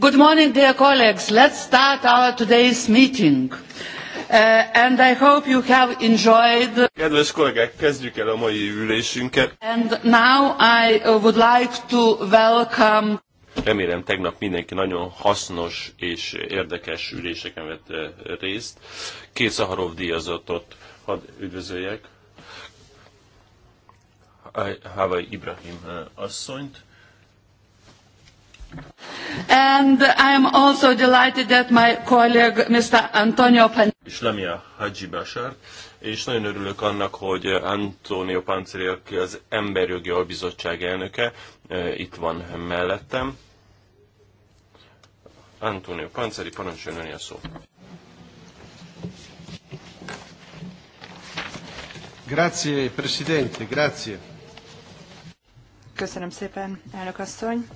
Good morning, dear colleagues. Let's start our today's meeting. Uh, and I hope you have enjoyed. Kedves kollégák, kezdjük el a mai ülésünket. And now I would like to welcome. Remélem tegnap mindenki nagyon hasznos és érdekes üléseken vett eh, részt. Két Szaharov díjazatot hadd üdvözöljek. Hávai Ibrahim eh, asszonyt, And I am also delighted that my colleague Mr. Antonio Pan és Lemia Hadzsi Bashar, és nagyon örülök annak, hogy Antonio Panceri, aki az Emberjogi Albizottság elnöke, eh, itt van mellettem. Antonio Panceri, parancsoljon önni a szó. Grazie, Presidente, grazie. Köszönöm szépen, elnök asszony.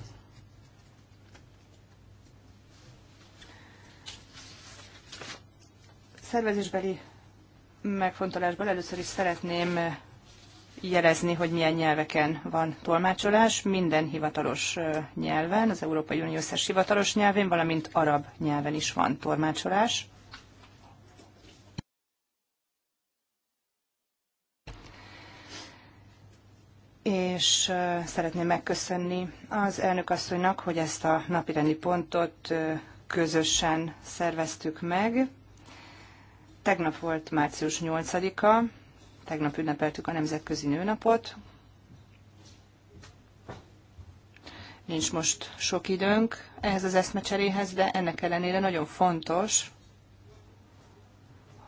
szervezésbeli megfontolásból először is szeretném jelezni, hogy milyen nyelveken van tolmácsolás. Minden hivatalos nyelven, az Európai Unió összes hivatalos nyelvén, valamint arab nyelven is van tolmácsolás. és szeretném megköszönni az elnök asszonynak, hogy ezt a napirendi pontot közösen szerveztük meg. Tegnap volt március 8-a, tegnap ünnepeltük a Nemzetközi Nőnapot. Nincs most sok időnk ehhez az eszmecseréhez, de ennek ellenére nagyon fontos,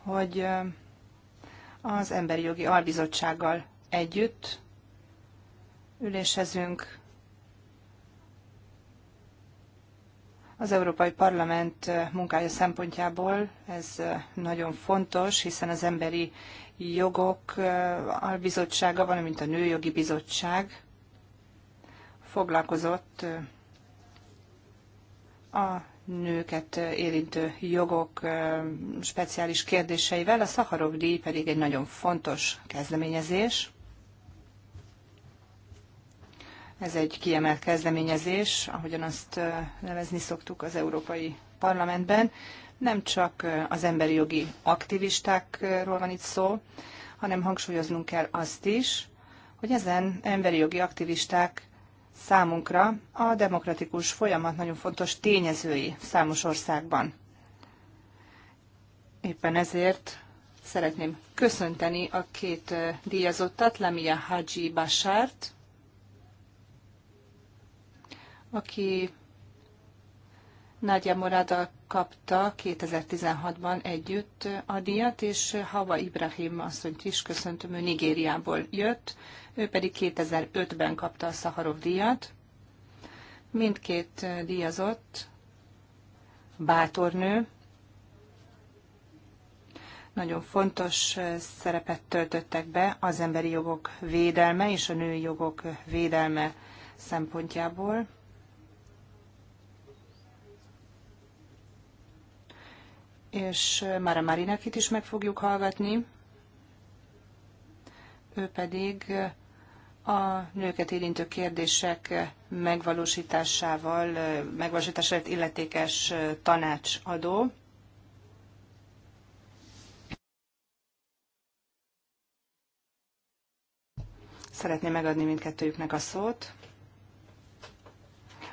hogy az Emberi Jogi Albizottsággal együtt ülésezünk, Az Európai Parlament munkája szempontjából ez nagyon fontos, hiszen az Emberi Jogok Albizottsága, valamint a Nőjogi Bizottság foglalkozott a nőket érintő jogok speciális kérdéseivel, a Szaharov díj pedig egy nagyon fontos kezdeményezés, ez egy kiemelt kezdeményezés, ahogyan azt nevezni szoktuk az Európai Parlamentben. Nem csak az emberi jogi aktivistákról van itt szó, hanem hangsúlyoznunk kell azt is, hogy ezen emberi jogi aktivisták számunkra a demokratikus folyamat nagyon fontos tényezői számos országban. Éppen ezért szeretném köszönteni a két díjazottat, Lamia Haji Bashárt, aki Nagyja Morada kapta 2016-ban együtt a díjat, és Hava Ibrahim asszonyt is köszöntöm, ő Nigériából jött, ő pedig 2005-ben kapta a Szaharov díjat. Mindkét díjazott, bátor nő, nagyon fontos szerepet töltöttek be az emberi jogok védelme és a női jogok védelme szempontjából és Mara Marinakit is meg fogjuk hallgatni. Ő pedig a nőket érintő kérdések megvalósításával, megvalósításával illetékes tanácsadó. Szeretném megadni mindkettőjüknek a szót.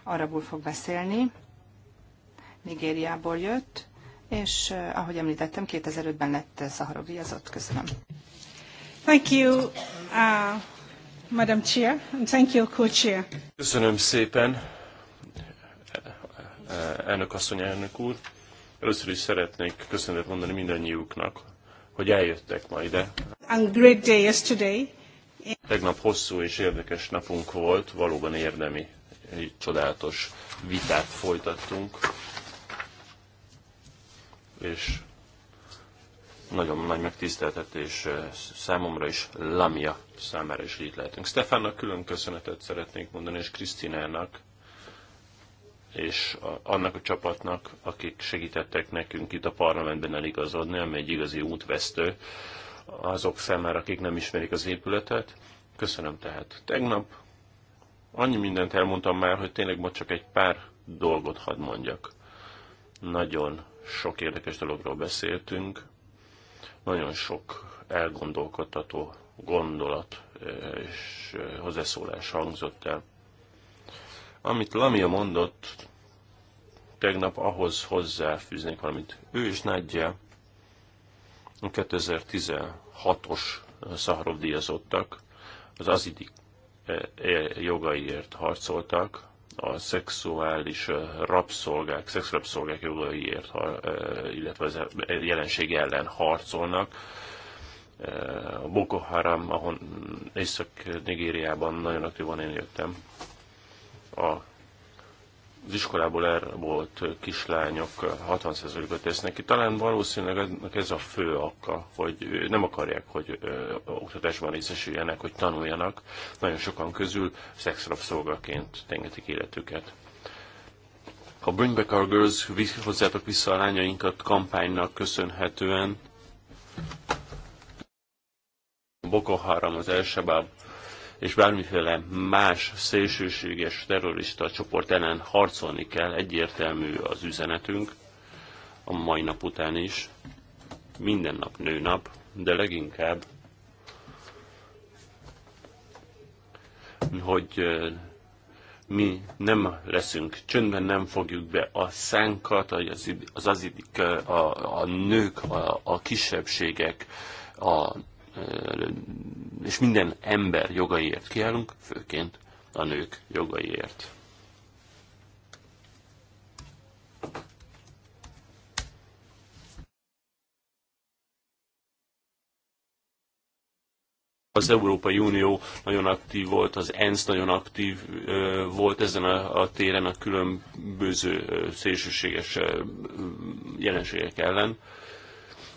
Arabul fog beszélni. Nigériából jött és eh, ahogy említettem, 2005-ben lett Szaharov díjazott. Köszönöm. Thank you, uh, Madam Chair, and thank you, Co-Chair. Köszönöm szépen, eh, elnök asszony, elnök úr. Először is szeretnék köszönetet mondani mindannyiuknak, hogy eljöttek ma ide. And great day yesterday. Tegnap hosszú és érdekes napunk volt, valóban érdemi, csodálatos vitát folytattunk és nagyon nagy megtiszteltetés eh, számomra is, Lamia számára is így lehetünk. Stefánnak külön köszönetet szeretnék mondani, és Krisztinának, és annak a csapatnak, akik segítettek nekünk itt a parlamentben eligazodni, ami egy igazi útvesztő azok számára, akik nem ismerik az épületet. Köszönöm tehát. Tegnap annyi mindent elmondtam már, hogy tényleg most csak egy pár dolgot hadd mondjak. Nagyon sok érdekes dologról beszéltünk, nagyon sok elgondolkodtató gondolat és hozzászólás hangzott el. Amit Lamia mondott, tegnap ahhoz hozzáfűznék valamit. Ő is nagyja a 2016-os Szaharov díjazottak, az azidik jogaiért harcoltak, a szexuális rabszolgák, szexrabszolgák jogaiért, illetve az e, jelenség ellen harcolnak. A Boko Haram, ahon Észak-Nigériában nagyon aktívan én jöttem, a az iskolából volt kislányok 60%-ot tesznek ki. Talán valószínűleg ez a fő akka, hogy nem akarják, hogy oktatásban részesüljenek, hogy tanuljanak. Nagyon sokan közül szexrabszolgaként tengetik életüket. A Bring Back Our Girls, hozzátok vissza a lányainkat kampánynak köszönhetően Boko Haram, az El és bármiféle más szélsőséges terrorista csoport ellen harcolni kell, egyértelmű az üzenetünk, a mai nap után is. Minden nap nőnap, de leginkább, hogy mi nem leszünk csöndben, nem fogjuk be a szánkat, az, az az a, a nők, a, a kisebbségek, a és minden ember jogaiért kiállunk, főként a nők jogaiért. Az Európai Unió nagyon aktív volt, az ENSZ nagyon aktív volt ezen a, a téren a különböző szélsőséges jelenségek ellen.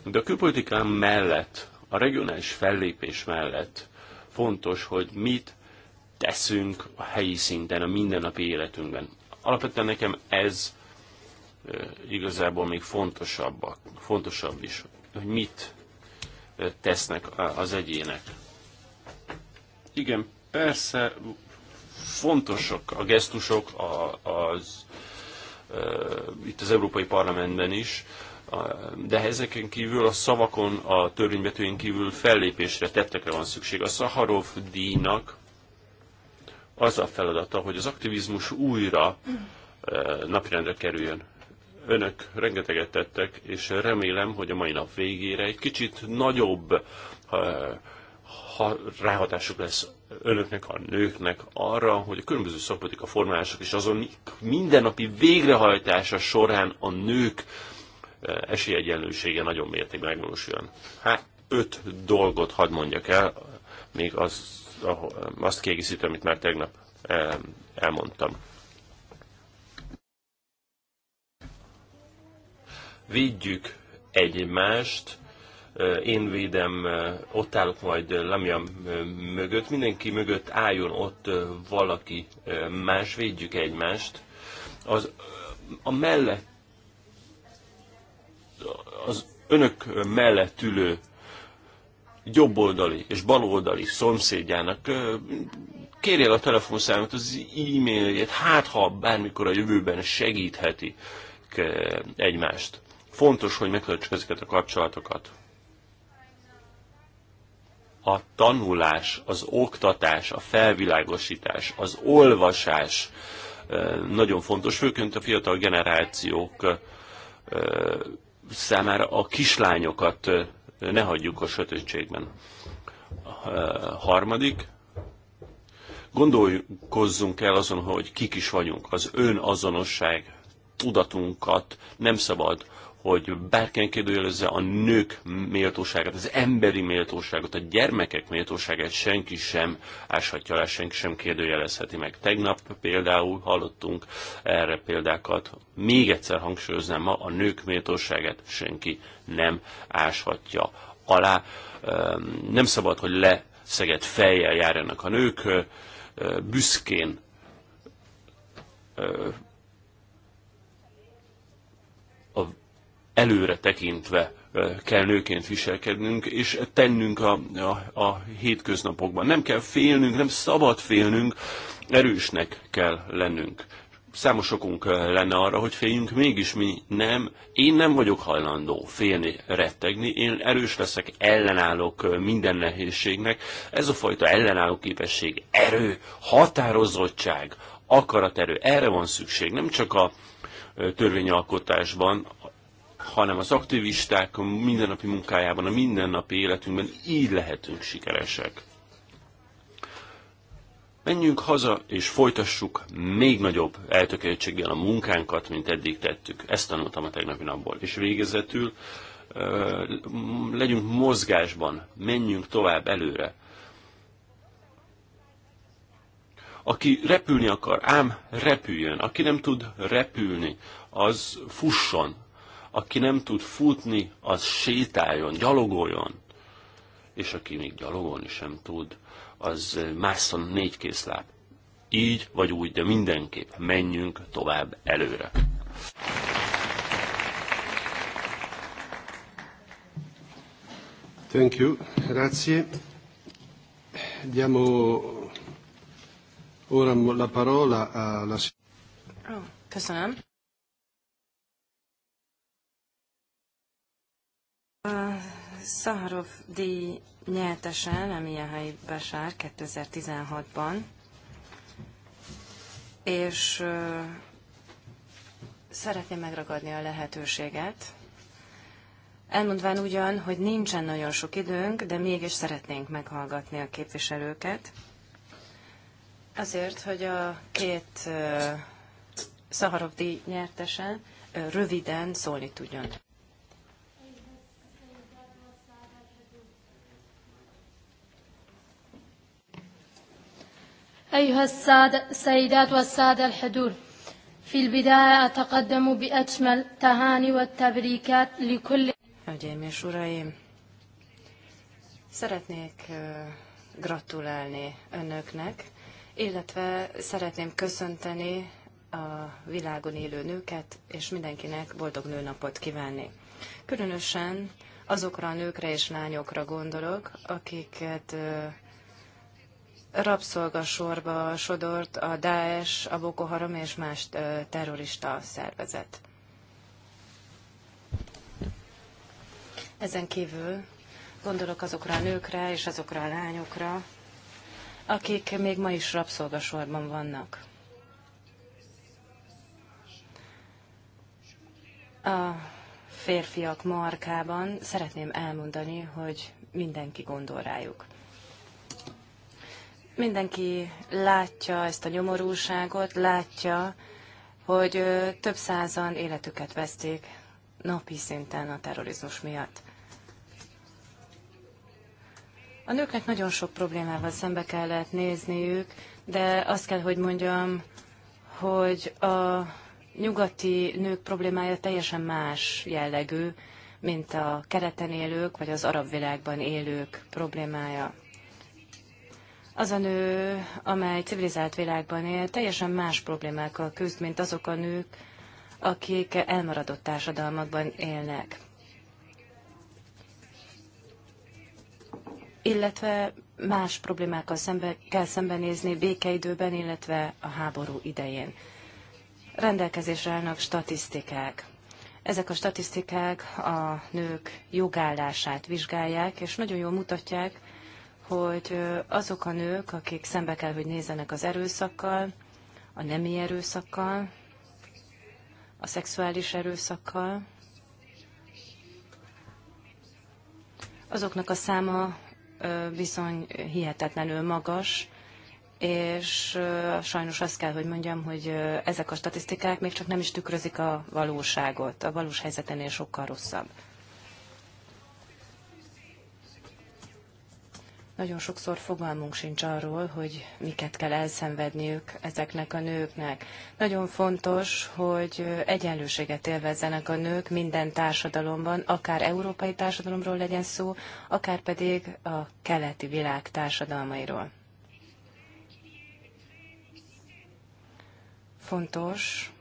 De a külpolitikán mellett a regionális fellépés mellett fontos, hogy mit teszünk a helyi szinten, a mindennapi életünkben. Alapvetően nekem ez igazából még fontosabb, fontosabb is, hogy mit tesznek az egyének. Igen, persze fontosak a gesztusok az, az, itt az Európai Parlamentben is, de ezeken kívül a szavakon, a törvényvetőin kívül fellépésre, tettekre van szükség. A Szaharov díjnak az a feladata, hogy az aktivizmus újra eh, napirendre kerüljön. Önök rengeteget tettek, és remélem, hogy a mai nap végére egy kicsit nagyobb eh, ráhatásuk lesz önöknek, a nőknek arra, hogy a különböző szakpolitika formálások és azon mindennapi végrehajtása során a nők esélyegyenlősége nagyon mértékben megvalósuljon. Hát öt dolgot hadd mondjak el, még az, azt kiegészítem, amit már tegnap eh, elmondtam. Védjük egymást, eh, én védem, eh, ott állok majd Lamia mögött, mindenki mögött álljon ott valaki más, védjük egymást. Az, a mellett az önök mellett ülő jobboldali és baloldali szomszédjának kérje a telefonszámot, az e-mailjét, hát ha bármikor a jövőben segítheti egymást. Fontos, hogy megtartsuk ezeket a kapcsolatokat. A tanulás, az oktatás, a felvilágosítás, az olvasás nagyon fontos, főként a fiatal generációk számára a kislányokat ne hagyjuk a sötétségben. A harmadik, gondolkozzunk el azon, hogy kik is vagyunk. Az önazonosság tudatunkat nem szabad hogy bárkinek kérdőjelezze a nők méltóságát, az emberi méltóságot, a gyermekek méltóságát senki sem áshatja le, senki sem kérdőjelezheti meg. Tegnap például hallottunk erre példákat. Még egyszer hangsúlyoznám ma, a nők méltóságát senki nem áshatja alá. Nem szabad, hogy leszegett fejjel járjanak a nők, büszkén előre tekintve kell nőként viselkednünk, és tennünk a, a, a hétköznapokban. Nem kell félnünk, nem szabad félnünk, erősnek kell lennünk. Számos okunk lenne arra, hogy féljünk, mégis mi nem. Én nem vagyok hajlandó félni, rettegni, én erős leszek, ellenállok minden nehézségnek. Ez a fajta ellenálló képesség, erő, határozottság, akaraterő, erre van szükség, nem csak a törvényalkotásban, hanem az aktivisták a mindennapi munkájában, a mindennapi életünkben így lehetünk sikeresek. Menjünk haza, és folytassuk még nagyobb eltökéltséggel a munkánkat, mint eddig tettük. Ezt tanultam a tegnapi napból. És végezetül legyünk mozgásban, menjünk tovább előre. Aki repülni akar, ám repüljön. Aki nem tud repülni, az fusson, aki nem tud futni, az sétáljon, gyalogoljon. És aki még gyalogolni sem tud, az másszon négy készláb. Így vagy úgy, de mindenképp menjünk tovább előre. Thank you, grazie. Diamo ora la parola alla... Oh, köszönöm. A Szaharov díj nyertese, ami a helyi Besár 2016-ban, és szeretném megragadni a lehetőséget, Elmondván ugyan, hogy nincsen nagyon sok időnk, de mégis szeretnénk meghallgatni a képviselőket. Azért, hogy a két uh, Szaharov díj nyertese uh, röviden szólni tudjon. أيها السادة السيدات والسادة الحضور في البداية أتقدم بأجمل تهاني والتبريكات لكل Hölgyeim és Uraim! Szeretnék gratulálni önöknek, illetve szeretném köszönteni a világon élő nőket, és mindenkinek boldog nőnapot kívánni. Különösen azokra a nőkre és lányokra gondolok, akiket rabszolgasorba sodort a Daesh, a Boko Haram és más terrorista szervezet. Ezen kívül gondolok azokra a nőkre és azokra a lányokra, akik még ma is rabszolgasorban vannak. A férfiak markában szeretném elmondani, hogy mindenki gondol rájuk. Mindenki látja ezt a nyomorúságot, látja, hogy több százan életüket veszték napi szinten a terrorizmus miatt. A nőknek nagyon sok problémával szembe kellett nézniük, de azt kell, hogy mondjam, hogy a nyugati nők problémája teljesen más jellegű, mint a kereten élők vagy az arab világban élők problémája. Az a nő, amely civilizált világban él, teljesen más problémákkal küzd, mint azok a nők, akik elmaradott társadalmakban élnek. Illetve más problémákkal szembe, kell szembenézni békeidőben, illetve a háború idején. Rendelkezésre állnak statisztikák. Ezek a statisztikák a nők jogállását vizsgálják, és nagyon jól mutatják, hogy azok a nők, akik szembe kell, hogy nézzenek az erőszakkal, a nemi erőszakkal, a szexuális erőszakkal, azoknak a száma bizony hihetetlenül magas, és sajnos azt kell, hogy mondjam, hogy ezek a statisztikák még csak nem is tükrözik a valóságot. A valós helyzetenél sokkal rosszabb. Nagyon sokszor fogalmunk sincs arról, hogy miket kell elszenvedniük ezeknek a nőknek. Nagyon fontos, hogy egyenlőséget élvezzenek a nők minden társadalomban, akár európai társadalomról legyen szó, akár pedig a keleti világ társadalmairól. Fontos,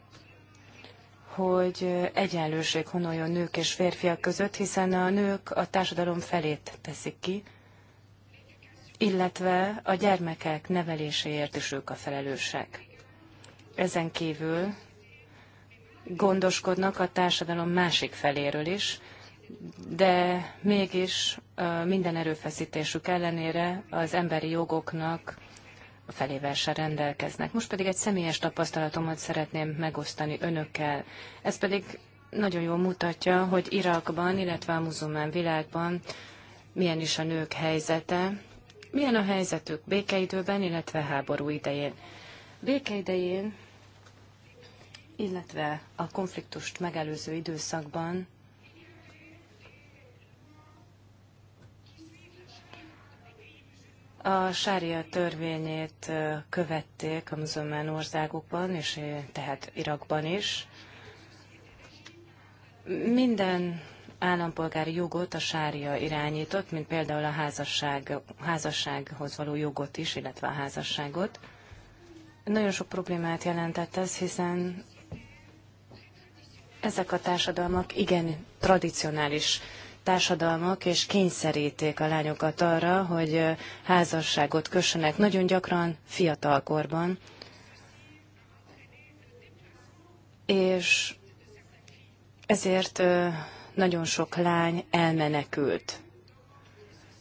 hogy egyenlőség honoljon nők és férfiak között, hiszen a nők a társadalom felét teszik ki, illetve a gyermekek neveléséért is ők a felelősek. Ezen kívül gondoskodnak a társadalom másik feléről is, de mégis minden erőfeszítésük ellenére az emberi jogoknak a felével se rendelkeznek. Most pedig egy személyes tapasztalatomat szeretném megosztani önökkel. Ez pedig nagyon jól mutatja, hogy Irakban, illetve a muzulmán világban milyen is a nők helyzete, milyen a helyzetük békeidőben, illetve háború idején? Békeidején, illetve a konfliktust megelőző időszakban A sária törvényét követték a muzulmán országokban, és tehát Irakban is. Minden állampolgári jogot a sária irányított, mint például a házasság, házassághoz való jogot is, illetve a házasságot. Nagyon sok problémát jelentett ez, hiszen ezek a társadalmak igen tradicionális társadalmak, és kényszeríték a lányokat arra, hogy házasságot kössenek nagyon gyakran fiatalkorban. És ezért nagyon sok lány elmenekült,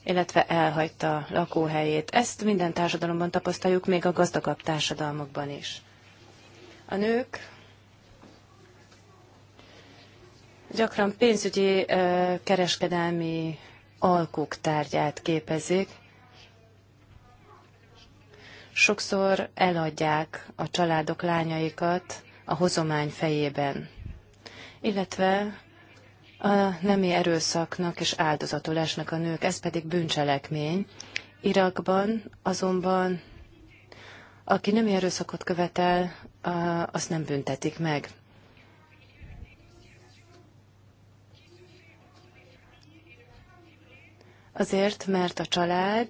illetve elhagyta lakóhelyét. Ezt minden társadalomban tapasztaljuk, még a gazdagabb társadalmakban is. A nők gyakran pénzügyi kereskedelmi alkuk tárgyát képezik. Sokszor eladják a családok lányaikat a hozomány fejében, illetve a nemi erőszaknak és áldozatolásnak a nők, ez pedig bűncselekmény. Irakban azonban, aki nemi erőszakot követel, azt nem büntetik meg. Azért, mert a család,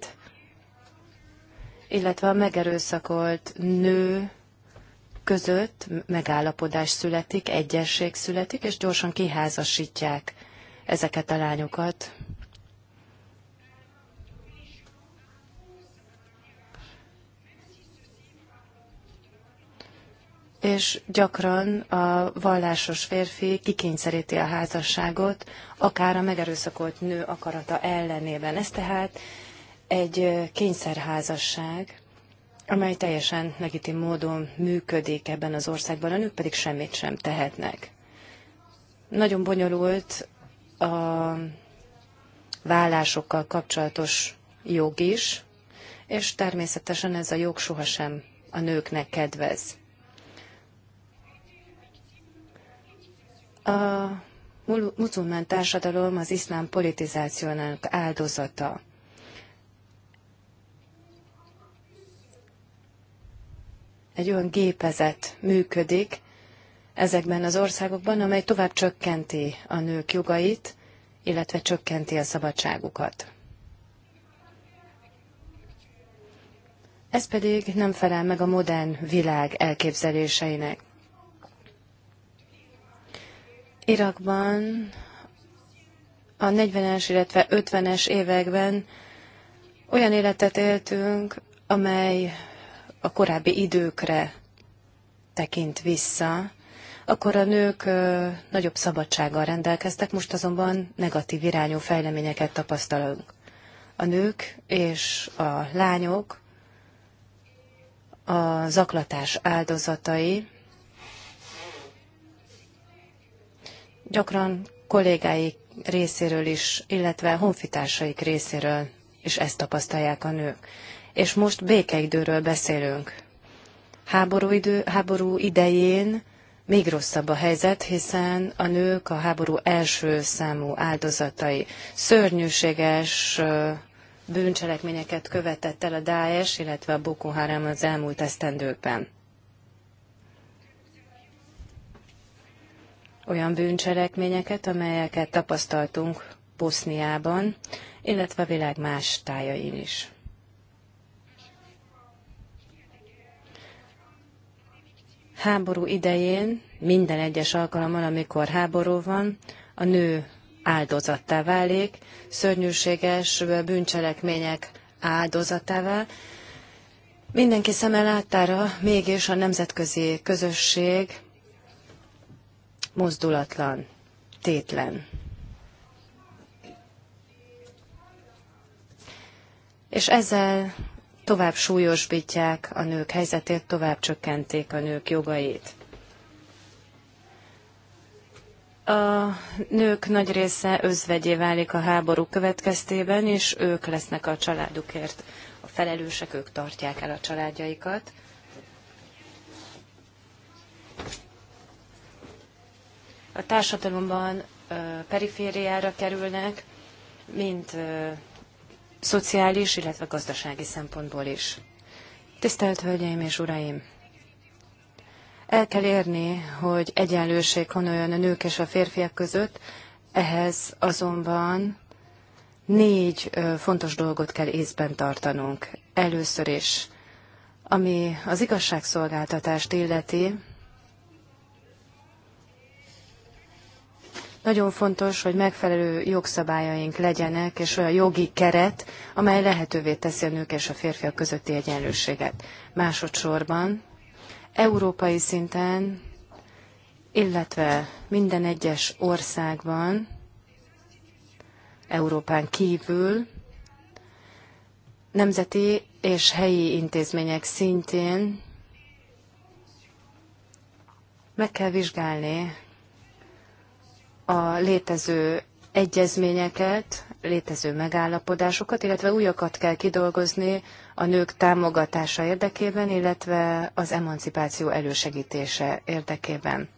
illetve a megerőszakolt nő között megállapodás születik, egyesség születik, és gyorsan kiházasítják ezeket a lányokat. és gyakran a vallásos férfi kikényszeríti a házasságot, akár a megerőszakolt nő akarata ellenében. Ez tehát egy kényszerházasság amely teljesen legitim módon működik ebben az országban, a nők pedig semmit sem tehetnek. Nagyon bonyolult a vállásokkal kapcsolatos jog is, és természetesen ez a jog sohasem a nőknek kedvez. A muzulmán társadalom az iszlám politizációnak áldozata. egy olyan gépezet működik ezekben az országokban, amely tovább csökkenti a nők jogait, illetve csökkenti a szabadságukat. Ez pedig nem felel meg a modern világ elképzeléseinek. Irakban a 40-es, illetve 50-es években olyan életet éltünk, amely a korábbi időkre tekint vissza, akkor a nők nagyobb szabadsággal rendelkeztek, most azonban negatív irányú fejleményeket tapasztalunk. A nők és a lányok a zaklatás áldozatai gyakran kollégáik részéről is, illetve honfitársaik részéről is ezt tapasztalják a nők és most békeidőről beszélünk. Háború idő, háború idején még rosszabb a helyzet, hiszen a nők a háború első számú áldozatai. Szörnyűséges bűncselekményeket követett el a Daesh, illetve a Boko Haram az elmúlt esztendőkben. Olyan bűncselekményeket, amelyeket tapasztaltunk Boszniában, illetve a világ más tájain is. Háború idején minden egyes alkalommal, amikor háború van, a nő áldozattá válik, szörnyűséges bűncselekmények áldozatává. Mindenki szeme láttára mégis a nemzetközi közösség mozdulatlan, tétlen. És ezzel tovább súlyosbítják a nők helyzetét, tovább csökkenték a nők jogait. A nők nagy része özvegyé válik a háború következtében, és ők lesznek a családukért a felelősek, ők tartják el a családjaikat. A társadalomban perifériára kerülnek, mint szociális, illetve gazdasági szempontból is. Tisztelt Hölgyeim és Uraim! El kell érni, hogy egyenlőség honoljon a nők és a férfiak között, ehhez azonban négy fontos dolgot kell észben tartanunk. Először is, ami az igazságszolgáltatást illeti, Nagyon fontos, hogy megfelelő jogszabályaink legyenek, és olyan jogi keret, amely lehetővé teszi a nők és a férfiak közötti egyenlőséget. Másodszorban európai szinten, illetve minden egyes országban, Európán kívül, nemzeti és helyi intézmények szintén meg kell vizsgálni a létező egyezményeket, létező megállapodásokat, illetve újakat kell kidolgozni a nők támogatása érdekében, illetve az emancipáció elősegítése érdekében.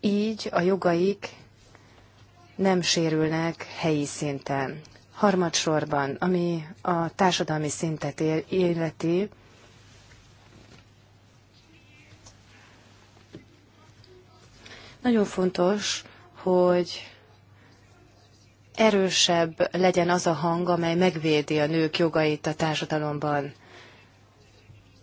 Így a jogaik nem sérülnek helyi szinten. Harmadsorban, ami a társadalmi szintet illeti, Nagyon fontos, hogy erősebb legyen az a hang, amely megvédi a nők jogait a társadalomban.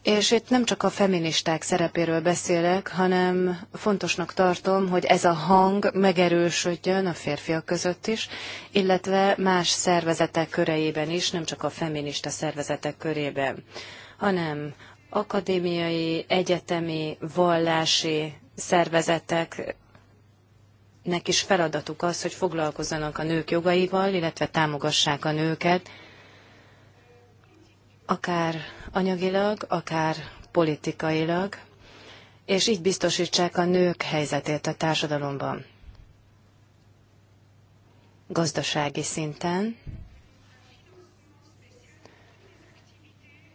És itt nem csak a feministák szerepéről beszélek, hanem fontosnak tartom, hogy ez a hang megerősödjön a férfiak között is, illetve más szervezetek köreiben is, nem csak a feminista szervezetek körében, hanem akadémiai, egyetemi, vallási szervezetek nek is feladatuk az, hogy foglalkozzanak a nők jogaival, illetve támogassák a nőket, akár anyagilag, akár politikailag, és így biztosítsák a nők helyzetét a társadalomban. Gazdasági szinten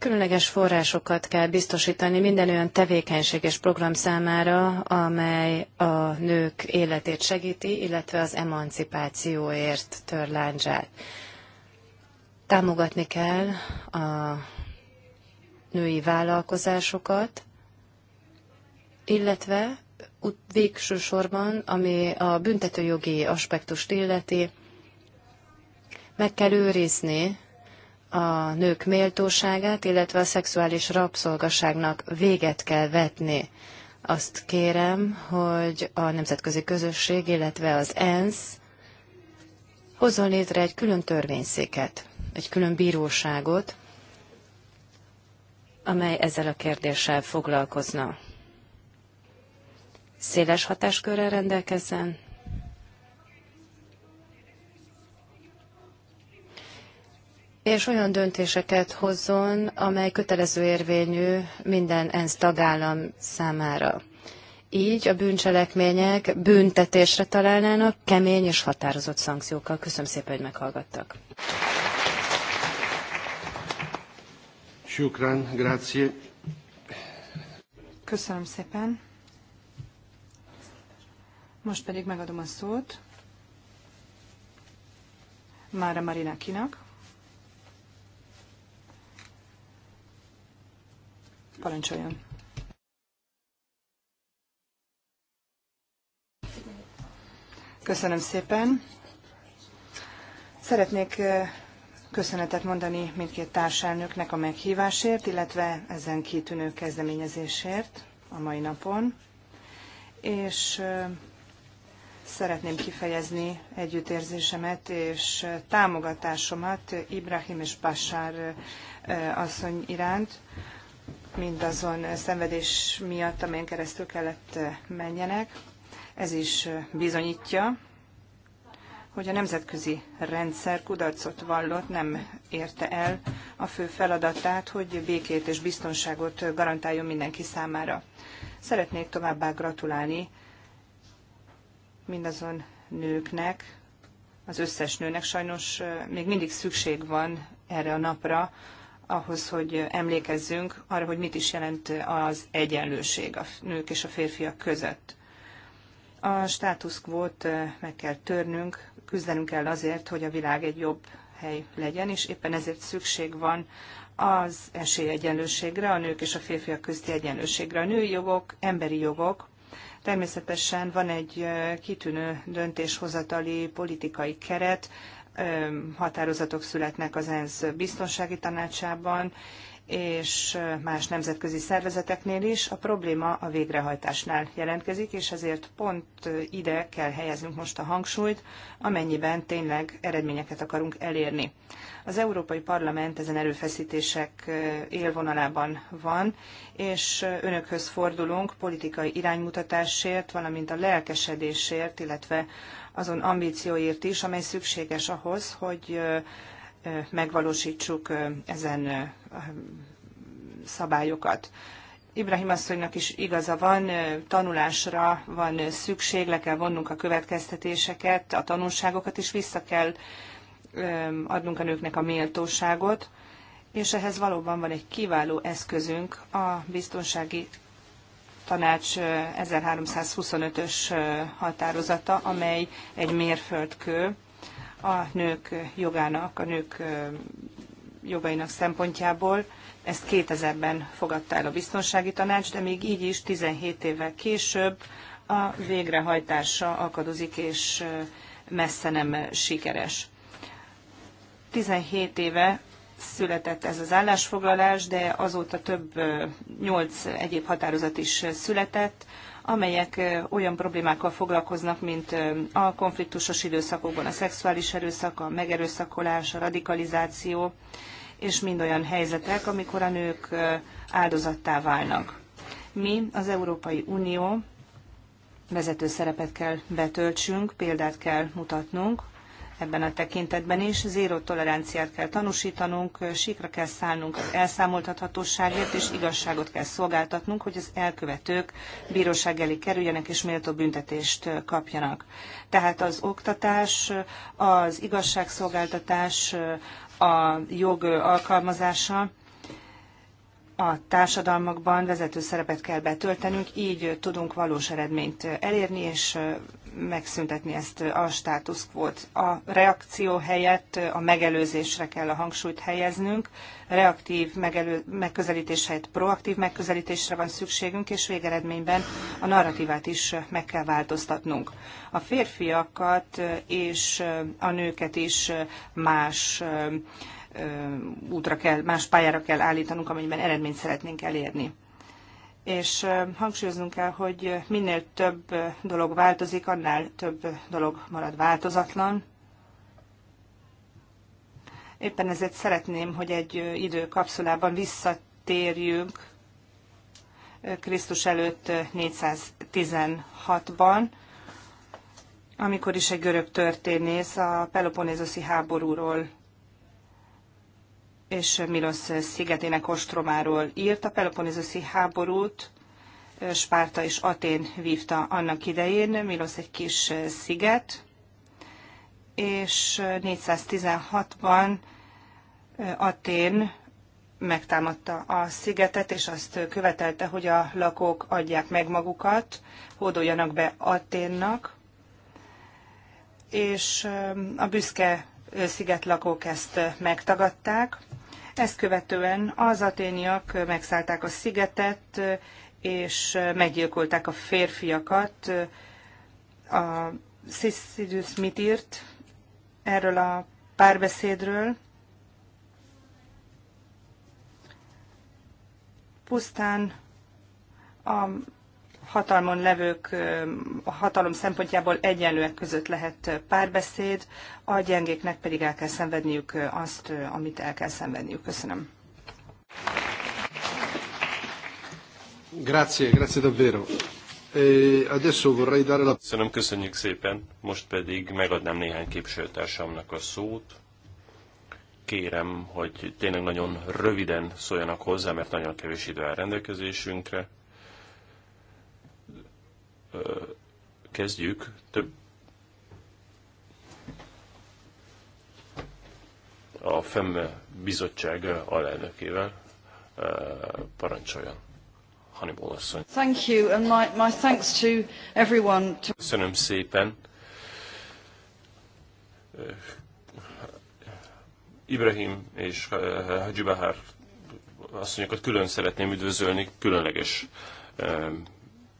Különleges forrásokat kell biztosítani minden olyan tevékenység és program számára, amely a nők életét segíti, illetve az emancipációért tör láncsát. Támogatni kell a női vállalkozásokat, illetve végső sorban, ami a büntetőjogi aspektust illeti, meg kell őrizni a nők méltóságát, illetve a szexuális rabszolgaságnak véget kell vetni. Azt kérem, hogy a nemzetközi közösség, illetve az ENSZ hozzon létre egy külön törvényszéket, egy külön bíróságot, amely ezzel a kérdéssel foglalkozna. Széles hatáskörrel rendelkezzen, és olyan döntéseket hozzon, amely kötelező érvényű minden ENSZ tagállam számára. Így a bűncselekmények büntetésre találnának kemény és határozott szankciókkal. Köszönöm szépen, hogy meghallgattak. Sukran, grazie. Köszönöm szépen. Most pedig megadom a szót Mára Marinakinak Parancsoljon. Köszönöm szépen. Szeretnék köszönetet mondani mindkét társelnöknek a meghívásért, illetve ezen kitűnő kezdeményezésért a mai napon. És szeretném kifejezni együttérzésemet és támogatásomat Ibrahim és Pásár asszony iránt, mindazon szenvedés miatt, amelyen keresztül kellett eh, menjenek. Ez is eh, bizonyítja, hogy a nemzetközi rendszer kudarcot vallott, nem érte el a fő feladatát, hogy békét és biztonságot eh, garantáljon mindenki számára. Szeretnék továbbá gratulálni mindazon nőknek, az összes nőnek sajnos még mindig szükség van erre a napra, ahhoz, hogy emlékezzünk arra, hogy mit is jelent az egyenlőség a nők és a férfiak között. A volt, eh, meg kell törnünk, küzdenünk kell azért, hogy a világ egy jobb hely legyen, és éppen ezért szükség van az esélyegyenlőségre, a nők és a férfiak közti egyenlőségre. A női jogok, emberi jogok, Természetesen van egy eh, kitűnő döntéshozatali politikai keret, határozatok születnek az ENSZ biztonsági tanácsában, és más nemzetközi szervezeteknél is, a probléma a végrehajtásnál jelentkezik, és ezért pont ide kell helyeznünk most a hangsúlyt, amennyiben tényleg eredményeket akarunk elérni. Az Európai Parlament ezen erőfeszítések élvonalában van, és önökhöz fordulunk politikai iránymutatásért, valamint a lelkesedésért, illetve azon ambícióért is, amely szükséges ahhoz, hogy megvalósítsuk ezen szabályokat. Ibrahim asszonynak is igaza van, tanulásra van szükség, le kell vonnunk a következtetéseket, a tanulságokat is vissza kell adnunk a nőknek a méltóságot, és ehhez valóban van egy kiváló eszközünk a biztonsági tanács 1325-ös határozata, amely egy mérföldkő a nők jogának, a nők jogainak szempontjából. Ezt 2000-ben fogadta el a biztonsági tanács, de még így is 17 évvel később a végrehajtása akadozik és messze nem sikeres. 17 éve született ez az állásfoglalás, de azóta több nyolc egyéb határozat is született, amelyek olyan problémákkal foglalkoznak, mint a konfliktusos időszakokban a szexuális erőszak, a megerőszakolás, a radikalizáció, és mind olyan helyzetek, amikor a nők áldozattá válnak. Mi, az Európai Unió vezető szerepet kell betöltsünk, példát kell mutatnunk, ebben a tekintetben is. Zéró toleranciát kell tanúsítanunk, síkra kell szállnunk az elszámoltathatóságért, és igazságot kell szolgáltatnunk, hogy az elkövetők bíróság elé kerüljenek és méltó büntetést kapjanak. Tehát az oktatás, az igazságszolgáltatás, a jog alkalmazása, a társadalmakban vezető szerepet kell betöltenünk, így tudunk valós eredményt elérni, és megszüntetni ezt a státuszkvót. A reakció helyett a megelőzésre kell a hangsúlyt helyeznünk, reaktív megelő, megközelítés helyett proaktív megközelítésre van szükségünk, és végeredményben a narratívát is meg kell változtatnunk. A férfiakat és a nőket is más útra kell, más pályára kell állítanunk, amennyiben eredményt szeretnénk elérni. És hangsúlyoznunk kell, hogy minél több dolog változik, annál több dolog marad változatlan. Éppen ezért szeretném, hogy egy időkapszulában visszatérjünk Krisztus előtt 416-ban, amikor is egy görög történész a Peloponézoszi háborúról és Milosz szigetének ostromáról írt. A Peloponizoszi háborút Spárta és Atén vívta annak idején. Milosz egy kis sziget, és 416-ban Atén megtámadta a szigetet, és azt követelte, hogy a lakók adják meg magukat, hódoljanak be Aténnak, és a büszke szigetlakók ezt megtagadták. Ezt követően az aténiak megszállták a szigetet, és meggyilkolták a férfiakat. A Sisydus mit írt erről a párbeszédről? Pusztán a hatalmon levők a hatalom szempontjából egyenlőek között lehet párbeszéd, a gyengéknek pedig el kell szenvedniük azt, amit el kell szenvedniük. Köszönöm. Grazie, grazie davvero. E adesso vorrei dare la... Köszönöm, köszönjük szépen. Most pedig megadnám néhány képviselőtársamnak a szót. Kérem, hogy tényleg nagyon röviden szóljanak hozzá, mert nagyon kevés idő áll rendelkezésünkre kezdjük, több a FEM bizottság alelnökével parancsoljon. Hannibal asszony. Thank you, and my, my thanks to everyone. To... Köszönöm szépen. Ibrahim és Hajibahar asszonyokat külön szeretném üdvözölni, különleges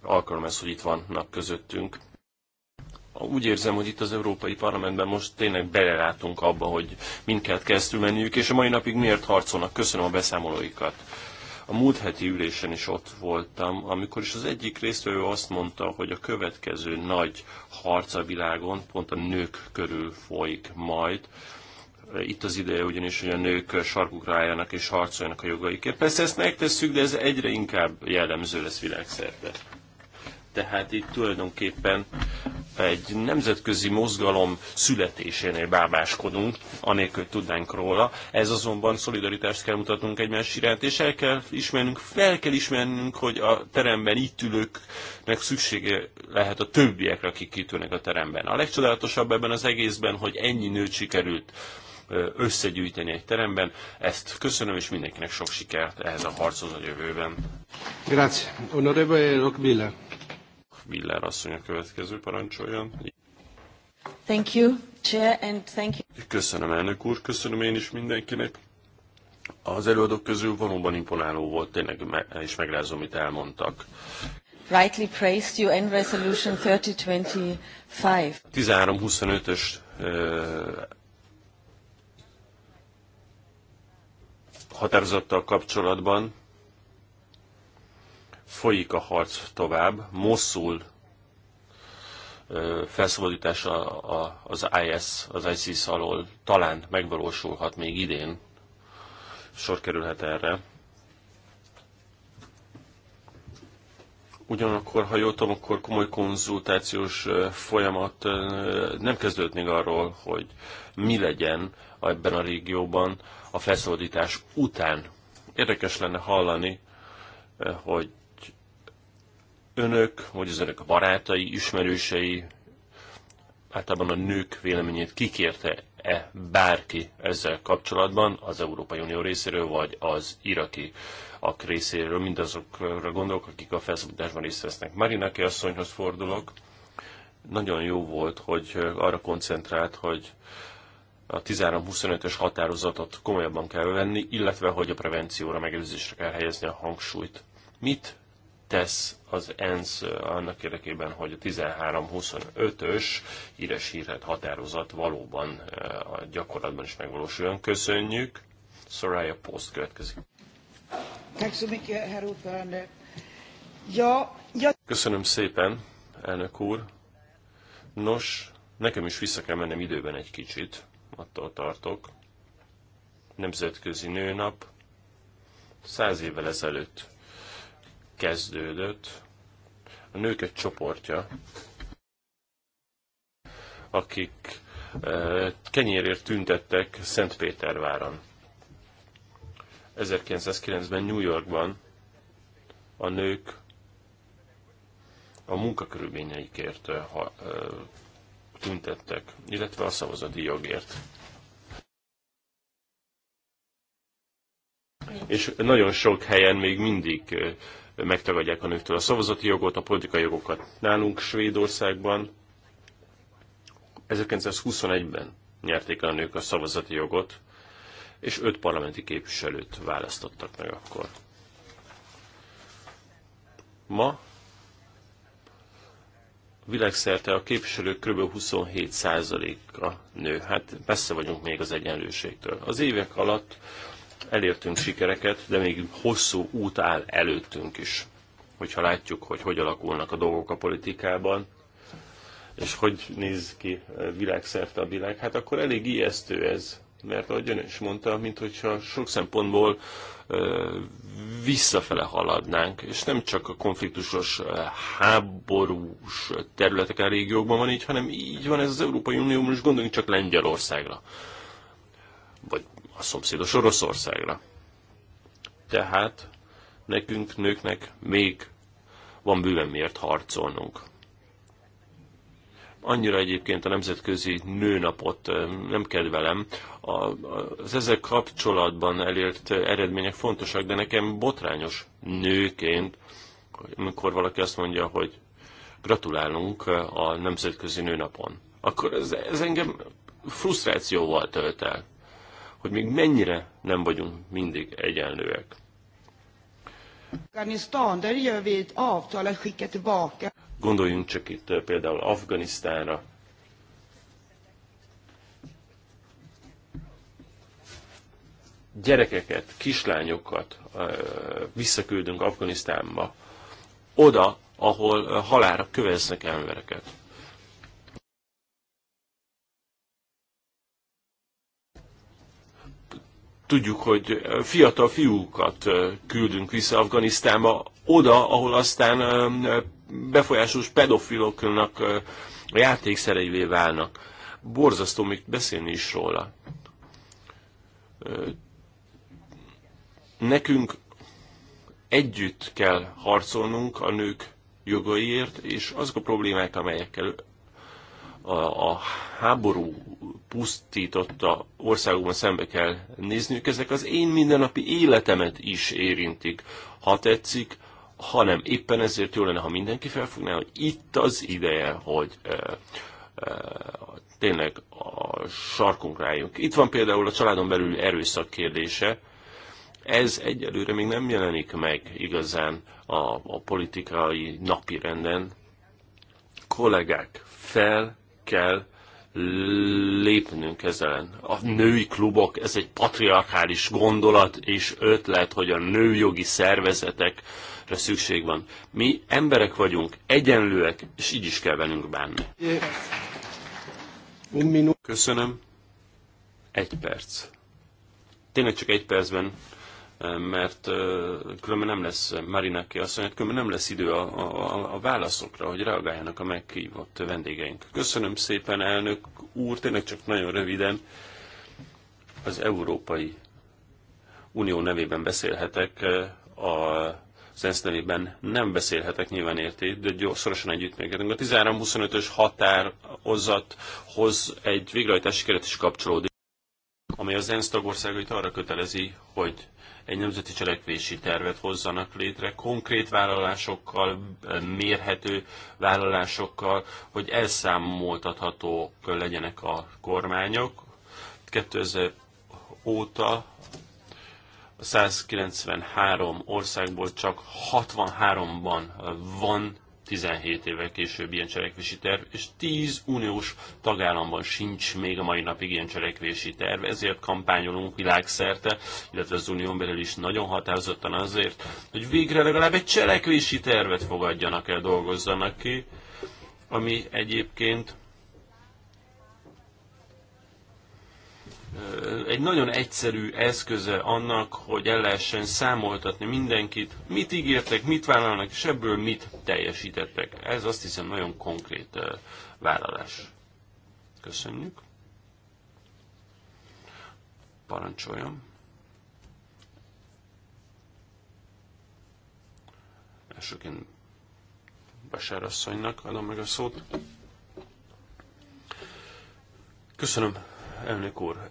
alkalom ez, hogy itt vannak közöttünk. Úgy érzem, hogy itt az Európai Parlamentben most tényleg belelátunk abba, hogy mind kellett keresztül menniük, és a mai napig miért harcolnak. Köszönöm a beszámolóikat. A múlt heti ülésen is ott voltam, amikor is az egyik résztvevő azt mondta, hogy a következő nagy harc a világon pont a nők körül folyik majd. Itt az ideje ugyanis, hogy a nők sarkukra álljanak és harcoljanak a jogaikért. Persze ezt megtesszük, de ez egyre inkább jellemző lesz világszerte. Tehát itt tulajdonképpen egy nemzetközi mozgalom születésénél bábáskodunk, anélkül tudnánk róla. Ez azonban szolidaritást kell mutatnunk egymás iránt, és el kell ismernünk, fel kell ismernünk, hogy a teremben itt ülőknek szüksége lehet a többiekre, akik kitűnnek a teremben. A legcsodálatosabb ebben az egészben, hogy ennyi nőt sikerült összegyűjteni egy teremben. Ezt köszönöm, és mindenkinek sok sikert ehhez a harcoz a jövőben. Grazie. Onorevole Rockbiller. Villár asszony a következő parancsoljon. Thank you, Chair, and thank you. Köszönöm, elnök úr, köszönöm én is mindenkinek. Az előadók közül valóban imponáló volt, tényleg me- és megrázom, amit elmondtak. Rightly praised you in resolution 3025. 13-25-ös határozattal kapcsolatban folyik a harc tovább, Mosul felszabadítása az IS, az ISIS alól talán megvalósulhat még idén, sor kerülhet erre. Ugyanakkor, ha jól tudom, akkor komoly konzultációs folyamat nem kezdődött még arról, hogy mi legyen ebben a régióban a felszabadítás után. Érdekes lenne hallani, hogy önök, vagy az önök barátai, ismerősei, általában a nők véleményét kikérte-e bárki ezzel kapcsolatban az Európai Unió részéről, vagy az iraki ak részéről, mindazokra gondolok, akik a felszabadításban részt vesznek. Marinaki asszonyhoz fordulok. Nagyon jó volt, hogy arra koncentrált, hogy a 13-25-ös határozatot komolyabban kell venni, illetve hogy a prevencióra, megelőzésre kell helyezni a hangsúlyt. Mit tesz az ENSZ annak érdekében, hogy a 13-25-ös íres hírhet határozat valóban a gyakorlatban is megvalósuljon. Köszönjük! Soraya Post következik. Köszönöm szépen, elnök úr. Nos, nekem is vissza kell mennem időben egy kicsit, attól tartok. Nemzetközi Nőnap, száz évvel ezelőtt kezdődött. A nők egy csoportja, akik e, kenyérért tüntettek Szentpéterváron. 1909-ben New Yorkban a nők a munkakörülményeikért e, ha, e, tüntettek, illetve a szavazati jogért. És nagyon sok helyen még mindig megtagadják a nőktől a szavazati jogot, a politikai jogokat. Nálunk Svédországban 1921-ben nyerték a nők a szavazati jogot, és öt parlamenti képviselőt választottak meg akkor. Ma világszerte a képviselők kb. 27%-a nő. Hát messze vagyunk még az egyenlőségtől. Az évek alatt elértünk sikereket, de még hosszú út áll előttünk is. Hogyha látjuk, hogy hogy alakulnak a dolgok a politikában, és hogy néz ki világszerte a világ, hát akkor elég ijesztő ez. Mert ahogy ön is mondta, mint hogyha sok szempontból visszafele haladnánk, és nem csak a konfliktusos, háborús területeken, régiókban van így, hanem így van ez az Európai unió most gondoljunk csak Lengyelországra, vagy a szomszédos Oroszországra. Tehát nekünk, nőknek még van bőven miért harcolnunk. Annyira egyébként a Nemzetközi Nőnapot nem kedvelem. Az ezzel kapcsolatban elért eredmények fontosak, de nekem botrányos nőként, amikor valaki azt mondja, hogy gratulálunk a Nemzetközi Nőnapon, akkor ez, ez engem frusztrációval tölt el hogy még mennyire nem vagyunk mindig egyenlőek. Gondoljunk csak itt eh, például Afganisztánra. Gyerekeket, kislányokat eh, visszaküldünk Afganisztánba, oda, ahol eh, halára köveznek embereket. tudjuk, hogy fiatal fiúkat küldünk vissza Afganisztánba, oda, ahol aztán befolyásos pedofiloknak a játékszereivé válnak. Borzasztó még beszélni is róla. Nekünk együtt kell harcolnunk a nők jogaiért, és azok a problémák, amelyekkel a, a háború pusztította országokban szembe kell nézniük. Ezek az én mindennapi életemet is érintik, ha tetszik, hanem éppen ezért jó lenne, ha mindenki felfogná, hogy itt az ideje, hogy e, e, tényleg a sarkunkra álljunk. Itt van például a családon belül erőszak kérdése. Ez egyelőre még nem jelenik meg igazán a, a politikai napirenden. Kollégák, fel kell lépnünk ezen. A női klubok, ez egy patriarchális gondolat és ötlet, hogy a nőjogi szervezetekre szükség van. Mi emberek vagyunk, egyenlőek, és így is kell velünk bánni. Köszönöm. Egy perc. Tényleg csak egy percben mert különben nem lesz Marinak azt hát mondja, különben nem lesz idő a, a, a válaszokra, hogy reagáljanak a meghívott vendégeink. Köszönöm szépen, elnök úr, tényleg csak nagyon röviden az Európai Unió nevében beszélhetek, a ENSZ nevében nem beszélhetek nyilván érté, de gyorsan együttműködünk. A 13-25-ös határozathoz egy végrehajtási keret is kapcsolódik, amely az ENSZ tagországait arra kötelezi, hogy egy nemzeti cselekvési tervet hozzanak létre, konkrét vállalásokkal, mérhető vállalásokkal, hogy elszámoltathatók legyenek a kormányok. 2000 óta 193 országból csak 63-ban van 17 évvel később ilyen cselekvési terv, és 10 uniós tagállamban sincs még a mai napig ilyen cselekvési terv, ezért kampányolunk világszerte, illetve az unión belül is nagyon határozottan azért, hogy végre legalább egy cselekvési tervet fogadjanak el, dolgozzanak ki, ami egyébként egy nagyon egyszerű eszköze annak, hogy el lehessen számoltatni mindenkit, mit ígértek, mit vállalnak, és ebből mit teljesítettek. Ez azt hiszem nagyon konkrét vállalás. Köszönjük. Parancsoljon. Elsőként Basár asszonynak adom meg a szót. Köszönöm elnök úr.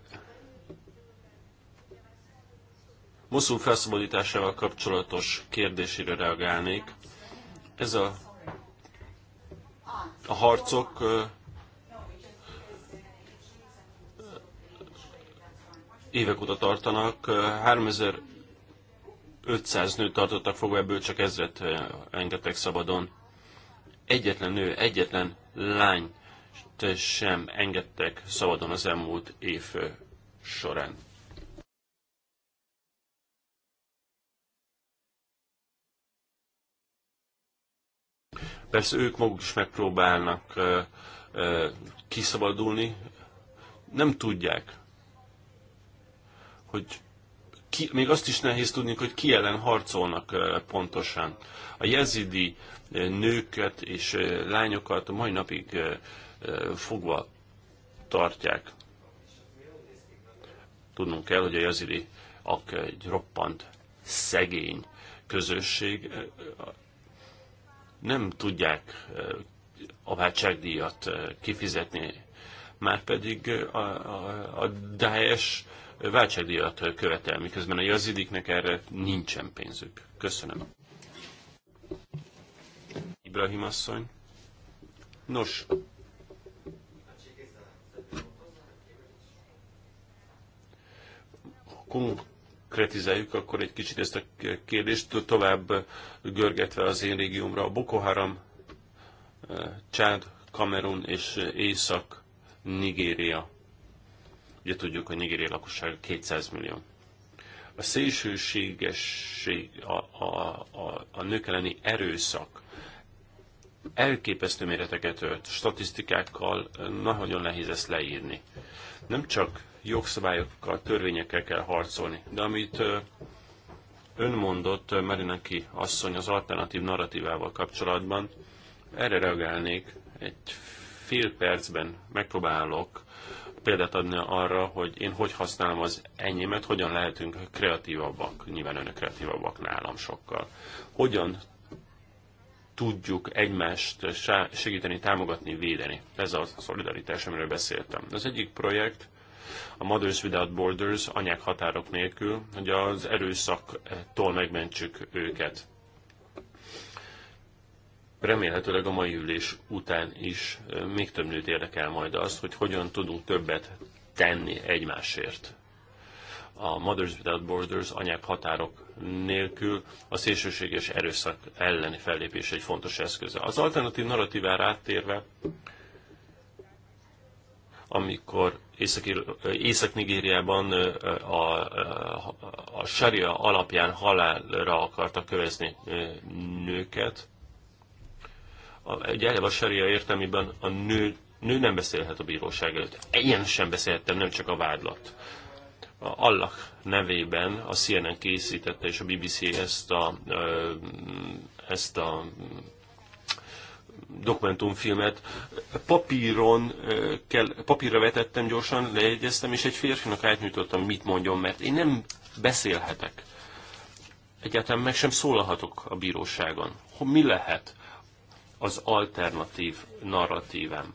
Moszul felszabadításával kapcsolatos kérdésére reagálnék. Ez a, a harcok évek óta tartanak. 3500 nőt tartottak fogva, ebből csak ezret engedtek szabadon. Egyetlen nő, egyetlen lány sem engedtek szabadon az elmúlt év során. Persze ők maguk is megpróbálnak kiszabadulni, nem tudják, hogy ki, még azt is nehéz tudni, hogy ki ellen harcolnak pontosan. A jezidi nőket és lányokat a mai napig fogva tartják. Tudnunk kell, hogy a jaziri ak egy roppant szegény közösség, nem tudják a váltságdíjat kifizetni, már pedig a, a, a Daesh váltságdíjat követel, miközben a jazidiknek erre nincsen pénzük. Köszönöm. Ibrahim asszony. Nos, konkretizáljuk akkor egy kicsit ezt a kérdést, tovább görgetve az én régiómra. A Boko Haram, eh, Csád, Kamerun és Észak-Nigéria. Ugye tudjuk, hogy Nigéria lakossága 200 millió. A szélsőségesség, a, a, a, a nők elleni erőszak elképesztő méreteket ölt. Statisztikákkal nagyon nehéz ezt leírni. Nem csak jogszabályokkal, törvényekkel kell harcolni. De amit ön mondott, Merinaki asszony az alternatív narratívával kapcsolatban, erre reagálnék egy fél percben megpróbálok példát adni arra, hogy én hogy használom az enyémet, hogyan lehetünk kreatívabbak, nyilván önök kreatívabbak nálam sokkal. Hogyan tudjuk egymást segíteni, támogatni, védeni. Ez a szolidaritás, amiről beszéltem. Az egyik projekt a Mothers Without Borders, anyák határok nélkül, hogy az erőszaktól megmentsük őket. Remélhetőleg a mai ülés után is még több nőt érdekel majd az, hogy hogyan tudunk többet tenni egymásért. A Mothers Without Borders anyák határok nélkül a szélsőséges erőszak elleni fellépés egy fontos eszköze. Az alternatív narratívára áttérve amikor Észak-Nigériában a, a, a alapján halálra akartak kövezni nőket. Egy a saria értelmében a nő, nő nem beszélhet a bíróság előtt. Ilyen sem beszélhettem, nem csak a vádlat. A Allah nevében a CNN készítette, és a BBC ezt a, ezt a dokumentumfilmet. Papíron, kell, papírra vetettem gyorsan, lejegyeztem, és egy férfinak átnyújtottam, mit mondjon, mert én nem beszélhetek. Egyáltalán meg sem szólalhatok a bíróságon. Mi lehet az alternatív narratívem?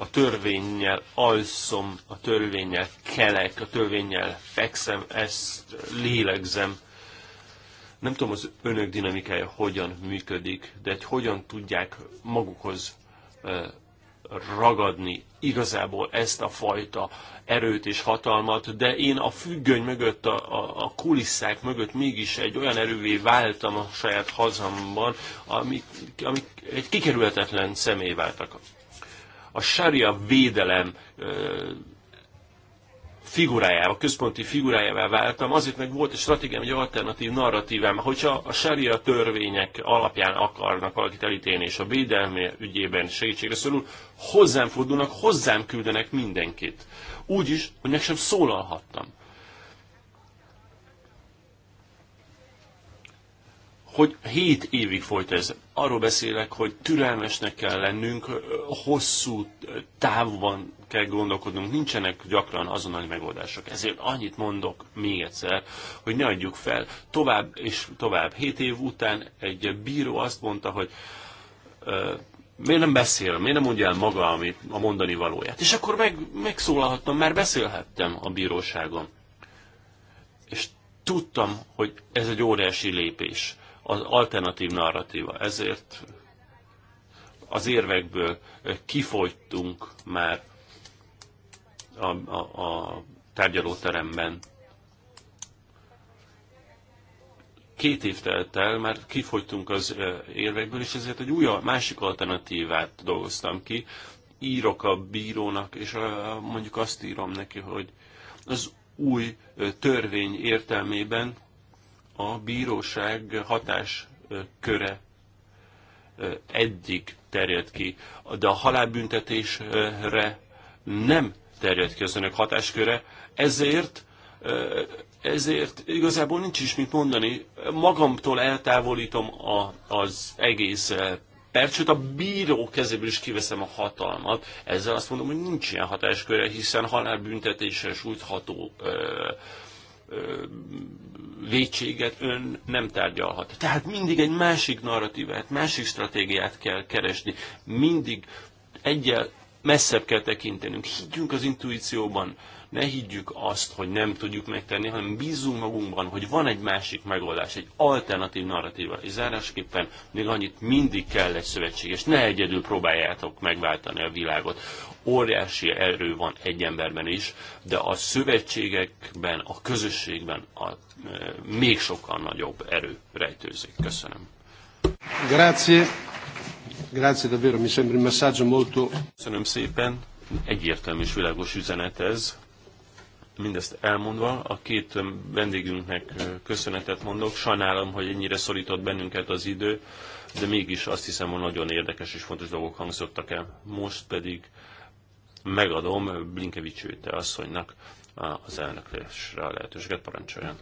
a törvényel alszom, a törvényel kelek, a törvényel fekszem, ezt lélegzem. Nem tudom, az önök dinamikája hogyan működik, de hogy hogyan tudják magukhoz ragadni igazából ezt a fajta erőt és hatalmat, de én a függöny mögött, a, a, a kulisszák mögött mégis egy olyan erővé váltam a saját hazámban, amik, amik egy kikerülhetetlen személy váltak. A sária védelem figurájával, központi figurájával váltam, azért meg volt egy stratégiám, egy alternatív narratívám, hogyha a sharia törvények alapján akarnak valakit elítélni, és a védelmi ügyében segítségre szorul, hozzám fordulnak, hozzám küldenek mindenkit. Úgy is, hogy meg sem szólalhattam. hogy 7 évig folyt ez. Arról beszélek, hogy türelmesnek kell lennünk, hosszú távban kell gondolkodnunk, nincsenek gyakran azonnali megoldások. Ezért annyit mondok még egyszer, hogy ne adjuk fel. Tovább és tovább. 7 év után egy bíró azt mondta, hogy miért nem beszél, miért nem mondja el maga amit, a mondani valóját. És akkor meg, megszólalhattam, már beszélhettem a bíróságon. És tudtam, hogy ez egy óriási lépés az alternatív narratíva. Ezért az érvekből kifogytunk már a, a, a tárgyalóteremben. Két év telt el, már kifogytunk az eh, érvekből, és ezért egy új, másik alternatívát dolgoztam ki. Írok a bírónak, és eh, mondjuk azt írom neki, hogy az új eh, törvény értelmében a bíróság hatásköre eddig terjed ki, de a halálbüntetésre nem terjed ki az önök hatásköre, ezért ezért igazából nincs is mit mondani. Magamtól eltávolítom a, az egész percset, a bíró kezéből is kiveszem a hatalmat. Ezzel azt mondom, hogy nincs ilyen hatásköre, hiszen halálbüntetésre sújtható vétséget ön nem tárgyalhat. Tehát mindig egy másik narratívát, másik stratégiát kell keresni. Mindig egyel messzebb kell tekintenünk. Higgyünk az intuícióban, ne higgyük azt, hogy nem tudjuk megtenni, hanem bízunk magunkban, hogy van egy másik megoldás, egy alternatív narratíva. És zárásképpen még annyit mindig kell egy szövetség, és ne egyedül próbáljátok megváltani a világot. Óriási erő van egy emberben is, de a szövetségekben, a közösségben a, e, még sokkal nagyobb erő rejtőzik. Köszönöm. Grazie. Grazie davvero, mi sembra un messaggio molto... Köszönöm szépen, egyértelmű és világos üzenet ez. Mindezt elmondva, a két vendégünknek köszönetet mondok. Sajnálom, hogy ennyire szorított bennünket az idő, de mégis azt hiszem, hogy nagyon érdekes és fontos dolgok hangzottak el. Most pedig megadom Blinkevics Őte asszonynak az elnöklésre a lehetőséget parancsoljon.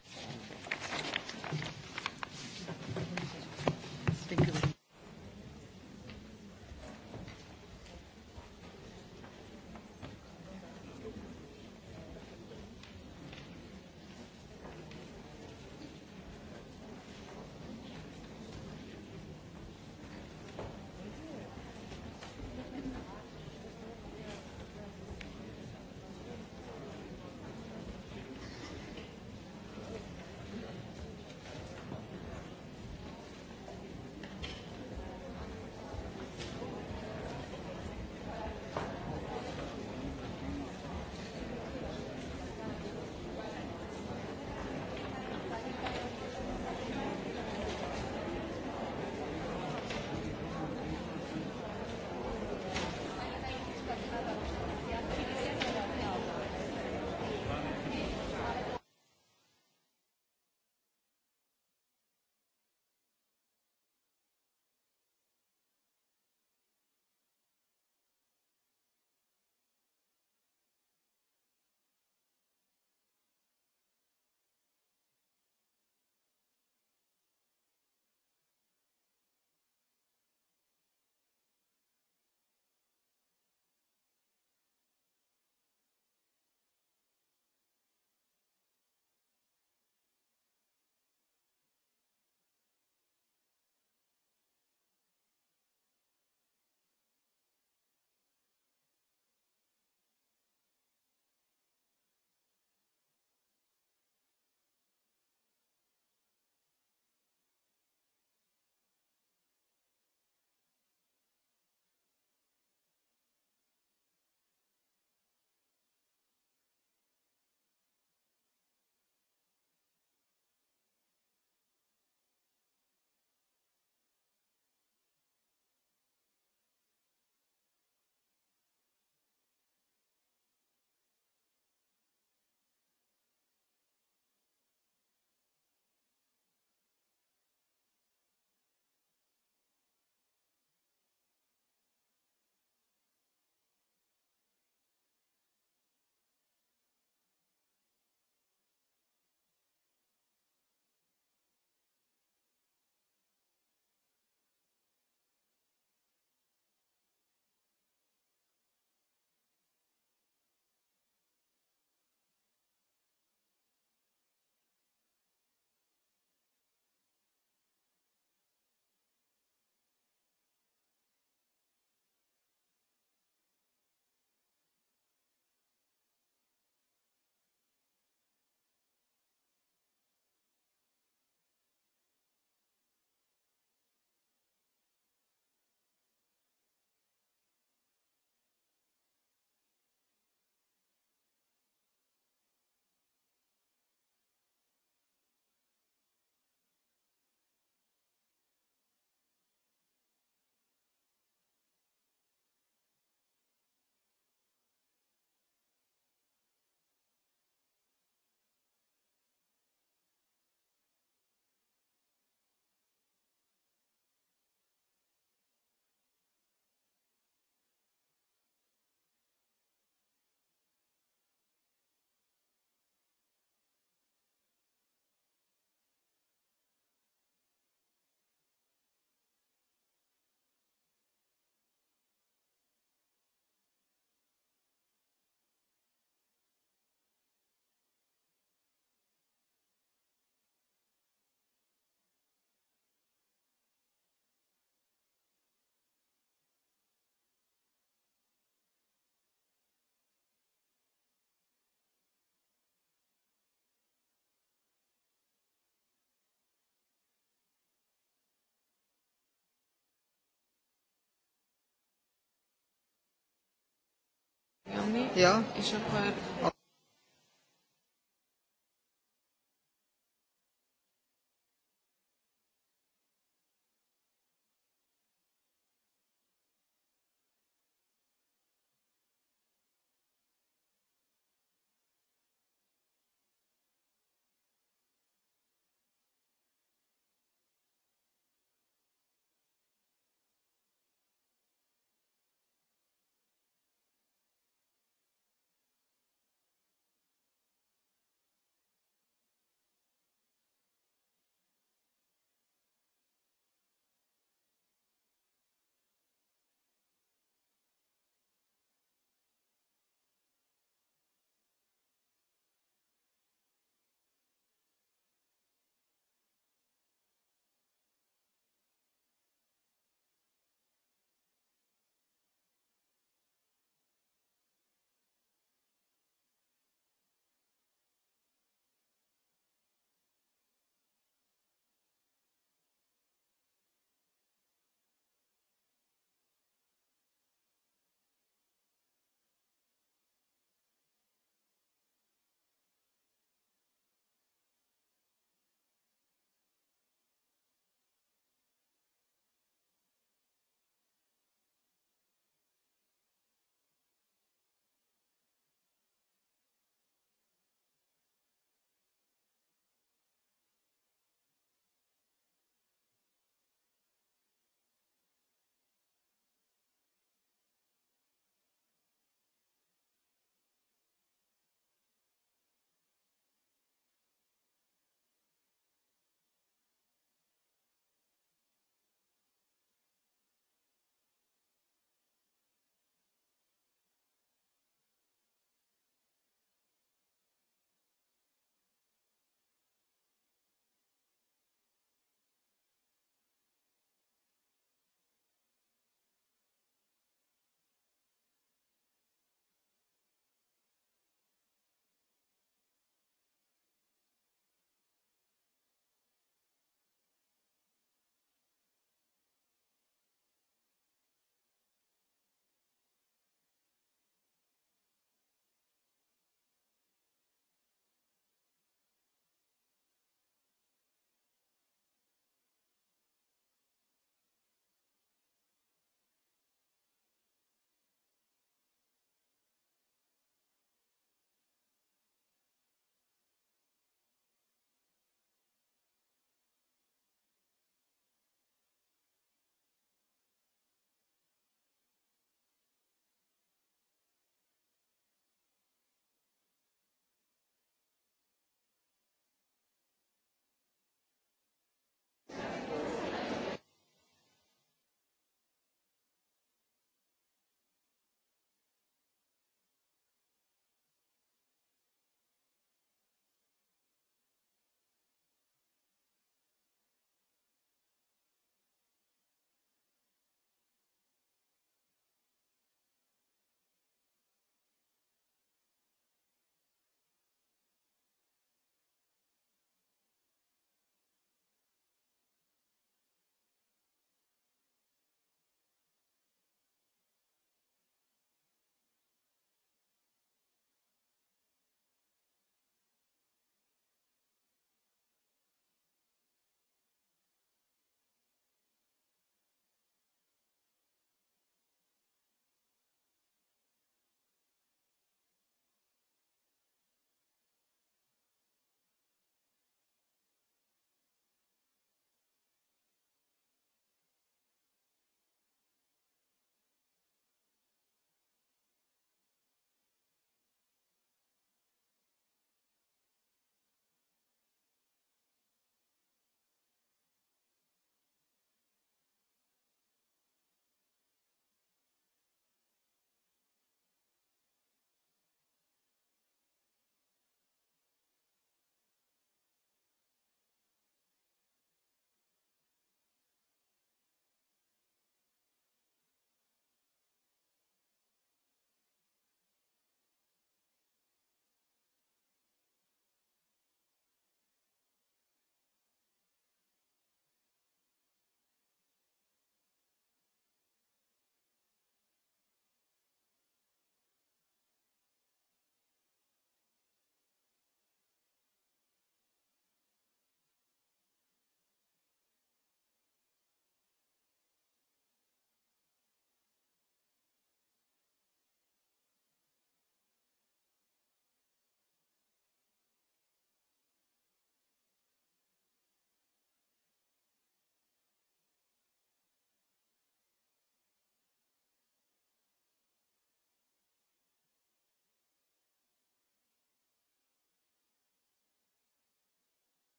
tenni, ja. és akkor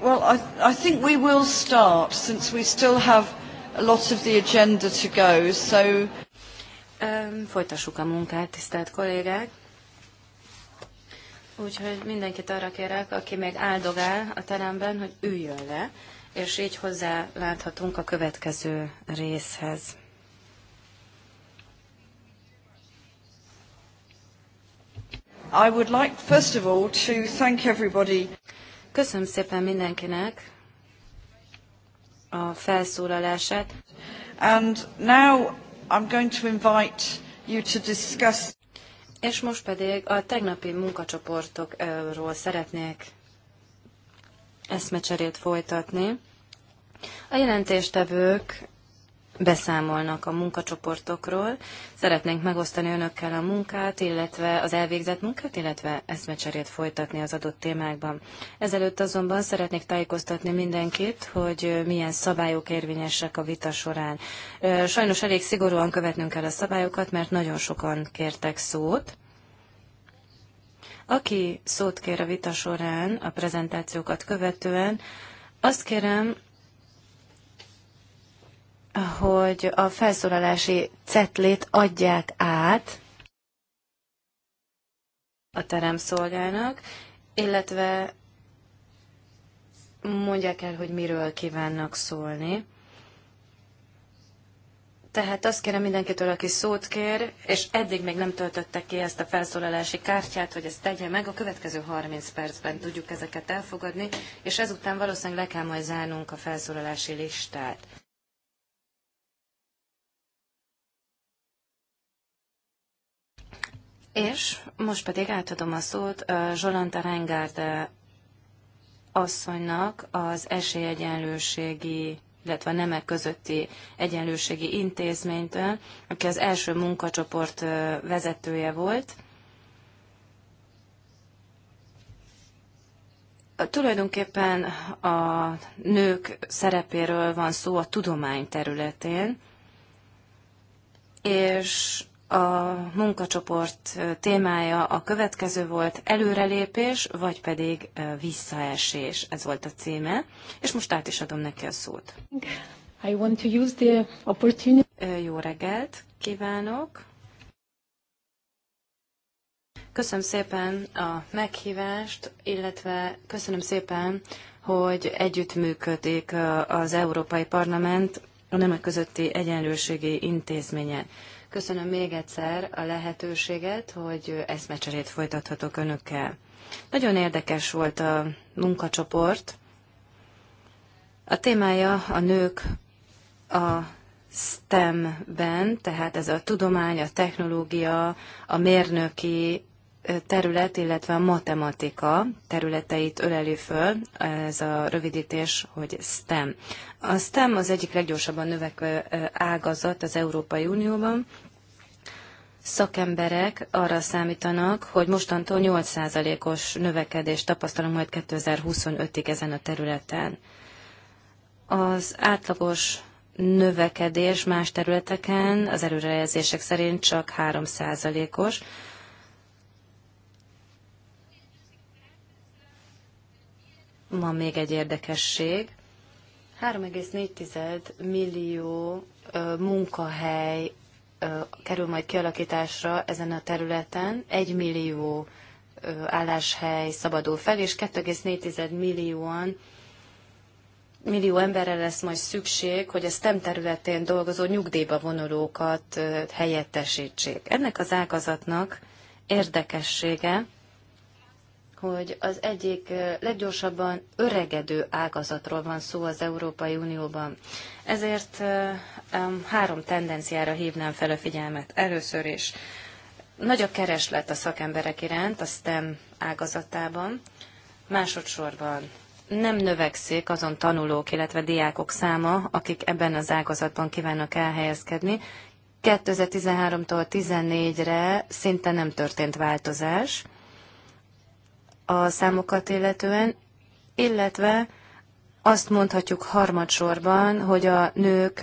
Well, I, I think we will start since we still have a lot of the agenda to go. So um, folytassuk a munkát, tisztelt kollégák. Úgyhogy mindenkit arra kérek, aki még áldogál a teremben, hogy üljön le, és így hozzá láthatunk a következő részhez. I would like first of all to thank everybody Köszönöm szépen mindenkinek a felszólalását. And now I'm going to invite you to discuss és most pedig a tegnapi munkacsoportokról szeretnék eszmecserét folytatni. A jelentéstevők beszámolnak a munkacsoportokról. Szeretnénk megosztani önökkel a munkát, illetve az elvégzett munkát, illetve eszmecserét folytatni az adott témákban. Ezelőtt azonban szeretnék tájékoztatni mindenkit, hogy milyen szabályok érvényesek a vita során. Sajnos elég szigorúan követnünk kell a szabályokat, mert nagyon sokan kértek szót. Aki szót kér a vita során, a prezentációkat követően, azt kérem, hogy a felszólalási cetlét adják át a teremszolgának, illetve mondják el, hogy miről kívánnak szólni. Tehát azt kérem mindenkitől, aki szót kér, és eddig még nem töltötte ki ezt a felszólalási kártyát, hogy ezt tegye meg, a következő 30 percben tudjuk ezeket elfogadni, és ezután valószínűleg le kell majd zárnunk a felszólalási listát. És most pedig átadom a szót Zsolanta Rengárd asszonynak az esélyegyenlőségi illetve a nemek közötti egyenlőségi intézménytől, aki az első munkacsoport vezetője volt. Tulajdonképpen a nők szerepéről van szó a tudomány területén, és a munkacsoport témája a következő volt előrelépés, vagy pedig visszaesés. Ez volt a címe, és most át is adom neki a szót. I want to use the opportunity. Jó reggelt kívánok! Köszönöm szépen a meghívást, illetve köszönöm szépen, hogy együttműködik az Európai Parlament a nemek közötti egyenlőségi intézménye. Köszönöm még egyszer a lehetőséget, hogy eszmecserét folytathatok önökkel. Nagyon érdekes volt a munkacsoport. A témája a nők a STEM-ben, tehát ez a tudomány, a technológia, a mérnöki terület, illetve a matematika területeit öleli föl, ez a rövidítés, hogy STEM. A STEM az egyik leggyorsabban növekvő ágazat az Európai Unióban. Szakemberek arra számítanak, hogy mostantól 8%-os növekedést tapasztalunk majd 2025-ig ezen a területen. Az átlagos növekedés más területeken az előrejelzések szerint csak 3%-os, Van még egy érdekesség. 3,4 millió munkahely kerül majd kialakításra ezen a területen, 1 millió álláshely szabadul fel, és 2,4 millióan millió emberre lesz majd szükség, hogy a STEM területén dolgozó nyugdíjba vonulókat helyettesítsék. Ennek az ágazatnak érdekessége, hogy az egyik leggyorsabban öregedő ágazatról van szó az Európai Unióban. Ezért három tendenciára hívnám fel a figyelmet. Először is nagy a kereslet a szakemberek iránt a STEM ágazatában. Másodszorban nem növekszik azon tanulók, illetve diákok száma, akik ebben az ágazatban kívánnak elhelyezkedni. 2013-tól 14 re szinte nem történt változás a számokat illetően, illetve azt mondhatjuk harmadsorban, hogy a nők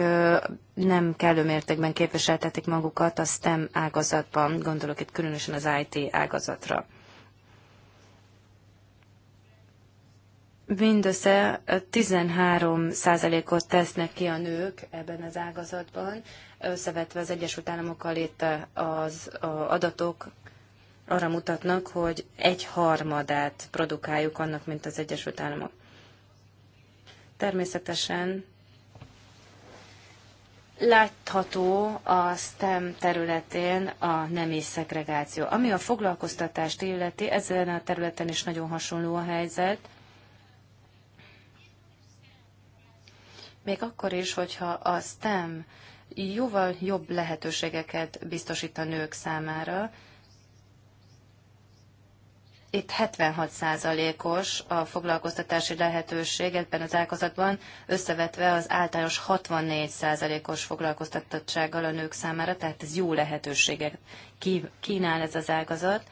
nem kellő mértékben képviseltetik magukat a STEM ágazatban, gondolok itt különösen az IT ágazatra. Mindössze 13%-ot tesznek ki a nők ebben az ágazatban, összevetve az Egyesült Államokkal itt az adatok arra mutatnak, hogy egy harmadát produkáljuk annak, mint az Egyesült Államok. Természetesen látható a STEM területén a nemi szegregáció. Ami a foglalkoztatást illeti, ezen a területen is nagyon hasonló a helyzet. Még akkor is, hogyha a STEM jóval jobb lehetőségeket biztosít a nők számára, itt 76%-os a foglalkoztatási lehetőség ebben az ágazatban, összevetve az általános 64%-os foglalkoztatottsággal a nők számára, tehát ez jó lehetőséget kínál ez az ágazat.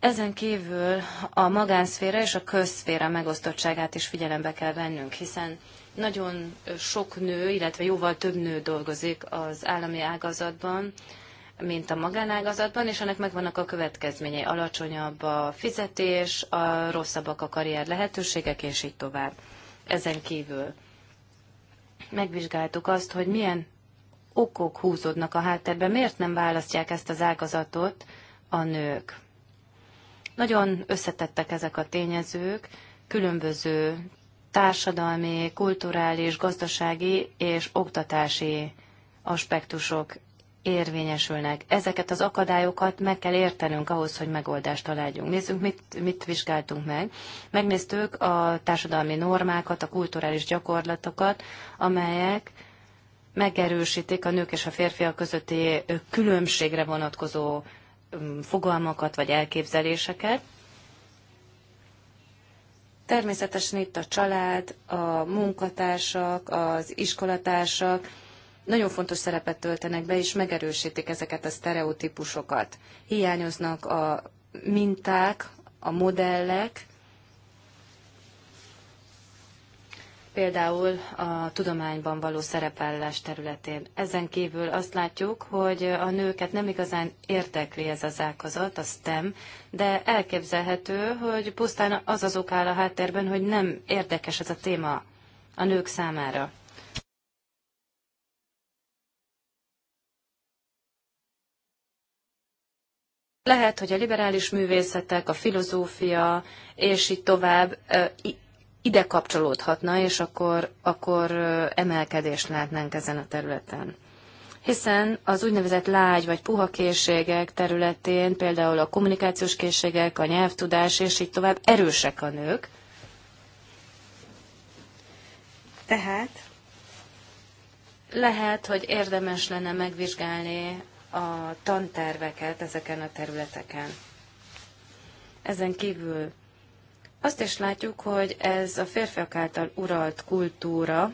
Ezen kívül a magánszféra és a közszféra megosztottságát is figyelembe kell vennünk, hiszen nagyon sok nő, illetve jóval több nő dolgozik az állami ágazatban, mint a magánágazatban, és ennek megvannak a következményei. Alacsonyabb a fizetés, a rosszabbak a karrier lehetőségek, és így tovább. Ezen kívül megvizsgáltuk azt, hogy milyen okok húzódnak a háttérben, miért nem választják ezt az ágazatot a nők. Nagyon összetettek ezek a tényezők, különböző társadalmi, kulturális, gazdasági és oktatási aspektusok érvényesülnek. Ezeket az akadályokat meg kell értenünk ahhoz, hogy megoldást találjunk. Nézzük, mit, mit vizsgáltunk meg. Megnéztük a társadalmi normákat, a kulturális gyakorlatokat, amelyek megerősítik a nők és a férfiak közötti különbségre vonatkozó fogalmakat vagy elképzeléseket. Természetesen itt a család, a munkatársak, az iskolatársak, nagyon fontos szerepet töltenek be, és megerősítik ezeket a sztereotípusokat. Hiányoznak a minták, a modellek, például a tudományban való szerepellés területén. Ezen kívül azt látjuk, hogy a nőket nem igazán értekli ez az ágazat, a STEM, de elképzelhető, hogy pusztán az az ok áll a háttérben, hogy nem érdekes ez a téma a nők számára. Lehet, hogy a liberális művészetek, a filozófia, és így tovább ide kapcsolódhatna, és akkor, akkor emelkedést látnánk ezen a területen. Hiszen az úgynevezett lágy vagy puha készségek területén, például a kommunikációs készségek, a nyelvtudás, és így tovább erősek a nők. Tehát lehet, hogy érdemes lenne megvizsgálni a tanterveket ezeken a területeken. Ezen kívül azt is látjuk, hogy ez a férfiak által uralt kultúra,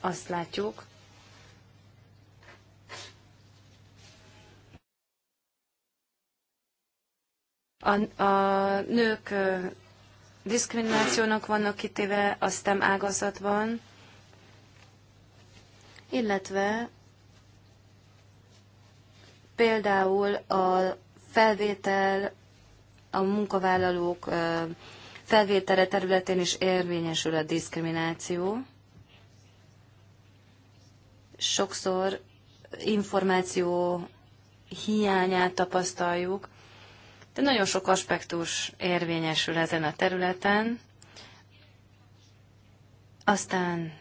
azt látjuk, A, a nők diszkriminációnak vannak kitéve a STEM ágazatban, illetve például a felvétel a munkavállalók felvétele területén is érvényesül a diszkrimináció. Sokszor információ hiányát tapasztaljuk, de nagyon sok aspektus érvényesül ezen a területen. Aztán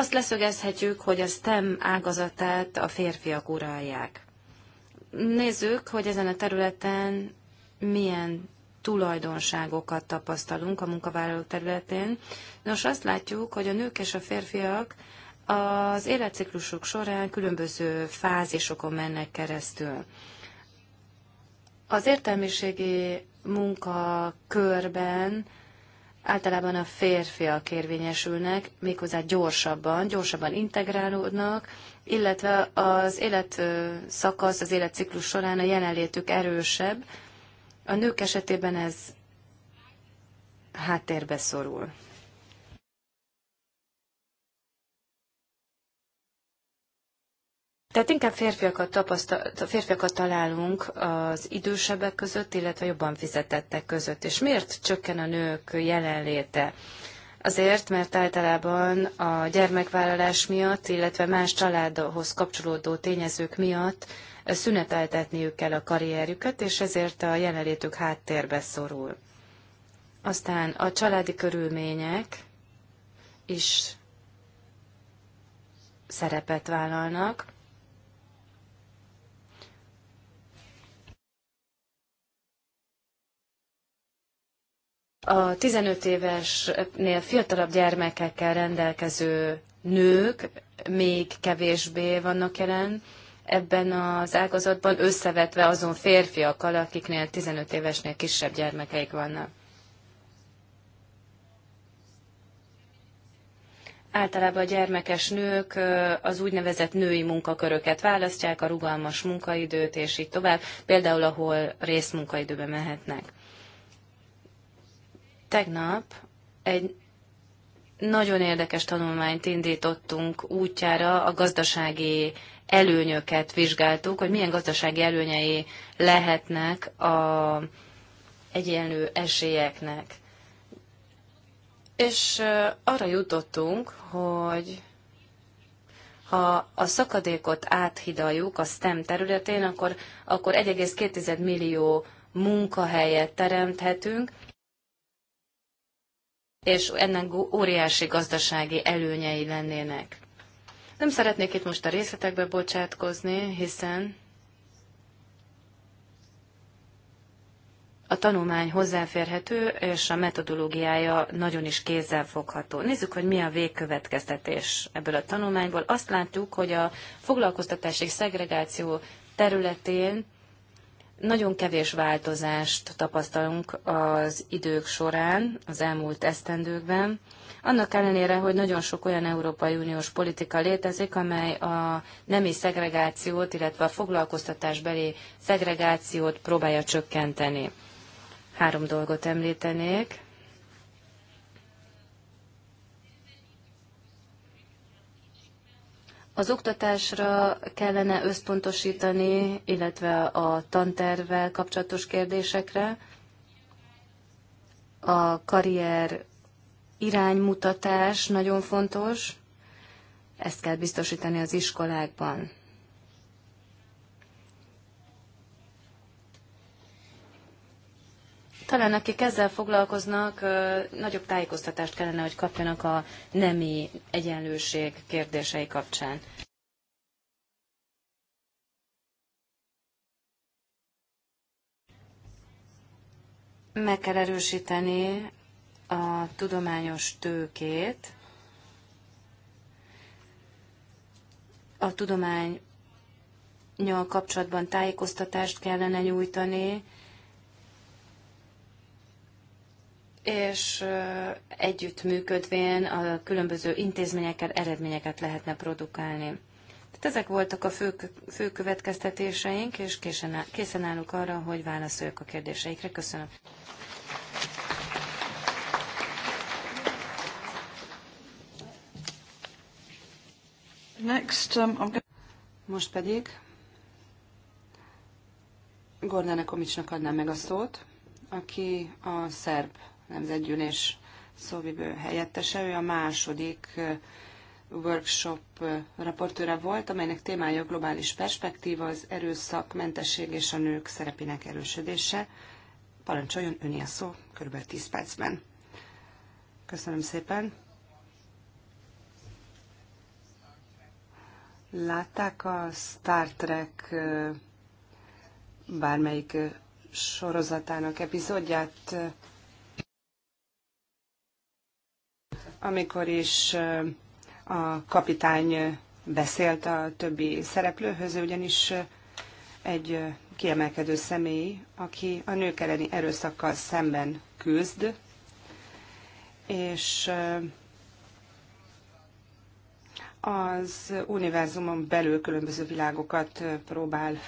Azt leszögezhetjük, hogy a STEM ágazatát a férfiak uralják. Nézzük, hogy ezen a területen milyen tulajdonságokat tapasztalunk a munkavállalók területén. Nos, azt látjuk, hogy a nők és a férfiak az életciklusuk során különböző fázisokon mennek keresztül. Az értelmiségi munkakörben általában a férfiak érvényesülnek, méghozzá gyorsabban, gyorsabban integrálódnak, illetve az életszakasz, az életciklus során a jelenlétük erősebb. A nők esetében ez háttérbe szorul. Tehát inkább férfiakat, tapasztal, férfiakat találunk az idősebbek között, illetve jobban fizetettek között. És miért csökken a nők jelenléte? Azért, mert általában a gyermekvállalás miatt, illetve más családhoz kapcsolódó tényezők miatt szüneteltetniük kell a karrierjüket, és ezért a jelenlétük háttérbe szorul. Aztán a családi körülmények is szerepet vállalnak. A 15 évesnél fiatalabb gyermekekkel rendelkező nők még kevésbé vannak jelen ebben az ágazatban, összevetve azon férfiakkal, akiknél 15 évesnél kisebb gyermekeik vannak. Általában a gyermekes nők az úgynevezett női munkaköröket választják, a rugalmas munkaidőt és így tovább, például ahol részmunkaidőbe mehetnek. Tegnap egy nagyon érdekes tanulmányt indítottunk útjára, a gazdasági előnyöket vizsgáltuk, hogy milyen gazdasági előnyei lehetnek a egyenlő esélyeknek. És arra jutottunk, hogy ha a szakadékot áthidaljuk a STEM területén, akkor, akkor 1,2 millió munkahelyet teremthetünk, és ennek óriási gazdasági előnyei lennének. Nem szeretnék itt most a részletekbe bocsátkozni, hiszen a tanulmány hozzáférhető, és a metodológiája nagyon is fogható. Nézzük, hogy mi a végkövetkeztetés ebből a tanulmányból. Azt látjuk, hogy a foglalkoztatási szegregáció területén nagyon kevés változást tapasztalunk az idők során, az elmúlt esztendőkben, annak ellenére, hogy nagyon sok olyan Európai Uniós politika létezik, amely a nemi szegregációt, illetve a foglalkoztatásbeli szegregációt próbálja csökkenteni. Három dolgot említenék. Az oktatásra kellene összpontosítani, illetve a tantervvel kapcsolatos kérdésekre, a karrier iránymutatás nagyon fontos, ezt kell biztosítani az iskolákban. Talán akik ezzel foglalkoznak, nagyobb tájékoztatást kellene, hogy kapjanak a nemi egyenlőség kérdései kapcsán. Meg kell erősíteni a tudományos tőkét, a tudomány kapcsolatban tájékoztatást kellene nyújtani, és együttműködvén a különböző intézményekkel eredményeket lehetne produkálni. Tehát ezek voltak a fő, fő következtetéseink, és készen, áll, készen állunk arra, hogy válaszoljuk a kérdéseikre. Köszönöm. Next, um, gonna... Most pedig Gordana Komicsnak adnám meg a szót, aki a szerb nemzetgyűlés szóvivő helyettese. Ő a második workshop raportőre volt, amelynek témája a globális perspektíva, az erőszak, mentesség és a nők szerepének erősödése. Parancsoljon öné a szó, kb. 10 percben. Köszönöm szépen. Látták a Star Trek bármelyik sorozatának epizódját? amikor is a kapitány beszélt a többi szereplőhöz, ugyanis egy kiemelkedő személy, aki a nők elleni erőszakkal szemben küzd, és az univerzumon belül különböző világokat próbál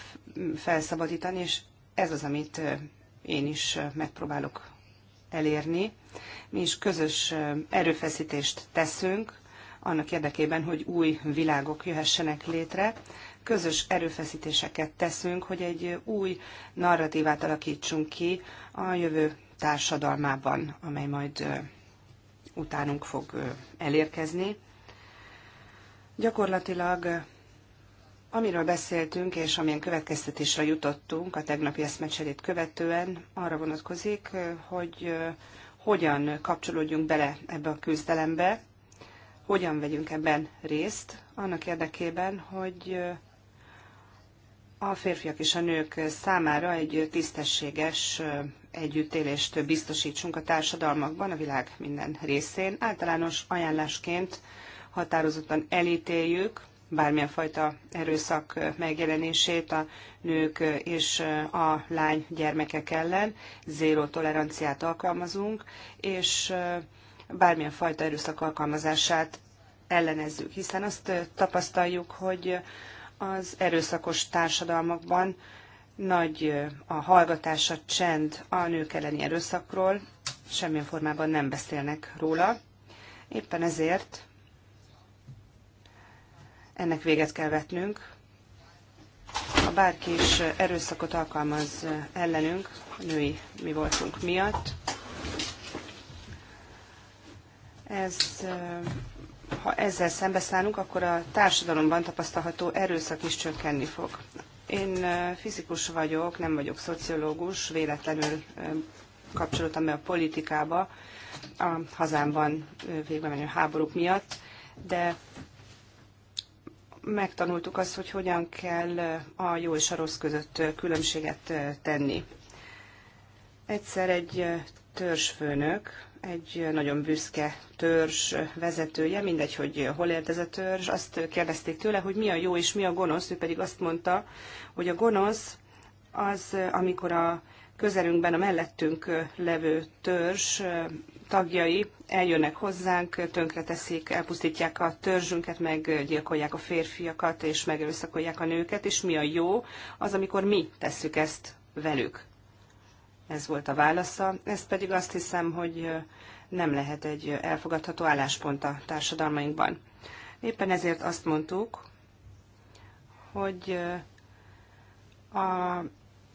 felszabadítani, és ez az, amit én is megpróbálok elérni. Mi is közös erőfeszítést teszünk annak érdekében, hogy új világok jöhessenek létre. Közös erőfeszítéseket teszünk, hogy egy új narratívát alakítsunk ki a jövő társadalmában, amely majd utánunk fog elérkezni. Gyakorlatilag Amiről beszéltünk, és amilyen következtetésre jutottunk a tegnapi eszmecserét követően, arra vonatkozik, hogy hogyan kapcsolódjunk bele ebbe a küzdelembe, hogyan vegyünk ebben részt, annak érdekében, hogy a férfiak és a nők számára egy tisztességes együttélést biztosítsunk a társadalmakban, a világ minden részén. Általános ajánlásként határozottan elítéljük bármilyen fajta erőszak megjelenését a nők és a lány gyermekek ellen. Zéró toleranciát alkalmazunk, és bármilyen fajta erőszak alkalmazását ellenezzük, hiszen azt tapasztaljuk, hogy az erőszakos társadalmakban nagy a hallgatás, a csend a nők elleni erőszakról, semmilyen formában nem beszélnek róla. Éppen ezért ennek véget kell vetnünk. Ha bárki is erőszakot alkalmaz ellenünk, a női mi voltunk miatt, ez, ha ezzel szembeszállunk, akkor a társadalomban tapasztalható erőszak is csökkenni fog. Én fizikus vagyok, nem vagyok szociológus, véletlenül kapcsolódtam be a politikába a hazámban végbe menő háborúk miatt, de megtanultuk azt, hogy hogyan kell a jó és a rossz között különbséget tenni. Egyszer egy törzsfőnök, egy nagyon büszke törzs vezetője, mindegy, hogy hol élt ez a törzs, azt kérdezték tőle, hogy mi a jó és mi a gonosz, ő pedig azt mondta, hogy a gonosz az, amikor a közelünkben a mellettünk levő törzs tagjai eljönnek hozzánk, tönkreteszik, elpusztítják a törzsünket, meggyilkolják a férfiakat, és megerőszakolják a nőket, és mi a jó, az, amikor mi tesszük ezt velük. Ez volt a válasza. Ez pedig azt hiszem, hogy nem lehet egy elfogadható álláspont a társadalmainkban. Éppen ezért azt mondtuk, hogy a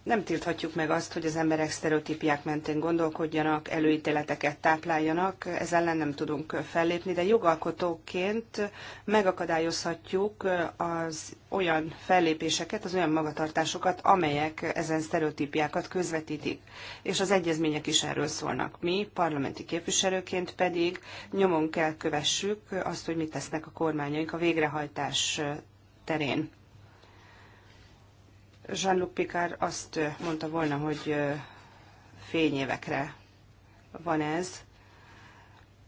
nem tilthatjuk meg azt, hogy az emberek sztereotípiák mentén gondolkodjanak, előítéleteket tápláljanak, ez ellen nem tudunk fellépni, de jogalkotóként megakadályozhatjuk az olyan fellépéseket, az olyan magatartásokat, amelyek ezen sztereotípiákat közvetítik. És az egyezmények is erről szólnak. Mi, parlamenti képviselőként pedig nyomon kell kövessük azt, hogy mit tesznek a kormányaink a végrehajtás terén. Jean-Luc Picard azt mondta volna, hogy fényévekre van ez,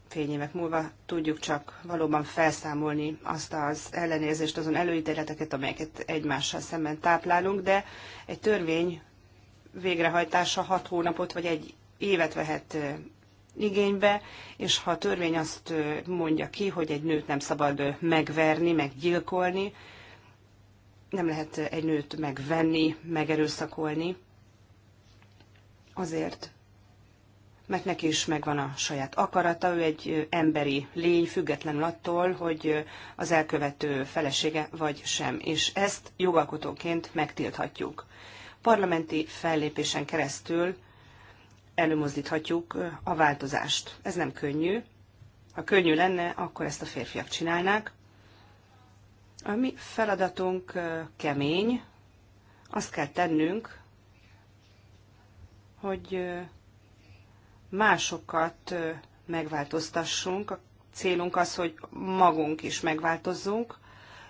fényévek múlva tudjuk csak valóban felszámolni azt az ellenérzést, azon előítéleteket, amelyeket egymással szemben táplálunk, de egy törvény végrehajtása hat hónapot vagy egy évet vehet igénybe, és ha a törvény azt mondja ki, hogy egy nőt nem szabad megverni, meggyilkolni, nem lehet egy nőt megvenni, megerőszakolni, azért, mert neki is megvan a saját akarata, ő egy emberi lény, függetlenül attól, hogy az elkövető felesége vagy sem, és ezt jogalkotóként megtilthatjuk. Parlamenti fellépésen keresztül előmozdíthatjuk a változást. Ez nem könnyű. Ha könnyű lenne, akkor ezt a férfiak csinálnák, a mi feladatunk kemény, azt kell tennünk, hogy másokat megváltoztassunk. A célunk az, hogy magunk is megváltozzunk,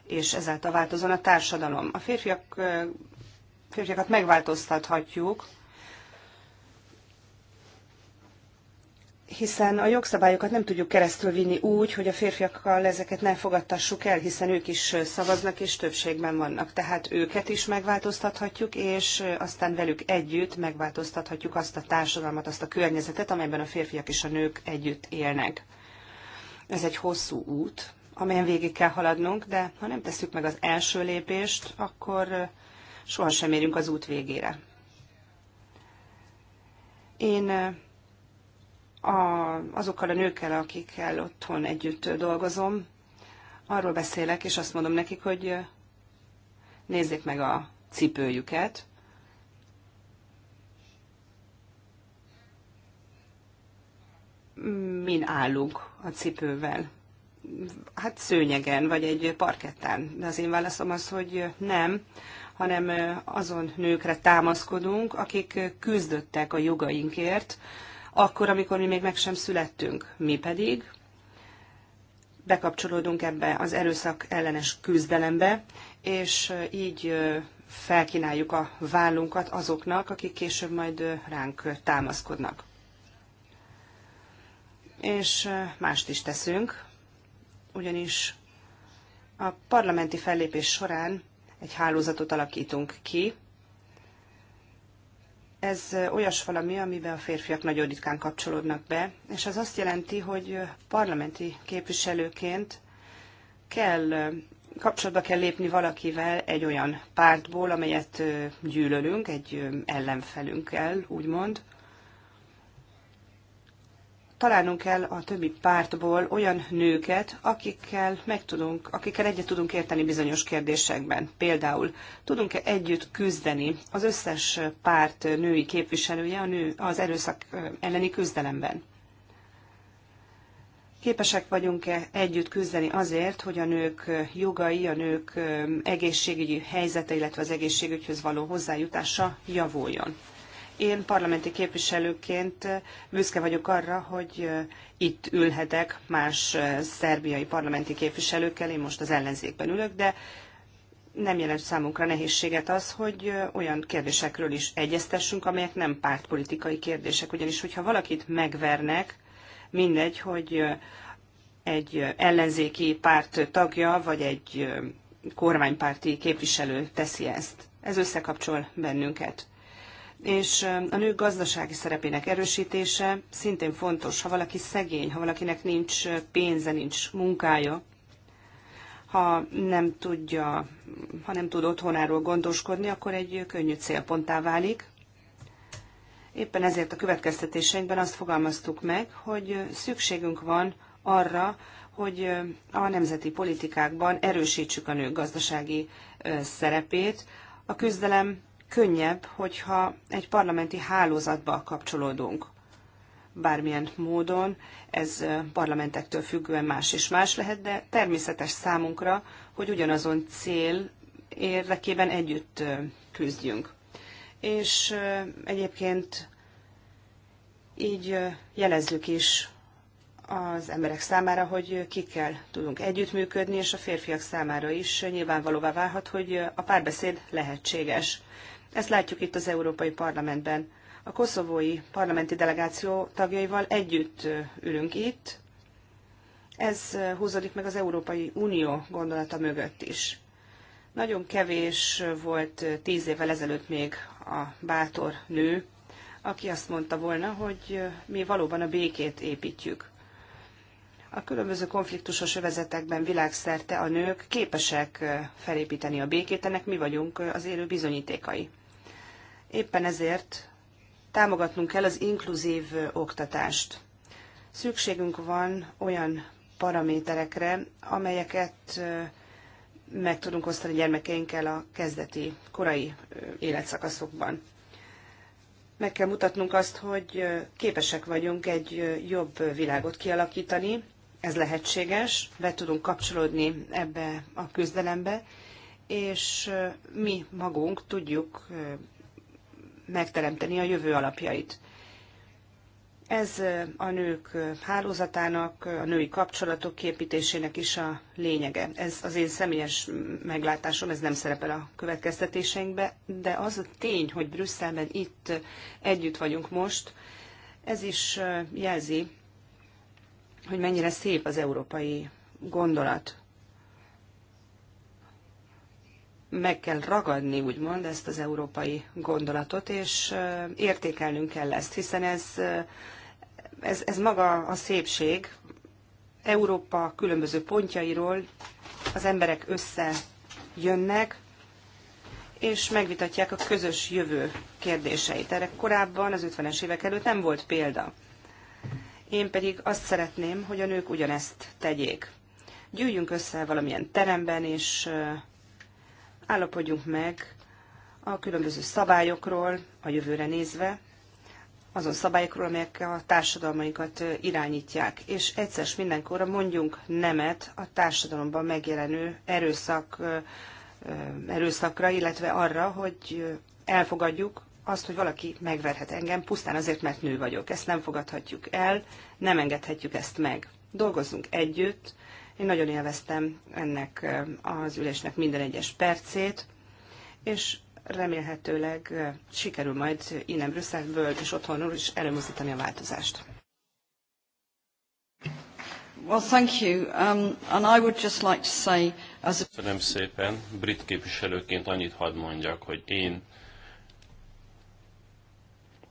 és ezáltal változon a társadalom. A férfiak, férfiakat megváltoztathatjuk, hiszen a jogszabályokat nem tudjuk keresztül vinni úgy, hogy a férfiakkal ezeket ne fogadtassuk el, hiszen ők is szavaznak és többségben vannak. Tehát őket is megváltoztathatjuk, és aztán velük együtt megváltoztathatjuk azt a társadalmat, azt a környezetet, amelyben a férfiak és a nők együtt élnek. Ez egy hosszú út, amelyen végig kell haladnunk, de ha nem tesszük meg az első lépést, akkor sohasem érünk az út végére. Én a, azokkal a nőkkel, akikkel otthon együtt dolgozom, arról beszélek, és azt mondom nekik, hogy nézzék meg a cipőjüket, min állunk a cipővel. Hát szőnyegen, vagy egy parkettán. De az én válaszom az, hogy nem, hanem azon nőkre támaszkodunk, akik küzdöttek a jogainkért, akkor, amikor mi még meg sem születtünk. Mi pedig bekapcsolódunk ebbe az erőszak ellenes küzdelembe, és így felkínáljuk a vállunkat azoknak, akik később majd ránk támaszkodnak. És mást is teszünk, ugyanis a parlamenti fellépés során egy hálózatot alakítunk ki, ez olyas valami, amiben a férfiak nagyon ritkán kapcsolódnak be, és az azt jelenti, hogy parlamenti képviselőként kell kapcsolatba kell lépni valakivel egy olyan pártból, amelyet gyűlölünk, egy ellenfelünkkel, úgymond, találnunk kell a többi pártból olyan nőket, akikkel meg tudunk, akikkel egyet tudunk érteni bizonyos kérdésekben. Például tudunk-e együtt küzdeni az összes párt női képviselője a nő, az erőszak elleni küzdelemben? Képesek vagyunk-e együtt küzdeni azért, hogy a nők jogai, a nők egészségügyi helyzete, illetve az egészségügyhöz való hozzájutása javuljon? Én parlamenti képviselőként eh, büszke vagyok arra, hogy eh, itt ülhetek más eh, szerbiai parlamenti képviselőkkel, én most az ellenzékben ülök, de nem jelent számunkra nehézséget az, hogy olyan kérdésekről is egyeztessünk, amelyek nem pártpolitikai kérdések. Ugyanis, hogyha valakit megvernek, mindegy, hogy egy ellenzéki párt tagja, vagy egy kormánypárti képviselő teszi ezt. Ez összekapcsol bennünket és a nők gazdasági szerepének erősítése szintén fontos, ha valaki szegény, ha valakinek nincs pénze, nincs munkája, ha nem tudja, ha nem tud otthonáról gondoskodni, akkor egy könnyű célponttá válik. Éppen ezért a következtetéseinkben azt fogalmaztuk meg, hogy szükségünk van arra, hogy a nemzeti politikákban erősítsük a nők gazdasági szerepét. A küzdelem könnyebb, hogyha egy parlamenti hálózatba kapcsolódunk. Bármilyen módon ez parlamentektől függően más és más lehet, de természetes számunkra, hogy ugyanazon cél érdekében együtt küzdjünk. És egyébként így jelezzük is az emberek számára, hogy kikkel tudunk együttműködni, és a férfiak számára is nyilvánvalóvá válhat, hogy a párbeszéd lehetséges. Ezt látjuk itt az Európai Parlamentben. A koszovói parlamenti delegáció tagjaival együtt ülünk itt. Ez húzódik meg az Európai Unió gondolata mögött is. Nagyon kevés volt tíz évvel ezelőtt még a bátor nő, aki azt mondta volna, hogy mi valóban a békét építjük. A különböző konfliktusos övezetekben világszerte a nők képesek felépíteni a békét, ennek mi vagyunk az élő bizonyítékai. Éppen ezért támogatnunk kell az inkluzív oktatást. Szükségünk van olyan paraméterekre, amelyeket meg tudunk osztani gyermekeinkkel a kezdeti, korai életszakaszokban. Meg kell mutatnunk azt, hogy képesek vagyunk egy jobb világot kialakítani, ez lehetséges, be tudunk kapcsolódni ebbe a küzdelembe, és mi magunk tudjuk megteremteni a jövő alapjait. Ez a nők hálózatának, a női kapcsolatok képítésének is a lényege. Ez az én személyes meglátásom, ez nem szerepel a következtetéseinkbe, de az a tény, hogy Brüsszelben itt együtt vagyunk most, ez is jelzi, hogy mennyire szép az európai gondolat. meg kell ragadni, úgymond, ezt az európai gondolatot, és értékelnünk kell ezt, hiszen ez, ez, ez maga a szépség Európa különböző pontjairól az emberek összejönnek, és megvitatják a közös jövő kérdéseit. Erre korábban, az 50-es évek előtt nem volt példa. Én pedig azt szeretném, hogy a nők ugyanezt tegyék. Gyűjjünk össze valamilyen teremben, és állapodjunk meg a különböző szabályokról a jövőre nézve, azon szabályokról, amelyek a társadalmainkat irányítják, és egyszer mindenkorra mondjunk nemet a társadalomban megjelenő erőszak, erőszakra, illetve arra, hogy elfogadjuk azt, hogy valaki megverhet engem pusztán azért, mert nő vagyok. Ezt nem fogadhatjuk el, nem engedhetjük ezt meg. Dolgozzunk együtt, én nagyon élveztem ennek az ülésnek minden egyes percét, és remélhetőleg sikerül majd innen Brüsszelből és otthonról is előmozdítani a változást. Well, thank you. Um, and I would just like to say as a... Köszönöm szépen. Brit képviselőként annyit hadd mondjak, hogy én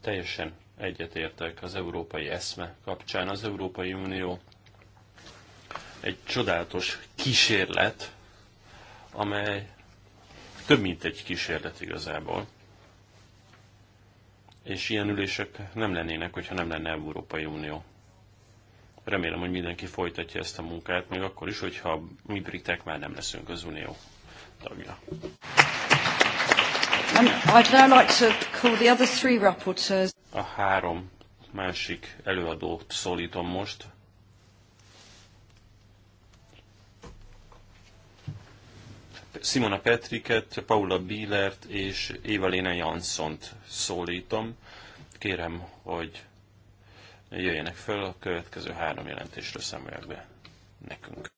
teljesen egyetértek az európai eszme kapcsán. Az Európai Unió egy csodálatos kísérlet, amely több mint egy kísérlet igazából. És ilyen ülések nem lennének, hogyha nem lenne Európai Unió. Remélem, hogy mindenki folytatja ezt a munkát, még akkor is, hogyha mi britek már nem leszünk az Unió tagja. Um, a három másik előadót szólítom most, Simona Petriket, Paula Bielert és Évalina Janszont szólítom. Kérem, hogy jöjjenek fel a következő három jelentésről számolják be nekünk.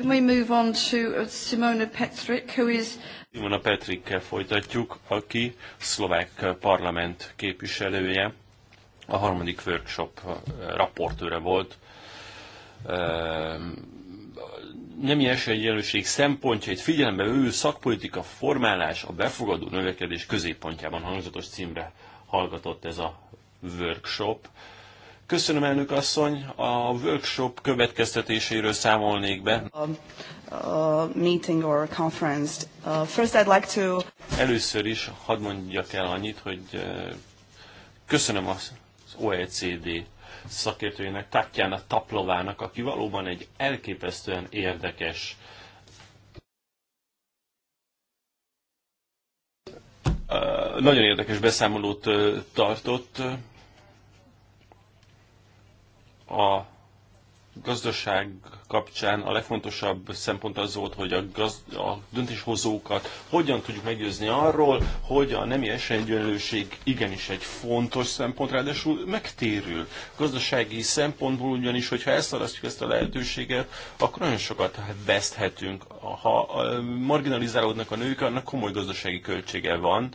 Can we move on to uh, Simona Petrik, who is... Simona Petrikkel folytatjuk, aki szlovák parlament képviselője, a harmadik workshop uh, raportőre volt. Ehm, nem esélyegyenlőség szempontjait figyelembe ő szakpolitika formálás a befogadó növekedés középpontjában hangzatos címre hallgatott ez a workshop. Köszönöm, elnök asszony. A workshop következtetéséről számolnék be. Um, uh, meeting or conference. Uh, first I'd like to... Először is hadd mondjak el annyit, hogy uh, köszönöm az OECD szakértőjének, Tatjana Taplovának, aki valóban egy elképesztően érdekes uh, nagyon érdekes beszámolót uh, tartott a gazdaság kapcsán a legfontosabb szempont az volt, hogy a, gaz, a döntéshozókat hogyan tudjuk meggyőzni arról, hogy a nemi esélyegyenlőség igenis egy fontos szempont, ráadásul megtérül. Gazdasági szempontból ugyanis, hogyha elszalasztjuk ezt a lehetőséget, akkor nagyon sokat veszthetünk. Ha marginalizálódnak a nők, annak komoly gazdasági költsége van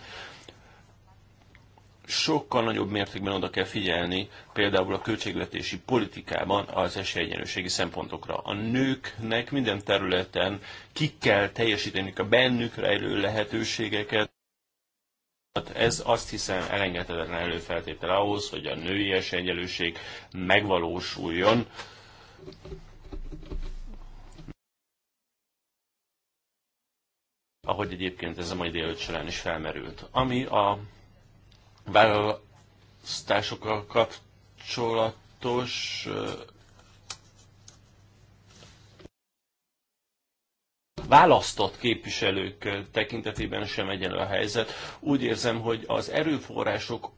sokkal nagyobb mértékben oda kell figyelni például a költségvetési politikában az esélyegyenlőségi szempontokra. A nőknek minden területen ki kell teljesíteniük a bennük rejlő lehetőségeket. Hát ez azt hiszem elengedhetetlen előfeltétel ahhoz, hogy a női esélyegyenlőség megvalósuljon. ahogy egyébként ez a mai délután is felmerült. Ami a választásokkal kapcsolatos választott képviselők tekintetében sem egyenlő a helyzet. Úgy érzem, hogy az erőforrások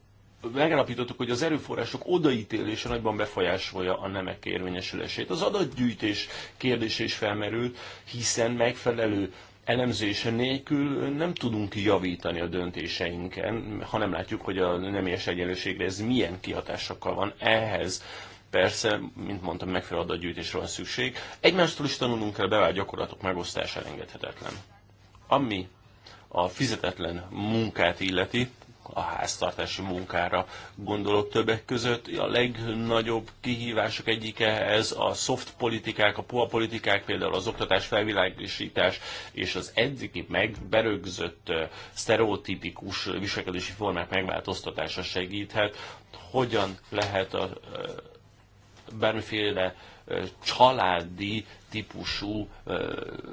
megállapítottuk, hogy az erőforrások odaítélése nagyban befolyásolja a nemek érvényesülését. Az adatgyűjtés kérdése is felmerült, hiszen megfelelő elemzése nélkül nem tudunk javítani a döntéseinken, ha nem látjuk, hogy a nemélyes egyenlőségre ez milyen kihatásokkal van. Ehhez persze, mint mondtam, megfelelő adatgyűjtésre van szükség. Egymástól is tanulnunk kell, bevált gyakorlatok megosztása elengedhetetlen. Ami a fizetetlen munkát illeti, a háztartási munkára gondolok többek között. A legnagyobb kihívások egyike ez a soft politikák, a poa politikák, például az oktatás felvilágosítás és az eddigi megberögzött sztereotipikus viselkedési formák megváltoztatása segíthet. Hogyan lehet a bármiféle családi típusú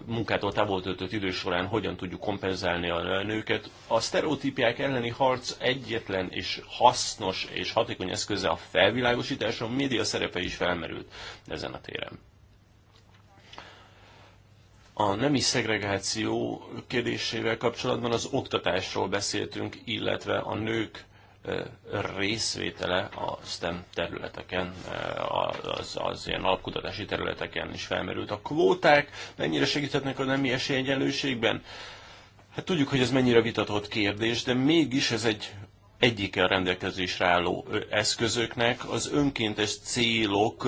munkától távol töltött idő során hogyan tudjuk kompenzálni a nőket. A sztereotípiák elleni harc egyetlen és hasznos és hatékony eszköze a felvilágosítás, a média szerepe is felmerült ezen a téren. A nemi szegregáció kérdésével kapcsolatban az oktatásról beszéltünk, illetve a nők részvétele a STEM területeken, az, az ilyen alapkutatási területeken is felmerült. A kvóták mennyire segíthetnek a nemi esélyegyenlőségben? Hát tudjuk, hogy ez mennyire vitatott kérdés, de mégis ez egy egyike a rendelkezésre álló eszközöknek, az önkéntes célok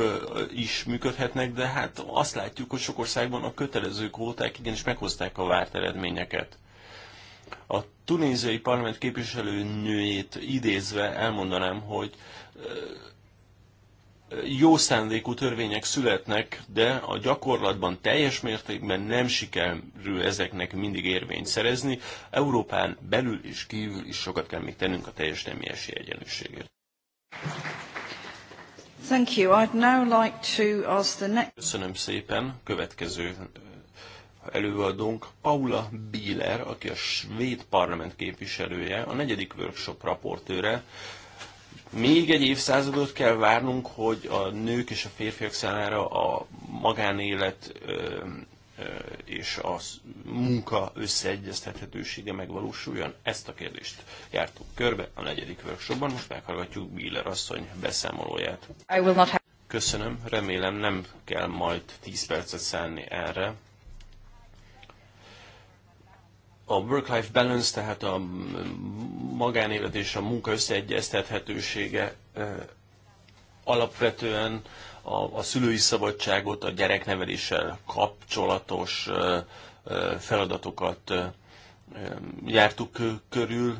is működhetnek, de hát azt látjuk, hogy sok országban a kötelező kvóták igenis meghozták a várt eredményeket. A tunéziai parlament nőjét idézve elmondanám, hogy jó szándékú törvények születnek, de a gyakorlatban teljes mértékben nem sikerül ezeknek mindig érvényt szerezni. Európán belül és kívül is sokat kell még tennünk a teljes nemiesi egyenlőségért. Köszönöm szépen. Következő előadónk Paula Bieler, aki a svéd parlament képviselője, a negyedik workshop raportőre. Még egy évszázadot kell várnunk, hogy a nők és a férfiak számára a magánélet és a munka összeegyeztethetősége megvalósuljon? Ezt a kérdést jártuk körbe a negyedik workshopban, most meghallgatjuk Bieler asszony beszámolóját. I will not have... Köszönöm, remélem nem kell majd 10 percet szánni erre a work-life balance, tehát a magánélet és a munka összeegyeztethetősége alapvetően a, a szülői szabadságot, a gyerekneveléssel kapcsolatos feladatokat jártuk körül,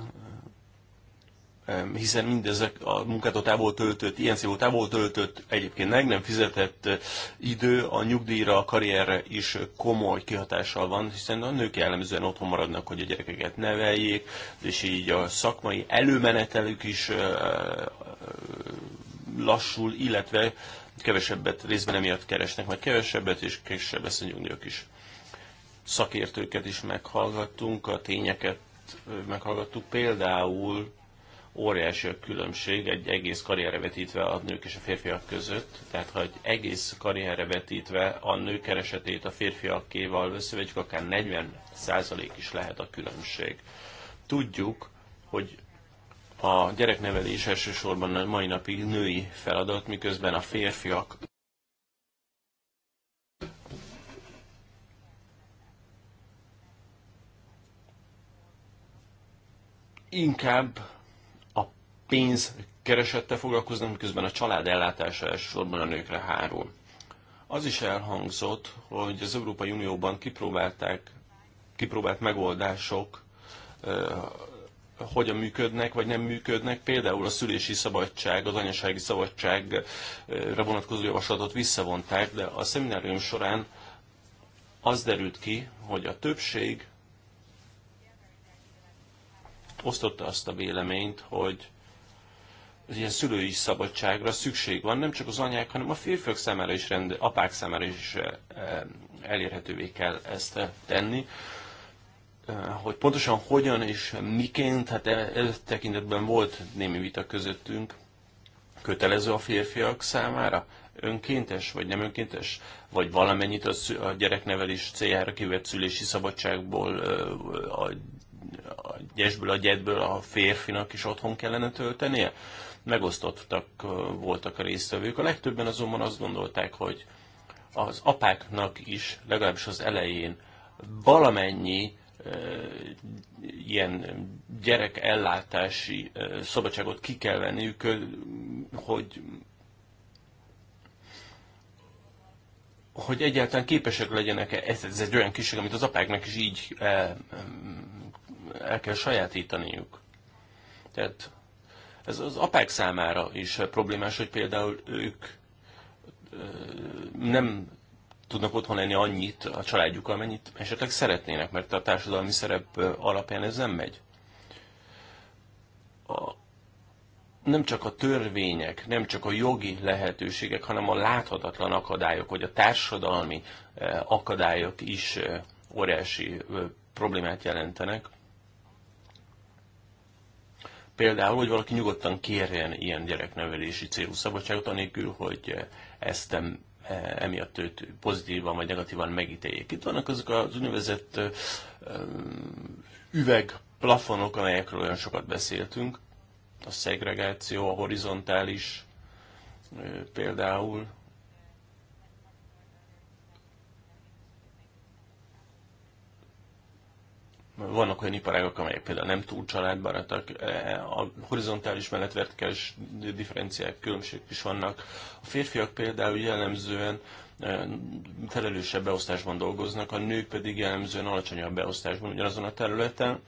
hiszen mindezek a a távol töltött, ilyen szívó távol töltött, egyébként meg nem fizetett eh, idő a nyugdíjra, a karrierre is komoly kihatással van, hiszen a nők jellemzően otthon maradnak, hogy a gyerekeket neveljék, és így a szakmai előmenetelük is eh, eh, lassul, illetve kevesebbet részben emiatt keresnek, majd kevesebbet, és kevesebb lesz a nyugdíjuk is. Szakértőket is meghallgattunk, a tényeket meghallgattuk, például óriási a különbség egy egész karrierre vetítve a nők és a férfiak között. Tehát, ha egy egész karrierre vetítve a nők keresetét a férfiakéval összevetjük, akár 40% is lehet a különbség. Tudjuk, hogy a gyereknevelés elsősorban a mai napig női feladat, miközben a férfiak inkább pénz keresette foglalkozni, miközben a család ellátása elsősorban a nőkre hárul. Az is elhangzott, hogy az Európai Unióban kipróbálták, kipróbált megoldások hogyan működnek, vagy nem működnek. Például a szülési szabadság, az anyasági szabadságra vonatkozó javaslatot visszavonták, de a szeminárium során az derült ki, hogy a többség osztotta azt a véleményt, hogy az ilyen szülői szabadságra szükség van, nem csak az anyák, hanem a férfiak számára is, rend, apák számára is eh, eh, elérhetővé kell ezt eh, tenni. Hogy pontosan hogyan és miként, hát ez e tekintetben volt némi vita közöttünk. Kötelező a férfiak számára? Önkéntes vagy nem önkéntes? Vagy valamennyit a, gyereknevelés céljára kivett szülési szabadságból a gyesből, a gyedből a férfinak is otthon kellene töltenie? megosztottak voltak a résztvevők. A legtöbben azonban azt gondolták, hogy az apáknak is legalábbis az elején valamennyi ilyen gyerek ellátási szabadságot ki kell venniük, hogy hogy egyáltalán képesek legyenek -e. ez, ez egy olyan kiség, amit az apáknak is így el, el kell sajátítaniuk. Tehát ez az apák számára is problémás, hogy például ők nem tudnak otthon lenni annyit a családjuk, amennyit esetleg szeretnének, mert a társadalmi szerep alapján ez nem megy. A, nem csak a törvények, nem csak a jogi lehetőségek, hanem a láthatatlan akadályok, vagy a társadalmi akadályok is óriási problémát jelentenek. Például, hogy valaki nyugodtan kérjen ilyen gyereknevelési célú szabadságot, anélkül, hogy eh, ezt eh, emiatt őt pozitívan vagy negatívan megítéljék. Itt vannak azok az úgynevezett eh, üvegplafonok, amelyekről olyan sokat beszéltünk. A szegregáció, a horizontális például, vannak olyan iparágok, amelyek például nem túl családbarátak, e, a horizontális mellett vertikális differenciák, különbségek is vannak. A férfiak például jellemzően e, felelősebb beosztásban dolgoznak, a nők pedig jellemzően alacsonyabb beosztásban ugyanazon a területen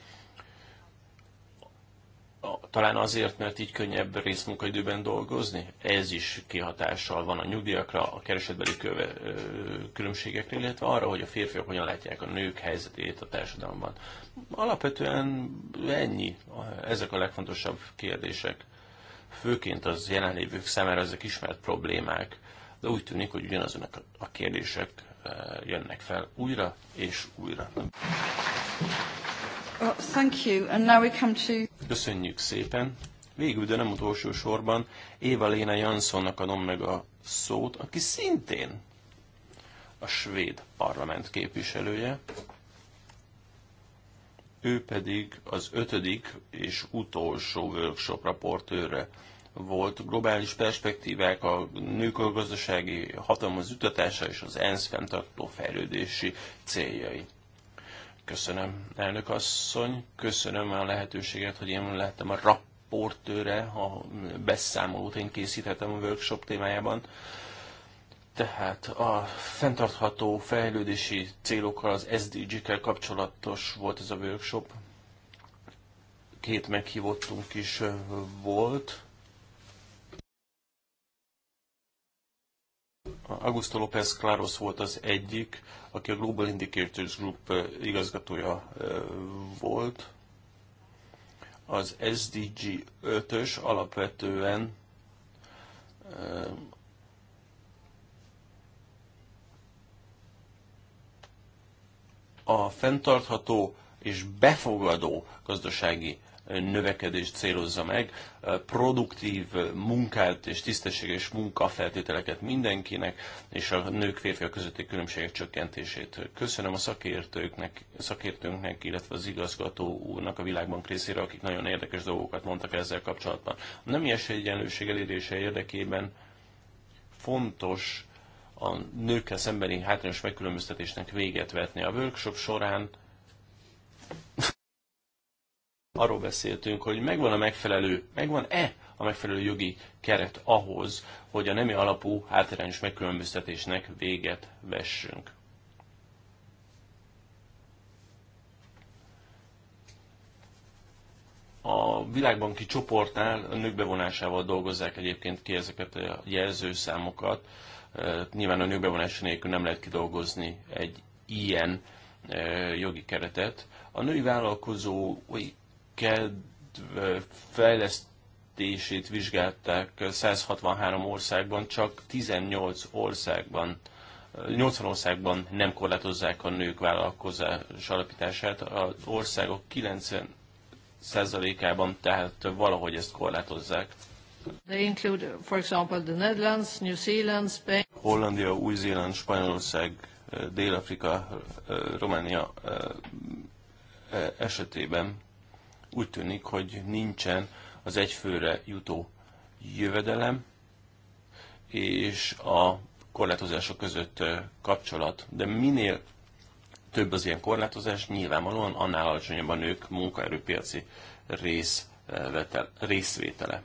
talán azért, mert így könnyebb részmunkaidőben dolgozni. Ez is kihatással van a nyugdíjakra, a keresetbeli köve, különbségekre, illetve arra, hogy a férfiak hogyan látják a nők helyzetét a társadalomban. Alapvetően ennyi. Ezek a legfontosabb kérdések. Főként az jelenlévők számára ezek ismert problémák, de úgy tűnik, hogy ugyanazonak a kérdések jönnek fel újra és újra. Köszönjük szépen. Végül, de nem utolsó sorban, Éva Léna Janssonnak adom meg a szót, aki szintén a svéd parlament képviselője. Ő pedig az ötödik és utolsó workshop raportőre volt globális perspektívák, a nőkörgazdasági hatalmaz ütatása és az ENSZ fenntartó fejlődési céljai. Köszönöm, elnök asszony. Köszönöm a lehetőséget, hogy én lehettem a rapportőre, a beszámolót én készíthetem a workshop témájában. Tehát a fenntartható fejlődési célokkal, az SDG-kkel kapcsolatos volt ez a workshop. Két meghívottunk is volt, Augusto López Claros volt az egyik, aki a Global Indicators Group igazgatója volt. Az SDG 5-ös alapvetően a fenntartható és befogadó gazdasági növekedést célozza meg, produktív munkát és tisztességes munkafeltételeket mindenkinek, és a nők férfiak közötti különbségek csökkentését. Köszönöm a szakértőknek, szakértőnknek, illetve az igazgató úrnak a világban részére, akik nagyon érdekes dolgokat mondtak ezzel kapcsolatban. A nemi egyenlőség elérése érdekében fontos a nőkkel szembeni hátrányos megkülönböztetésnek véget vetni. A workshop során arról beszéltünk, hogy megvan a megfelelő, megvan-e a megfelelő jogi keret ahhoz, hogy a nemi alapú hátrányos megkülönböztetésnek véget vessünk. A világbanki csoportnál a nők bevonásával dolgozzák egyébként ki ezeket a jelzőszámokat. Nyilván a nők bevonása nélkül nem lehet kidolgozni egy ilyen jogi keretet. A női vállalkozói kedv fejlesztését vizsgálták 163 országban, csak 18 országban 80 országban nem korlátozzák a nők vállalkozás alapítását, az országok 90%-ában tehát valahogy ezt korlátozzák. They include, for example, the Netherlands, New Zealand, Spain. Hollandia, Új-Zéland, Spanyolország, Dél-Afrika, Románia eh, esetében úgy tűnik, hogy nincsen az egyfőre jutó jövedelem és a korlátozások között kapcsolat. De minél több az ilyen korlátozás, nyilvánvalóan annál alacsonyabb a nők munkaerőpiaci részvétele.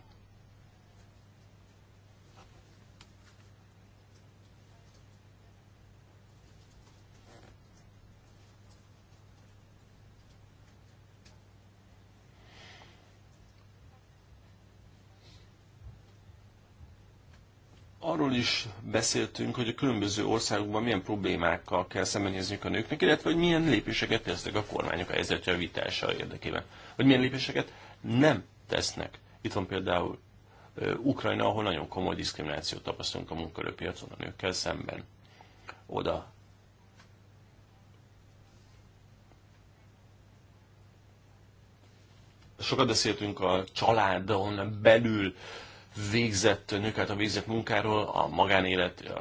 arról is beszéltünk, hogy a különböző országokban milyen problémákkal kell szembenézniük a nőknek, illetve hogy milyen lépéseket tesznek a kormányok a helyzet javítása érdekében. Hogy milyen lépéseket nem tesznek. Itt van például Ukrajna, ahol nagyon komoly diszkriminációt tapasztalunk a munkaerőpiacon a nőkkel szemben. Oda sokat beszéltünk a családon belül végzett nők által végzett munkáról, a magánélet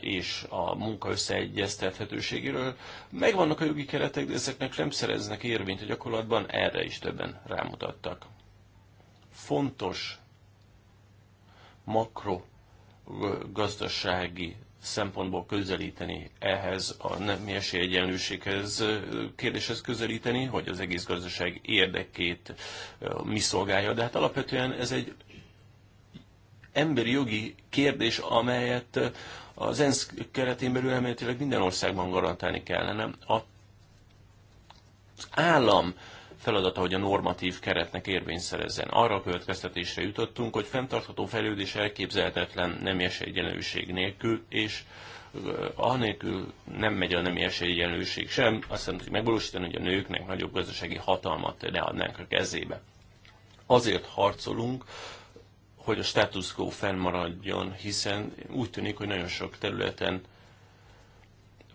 és a munka összeegyeztethetőségéről. Megvannak a jogi keretek, de ezeknek nem szereznek érvényt a gyakorlatban, erre is többen rámutattak. Fontos makro gazdasági szempontból közelíteni ehhez a nem egyenlőséghez kérdéshez közelíteni, hogy az egész gazdaság érdekét mi szolgálja, de hát alapvetően ez egy emberi jogi kérdés, amelyet az ENSZ keretén belül elméletileg minden országban garantálni kellene. A, az állam feladata, hogy a normatív keretnek érvényt szerezzen. Arra a következtetésre jutottunk, hogy fenntartható fejlődés elképzelhetetlen nemies egyenlőség nélkül, és anélkül nem megy a nemi esélyegyenlőség sem, azt hiszem, hogy megvalósítani, hogy a nőknek nagyobb gazdasági hatalmat leadnánk a kezébe. Azért harcolunk, hogy a status quo fennmaradjon, hiszen úgy tűnik, hogy nagyon sok területen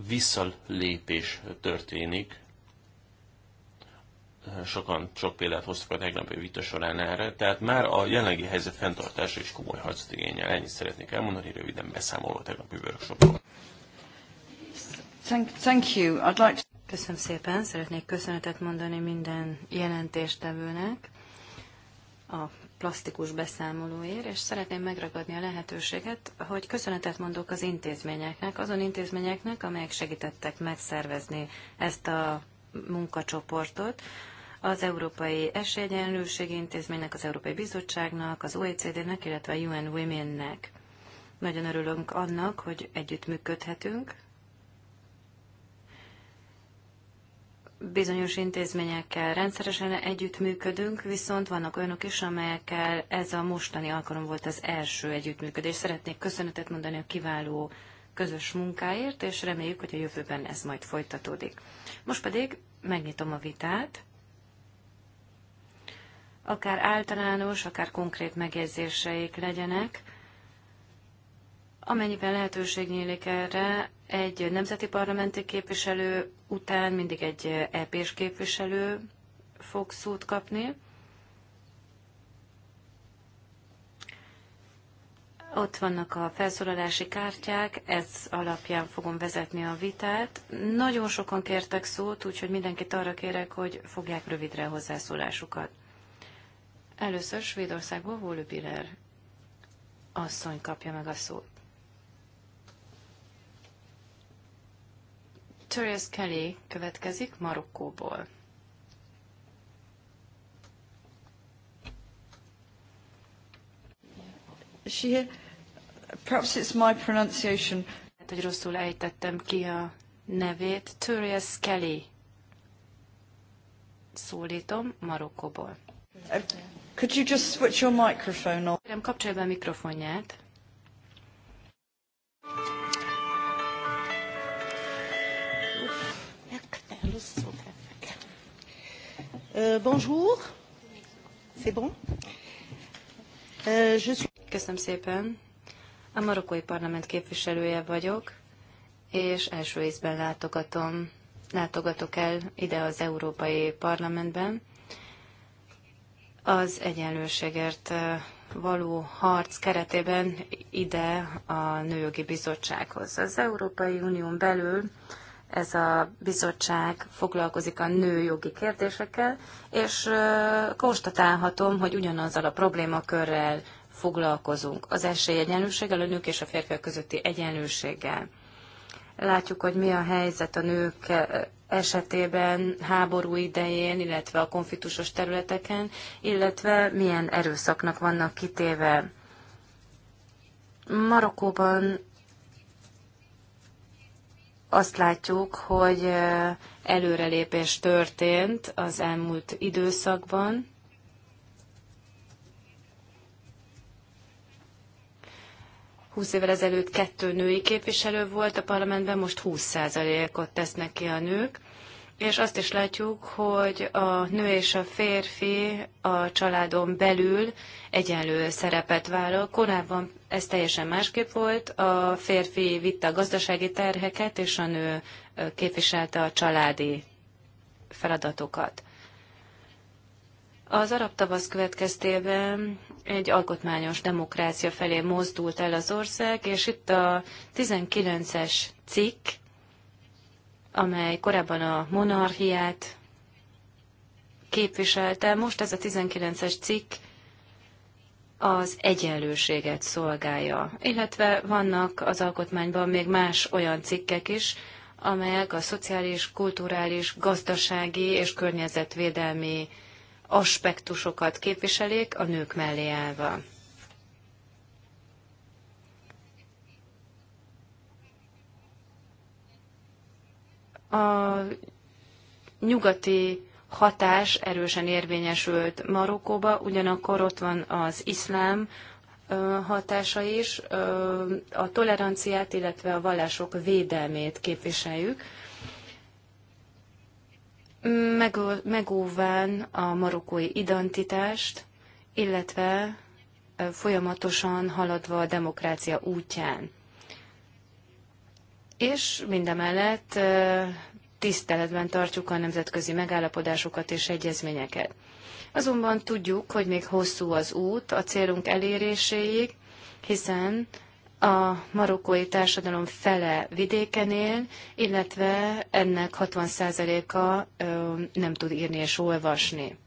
visszalépés történik. Sokan sok példát hoztak a tegnapi vita során erre, tehát már a jelenlegi helyzet fenntartása is komoly harcot igényel. Ennyit szeretnék elmondani, röviden beszámoló tegnapi workshopról. Thank, thank you. I'd like to... Köszönöm szépen, szeretnék köszönetet mondani minden jelentéstevőnek a plastikus beszámolóért, és szeretném megragadni a lehetőséget, hogy köszönetet mondok az intézményeknek, azon intézményeknek, amelyek segítettek megszervezni ezt a munkacsoportot, az Európai Esélyegyenlőségi Intézménynek, az Európai Bizottságnak, az OECD-nek, illetve a UN Women-nek. Nagyon örülünk annak, hogy együttműködhetünk, bizonyos intézményekkel rendszeresen együttműködünk, viszont vannak olyanok is, amelyekkel ez a mostani alkalom volt az első együttműködés. Szeretnék köszönetet mondani a kiváló közös munkáért, és reméljük, hogy a jövőben ez majd folytatódik. Most pedig megnyitom a vitát. Akár általános, akár konkrét megjegyzéseik legyenek Amennyiben lehetőség nyílik erre, egy nemzeti parlamenti képviselő után mindig egy EP-s képviselő fog szót kapni. Ott vannak a felszólalási kártyák, ez alapján fogom vezetni a vitát. Nagyon sokan kértek szót, úgyhogy mindenkit arra kérek, hogy fogják rövidre a hozzászólásukat. Először Svédországból Volubiler asszony kapja meg a szót. Therese Kelly következik Marokkóból. She, perhaps it's my pronunciation. Hát, hogy rosszul ejtettem ki a nevét. Therese Kelly. Szólítom Marokkóból. Uh, could you just switch your microphone on? Kérem, kapcsolja be a mikrofonját. Euh, bonjour. C'est bon? Euh, je suis... Köszönöm szépen. A marokkói parlament képviselője vagyok, és első észben látogatom, látogatok el ide az Európai Parlamentben. Az egyenlőségért való harc keretében ide a Nőjogi Bizottsághoz. Az Európai Unión belül ez a bizottság foglalkozik a nőjogi kérdésekkel, és konstatálhatom, hogy ugyanazzal a problémakörrel foglalkozunk, az esélyegyenlőséggel, a nők és a férfiak közötti egyenlőséggel. Látjuk, hogy mi a helyzet a nők esetében háború idején, illetve a konfliktusos területeken, illetve milyen erőszaknak vannak kitéve. Marokkóban azt látjuk, hogy előrelépés történt az elmúlt időszakban. Húsz évvel ezelőtt kettő női képviselő volt a parlamentben, most 20%-ot tesznek ki a nők és azt is látjuk, hogy a nő és a férfi a családon belül egyenlő szerepet vállal. Korábban ez teljesen másképp volt, a férfi vitte a gazdasági terheket, és a nő képviselte a családi feladatokat. Az arab tavasz következtében egy alkotmányos demokrácia felé mozdult el az ország, és itt a 19-es cikk amely korábban a monarchiát képviselte, most ez a 19-es cikk az egyenlőséget szolgálja. Illetve vannak az alkotmányban még más olyan cikkek is, amelyek a szociális, kulturális, gazdasági és környezetvédelmi aspektusokat képviselik a nők mellé állva. a nyugati hatás erősen érvényesült Marokkóba, ugyanakkor ott van az iszlám hatása is, a toleranciát, illetve a vallások védelmét képviseljük, megóván a marokkói identitást, illetve folyamatosan haladva a demokrácia útján és mindemellett tiszteletben tartjuk a nemzetközi megállapodásokat és egyezményeket. Azonban tudjuk, hogy még hosszú az út a célunk eléréséig, hiszen a marokkói társadalom fele vidéken él, illetve ennek 60%-a nem tud írni és olvasni.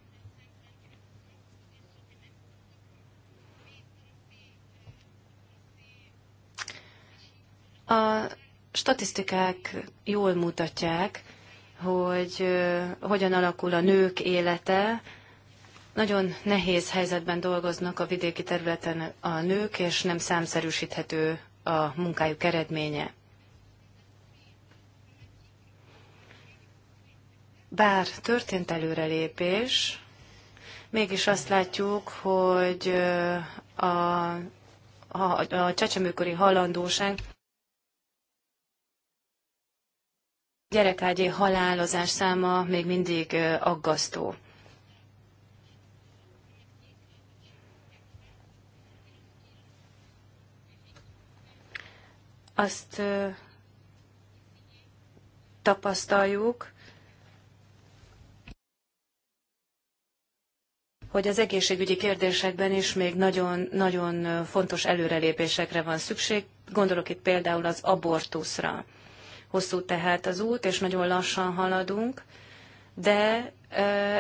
A statisztikák jól mutatják, hogy hogyan alakul a nők élete. Nagyon nehéz helyzetben dolgoznak a vidéki területen a nők, és nem számszerűsíthető a munkájuk eredménye. Bár történt előrelépés, mégis azt látjuk, hogy a, a, a csecsemőkori halandóság gyerekágyi halálozás száma még mindig aggasztó. Azt tapasztaljuk, hogy az egészségügyi kérdésekben is még nagyon-nagyon fontos előrelépésekre van szükség. Gondolok itt például az abortuszra. Hosszú tehát az út, és nagyon lassan haladunk, de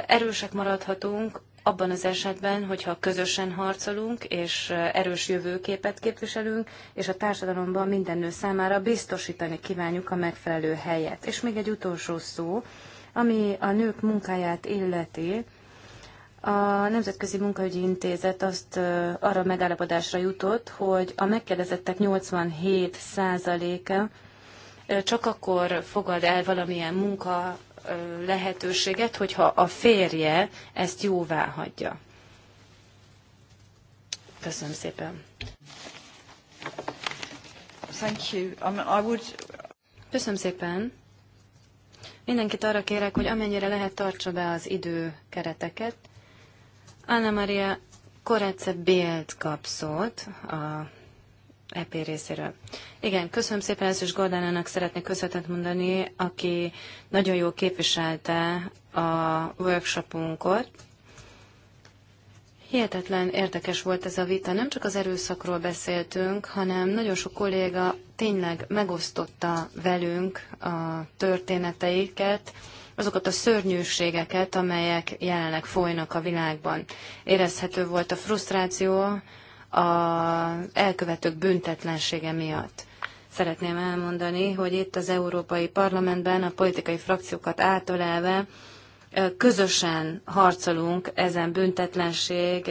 erősek maradhatunk abban az esetben, hogyha közösen harcolunk, és erős jövőképet képviselünk, és a társadalomban minden nő számára biztosítani kívánjuk a megfelelő helyet. És még egy utolsó szó, ami a nők munkáját illeti, a Nemzetközi Munkaügyi Intézet azt arra megállapodásra jutott, hogy a megkérdezettek 87%-a csak akkor fogad el valamilyen munka lehetőséget, hogyha a férje ezt jóvá hagyja. Köszönöm szépen. Thank you. Um, I would... Köszönöm szépen. Mindenkit arra kérek, hogy amennyire lehet tartsa be az idő kereteket. Anna Maria Korece Bélt kap a EP részéről. Igen, köszönöm szépen, ezt is Gordánának szeretnék köszönetet mondani, aki nagyon jól képviselte a workshopunkat. Hihetetlen érdekes volt ez a vita. Nem csak az erőszakról beszéltünk, hanem nagyon sok kolléga tényleg megosztotta velünk a történeteiket, azokat a szörnyűségeket, amelyek jelenleg folynak a világban. Érezhető volt a frusztráció, az elkövetők büntetlensége miatt. Szeretném elmondani, hogy itt az Európai Parlamentben a politikai frakciókat átölelve közösen harcolunk ezen büntetlenség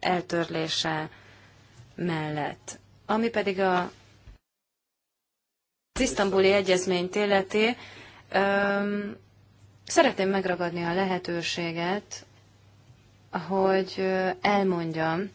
eltörlése mellett. Ami pedig a az isztambuli egyezményt illeti, öm, szeretném megragadni a lehetőséget, hogy elmondjam,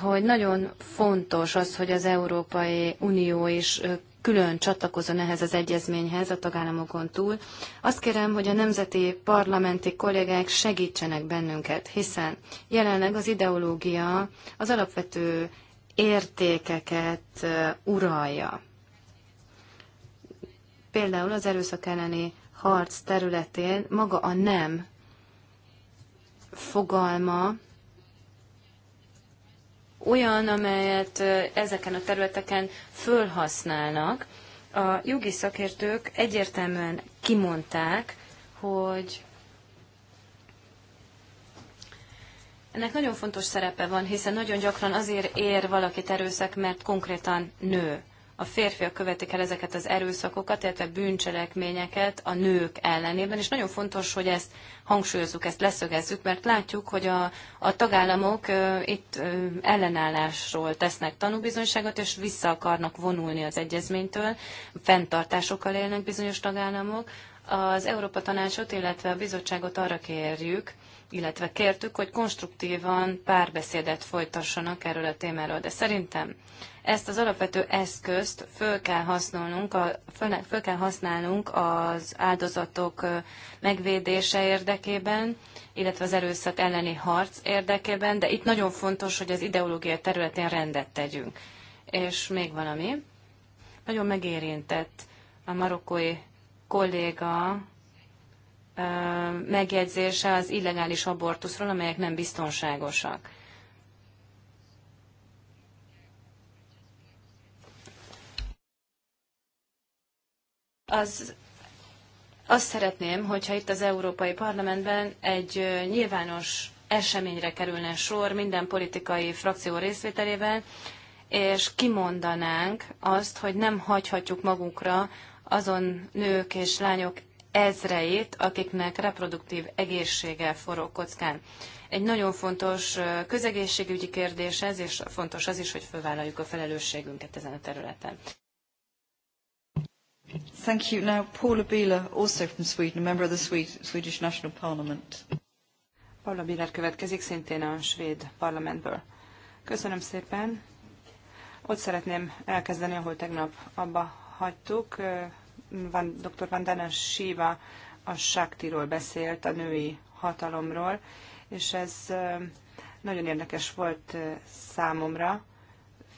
hogy nagyon fontos az, hogy az Európai Unió is külön csatlakozon ehhez az egyezményhez a tagállamokon túl. Azt kérem, hogy a nemzeti parlamenti kollégák segítsenek bennünket, hiszen jelenleg az ideológia az alapvető értékeket uralja. Például az erőszak elleni harc területén maga a nem fogalma olyan, amelyet ezeken a területeken fölhasználnak. A jogi szakértők egyértelműen kimondták, hogy ennek nagyon fontos szerepe van, hiszen nagyon gyakran azért ér valakit erőszak, mert konkrétan nő a férfiak követik el ezeket az erőszakokat, illetve bűncselekményeket a nők ellenében, és nagyon fontos, hogy ezt hangsúlyozzuk, ezt leszögezzük, mert látjuk, hogy a, a tagállamok ö, itt ö, ellenállásról tesznek tanúbizonyságot, és vissza akarnak vonulni az egyezménytől, fenntartásokkal élnek bizonyos tagállamok. Az Európa Tanácsot, illetve a bizottságot arra kérjük, illetve kértük, hogy konstruktívan párbeszédet folytassanak erről a témáról. De szerintem ezt az alapvető eszközt föl kell használnunk, a, föl, föl kell használnunk az áldozatok megvédése érdekében, illetve az erőszak elleni harc érdekében, de itt nagyon fontos, hogy az ideológia területén rendet tegyünk. És még valami, nagyon megérintett a marokkói kolléga megjegyzése az illegális abortuszról, amelyek nem biztonságosak. Az, azt szeretném, hogyha itt az Európai Parlamentben egy nyilvános eseményre kerülne sor minden politikai frakció részvételével, és kimondanánk azt, hogy nem hagyhatjuk magunkra azon nők és lányok ezreit, akiknek reproduktív egészsége forró kockán. Egy nagyon fontos közegészségügyi kérdés ez, és fontos az is, hogy fölvállaljuk a felelősségünket ezen a területen. Thank you. Now, Paula Bieler, also from Sweden, a member of the Swedish National Parliament. Paula Bieler következik, szintén a svéd parlamentből. Köszönöm szépen. Ott szeretném elkezdeni, ahol tegnap abba hagytuk van, dr. Vandana Shiva a Saktiról beszélt, a női hatalomról, és ez nagyon érdekes volt számomra,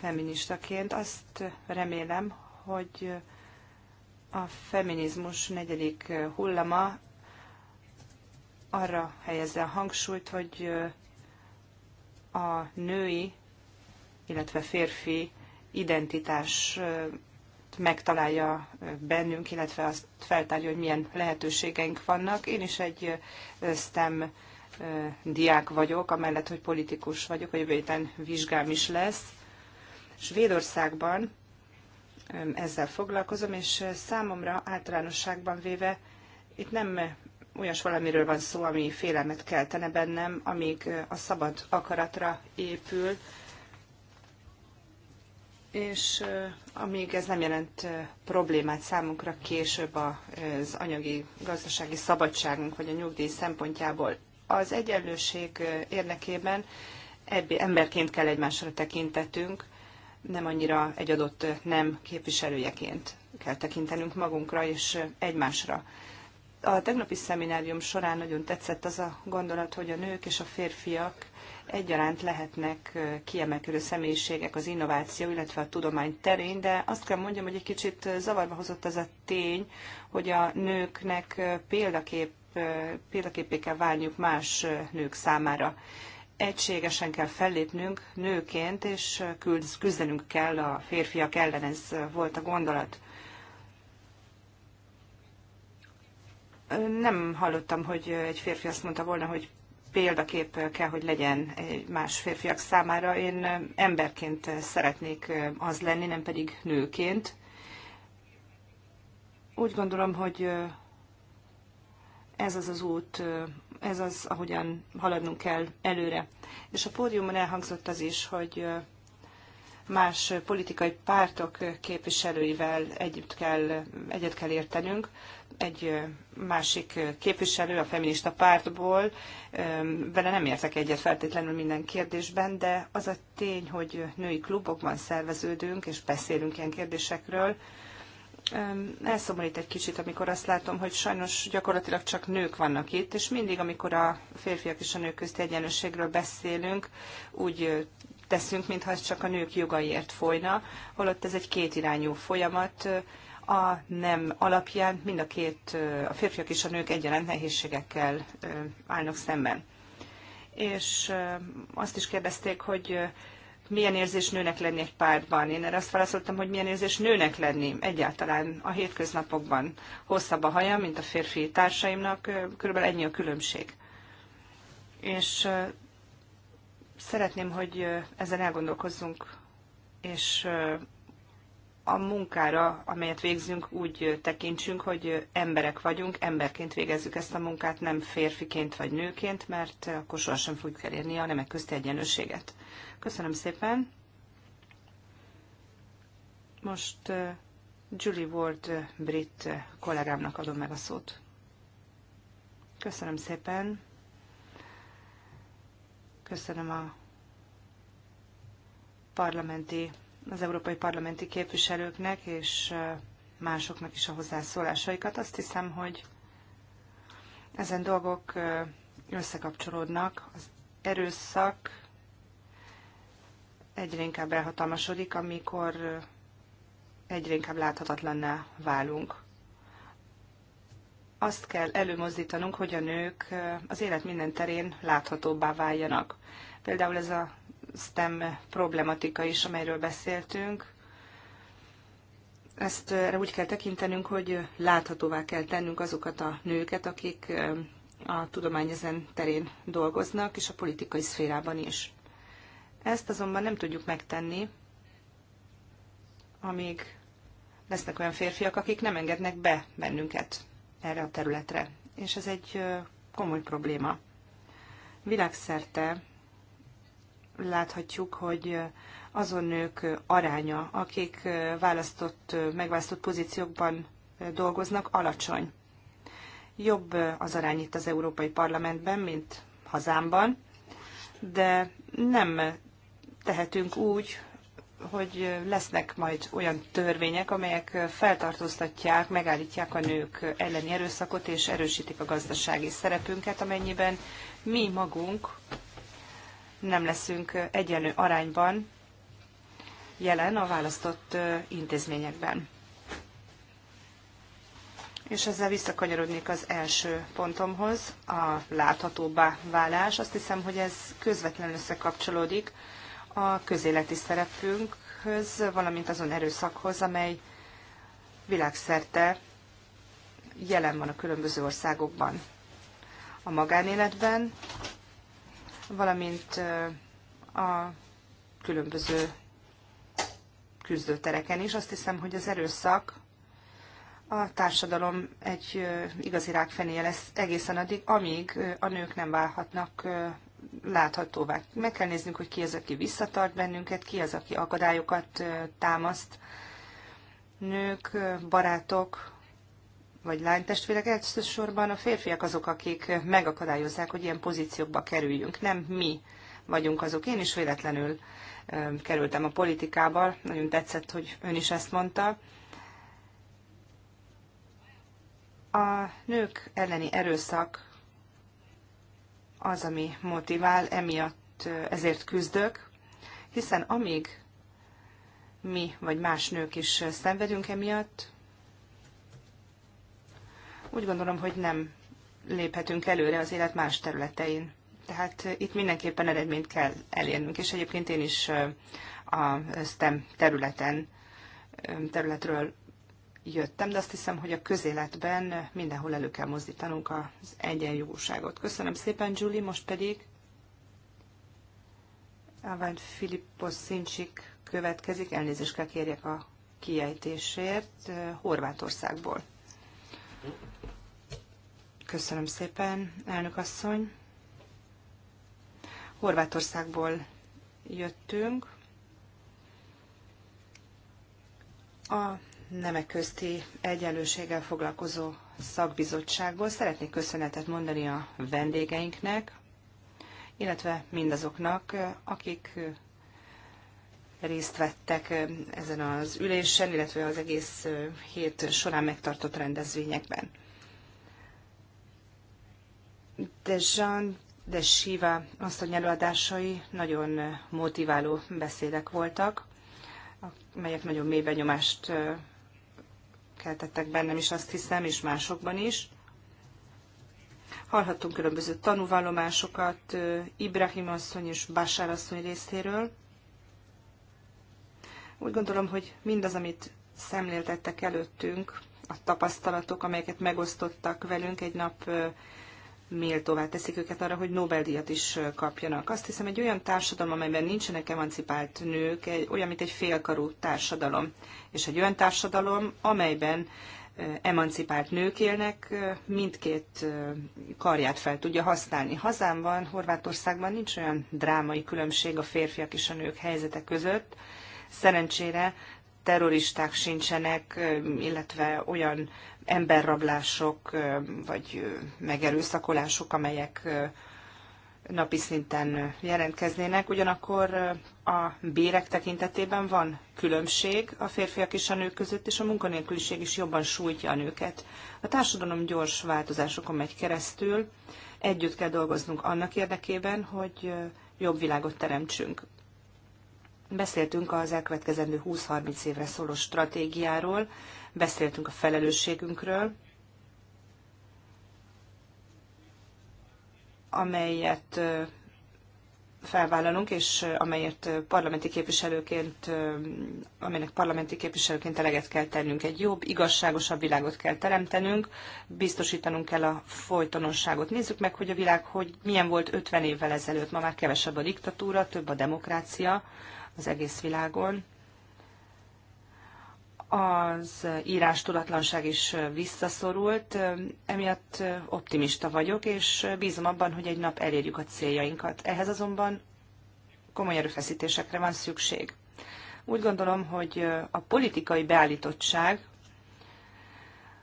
feministaként. Azt remélem, hogy a feminizmus negyedik hullama arra helyezze a hangsúlyt, hogy a női, illetve férfi identitás megtalálja bennünk, illetve azt feltárja, hogy milyen lehetőségeink vannak. Én is egy STEM diák vagyok, amellett, hogy politikus vagyok, a jövő héten vizsgám is lesz. Svédországban ezzel foglalkozom, és számomra általánosságban véve itt nem olyas valamiről van szó, ami félelmet keltene bennem, amíg a szabad akaratra épül, és amíg ez nem jelent problémát számunkra később az anyagi gazdasági szabadságunk vagy a nyugdíj szempontjából, az egyenlőség érdekében emberként kell egymásra tekintetünk, nem annyira egy adott nem képviselőjeként kell tekintenünk magunkra és egymásra. A tegnapi szeminárium során nagyon tetszett az a gondolat, hogy a nők és a férfiak egyaránt lehetnek kiemelkedő személyiségek az innováció, illetve a tudomány terén, de azt kell mondjam, hogy egy kicsit zavarba hozott az a tény, hogy a nőknek példakép, példaképé kell válniuk más nők számára. Egységesen kell fellépnünk nőként, és küzdenünk kell a férfiak ellen, ez volt a gondolat. nem hallottam, hogy egy férfi azt mondta volna, hogy példakép kell, hogy legyen más férfiak számára. Én emberként szeretnék az lenni, nem pedig nőként. Úgy gondolom, hogy ez az az út, ez az, ahogyan haladnunk kell előre. És a pódiumon elhangzott az is, hogy más politikai pártok képviselőivel együtt kell, egyet kell értenünk, egy másik képviselő a feminista pártból, vele nem értek egyet feltétlenül minden kérdésben, de az a tény, hogy női klubokban szerveződünk és beszélünk ilyen kérdésekről, elszomorít egy kicsit, amikor azt látom, hogy sajnos gyakorlatilag csak nők vannak itt, és mindig, amikor a férfiak és a nők közti egyenlőségről beszélünk, úgy teszünk, mintha ez csak a nők jogaiért folyna, holott ez egy kétirányú folyamat, a nem alapján mind a két, a férfiak és a nők egyaránt nehézségekkel állnak szemben. És azt is kérdezték, hogy milyen érzés nőnek lenni egy pártban. Én erre azt válaszoltam, hogy milyen érzés nőnek lenni egyáltalán a hétköznapokban. Hosszabb a haja, mint a férfi társaimnak, körülbelül ennyi a különbség. És szeretném, hogy ezen elgondolkozzunk, és a munkára, amelyet végzünk, úgy tekintsünk, hogy emberek vagyunk, emberként végezzük ezt a munkát, nem férfiként vagy nőként, mert akkor sohasem fogjuk elérni a nemek közti egyenlőséget. Köszönöm szépen. Most Julie Ward brit kollégámnak adom meg a szót. Köszönöm szépen. Köszönöm a parlamenti az európai parlamenti képviselőknek és másoknak is a hozzászólásaikat. Azt hiszem, hogy ezen dolgok összekapcsolódnak. Az erőszak egyre inkább elhatalmasodik, amikor egyre inkább láthatatlanná válunk. Azt kell előmozdítanunk, hogy a nők az élet minden terén láthatóbbá váljanak. Például ez a STEM problematika is, amelyről beszéltünk. Ezt erre úgy kell tekintenünk, hogy láthatóvá kell tennünk azokat a nőket, akik a tudomány ezen terén dolgoznak, és a politikai szférában is. Ezt azonban nem tudjuk megtenni, amíg lesznek olyan férfiak, akik nem engednek be bennünket erre a területre. És ez egy komoly probléma. Világszerte láthatjuk, hogy azon nők aránya, akik választott, megválasztott pozíciókban dolgoznak, alacsony. Jobb az arány itt az Európai Parlamentben, mint hazámban, de nem tehetünk úgy, hogy lesznek majd olyan törvények, amelyek feltartóztatják, megállítják a nők elleni erőszakot, és erősítik a gazdasági szerepünket, amennyiben mi magunk nem leszünk egyenlő arányban jelen a választott intézményekben. És ezzel visszakanyarodnék az első pontomhoz, a láthatóbbá válás. Azt hiszem, hogy ez közvetlenül összekapcsolódik a közéleti szerepünkhöz, valamint azon erőszakhoz, amely világszerte jelen van a különböző országokban. A magánéletben, valamint a különböző küzdőtereken is. Azt hiszem, hogy az erőszak a társadalom egy igazi rákfenéje lesz egészen addig, amíg a nők nem válhatnak láthatóvá. Meg kell néznünk, hogy ki az, aki visszatart bennünket, ki az, aki akadályokat támaszt. Nők, barátok, vagy lánytestvérek, elsősorban a férfiak azok, akik megakadályozzák, hogy ilyen pozíciókba kerüljünk. Nem mi vagyunk azok. Én is véletlenül kerültem a politikába, nagyon tetszett, hogy ön is ezt mondta. A nők elleni erőszak az, ami motivál, emiatt ezért küzdök, hiszen amíg mi vagy más nők is szenvedünk emiatt, úgy gondolom, hogy nem léphetünk előre az élet más területein. Tehát eh, itt mindenképpen eredményt kell elérnünk, és egyébként én is eh, a STEM területen, eh, területről jöttem, de azt hiszem, hogy a közéletben mindenhol elő kell mozdítanunk az egyenjogúságot. Köszönöm szépen, Julie, most pedig Avant Filippos Szincsik következik, elnézést kell kérjek a kiejtésért, Horvátországból. Köszönöm szépen, elnök asszony. Horvátországból jöttünk. A nemek közti egyenlőséggel foglalkozó szakbizottságból szeretnék köszönetet mondani a vendégeinknek, illetve mindazoknak, akik részt vettek ezen az ülésen, illetve az egész hét során megtartott rendezvényekben. De Jean de azt asszony előadásai nagyon motiváló beszédek voltak, melyek nagyon mély benyomást keltettek bennem is, azt hiszem, és másokban is. Hallhattunk különböző tanúvallomásokat Ibrahim asszony és Bashar asszony részéről, úgy gondolom, hogy mindaz, amit szemléltettek előttünk, a tapasztalatok, amelyeket megosztottak velünk egy nap méltóvá teszik őket arra, hogy Nobel-díjat is kapjanak. Azt hiszem, egy olyan társadalom, amelyben nincsenek emancipált nők, egy, olyan, mint egy félkarú társadalom. És egy olyan társadalom, amelyben emancipált nők élnek, mindkét karját fel tudja használni. Hazámban, Horvátországban nincs olyan drámai különbség a férfiak és a nők helyzete között, Szerencsére terroristák sincsenek, illetve olyan emberrablások vagy megerőszakolások, amelyek napi szinten jelentkeznének. Ugyanakkor a bérek tekintetében van különbség a férfiak és a nők között, és a munkanélküliség is jobban sújtja a nőket. A társadalom gyors változásokon megy keresztül, együtt kell dolgoznunk annak érdekében, hogy jobb világot teremtsünk. Beszéltünk az elkövetkezendő 20-30 évre szóló stratégiáról, beszéltünk a felelősségünkről, amelyet felvállalunk, és amelyet parlamenti képviselőként, amelynek parlamenti képviselőként eleget kell tennünk. Egy jobb, igazságosabb világot kell teremtenünk, biztosítanunk kell a folytonosságot. Nézzük meg, hogy a világ hogy milyen volt 50 évvel ezelőtt. Ma már kevesebb a diktatúra, több a demokrácia, az egész világon. Az írás tudatlanság is visszaszorult, emiatt optimista vagyok, és bízom abban, hogy egy nap elérjük a céljainkat. Ehhez azonban komoly erőfeszítésekre van szükség. Úgy gondolom, hogy a politikai beállítottság,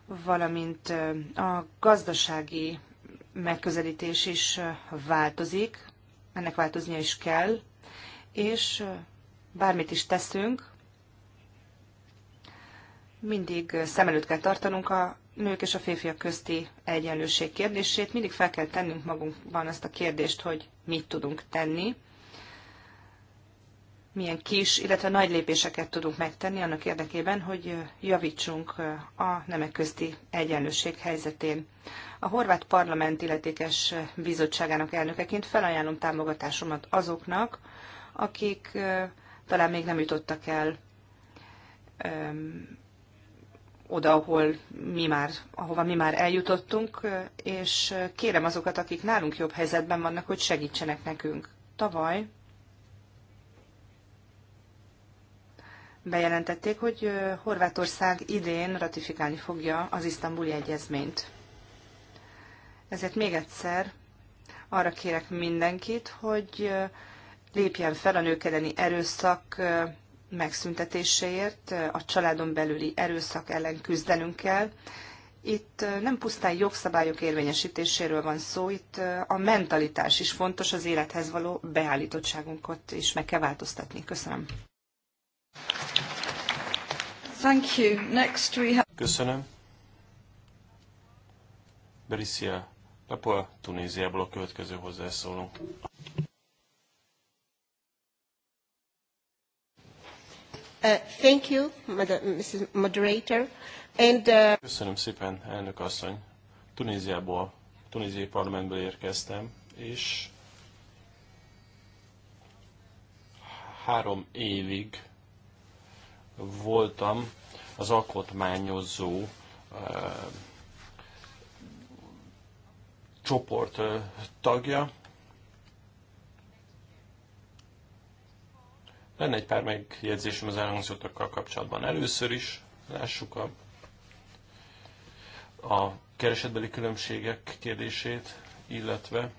valamint a gazdasági megközelítés is változik, ennek változnia is kell, és bármit is teszünk, mindig szem előtt kell tartanunk a nők és a férfiak közti egyenlőség kérdését. Mindig fel kell tennünk magunkban ezt a kérdést, hogy mit tudunk tenni, milyen kis, illetve nagy lépéseket tudunk megtenni annak érdekében, hogy javítsunk a nemek közti egyenlőség helyzetén. A horvát parlament illetékes bizottságának elnökeként felajánlom támogatásomat azoknak, akik talán még nem jutottak el oda, ahol mi már, ahova mi már eljutottunk, és kérem azokat, akik nálunk jobb helyzetben vannak, hogy segítsenek nekünk. Tavaly bejelentették, hogy Horvátország idén ratifikálni fogja az isztambuli egyezményt. Ezért még egyszer arra kérek mindenkit, hogy lépjen fel a nők elleni erőszak megszüntetéséért, a családon belüli erőszak ellen küzdenünk kell. Itt nem pusztán jogszabályok érvényesítéséről van szó, itt a mentalitás is fontos, az élethez való beállítottságunkat is meg kell változtatni. Köszönöm. Thank you. Next we have... Köszönöm. Berisia Lapua, Tunéziából a következő hozzászólunk. Uh, thank you, Mrs. Moderator. And, uh... Köszönöm szépen, elnök asszony. Tunéziából, tunéziai parlamentből érkeztem, és három évig voltam az alkotmányozó uh, csoport uh, tagja, Lenne egy pár megjegyzésem az elhangzottakkal kapcsolatban. Először is lássuk a, a keresetbeli különbségek kérdését, illetve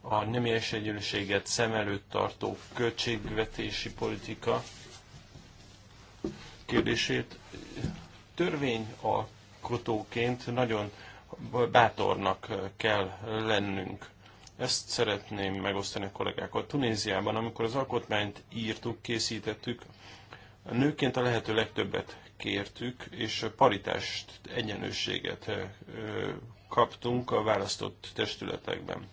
a nem egyenlőséget szem előtt tartó költségvetési politika kérdését. törvény a kotóként nagyon bátornak kell lennünk ezt szeretném megosztani a kollégákkal. Tunéziában, amikor az alkotmányt írtuk, készítettük, a nőként a lehető legtöbbet kértük, és paritást, egyenlőséget kaptunk a választott testületekben.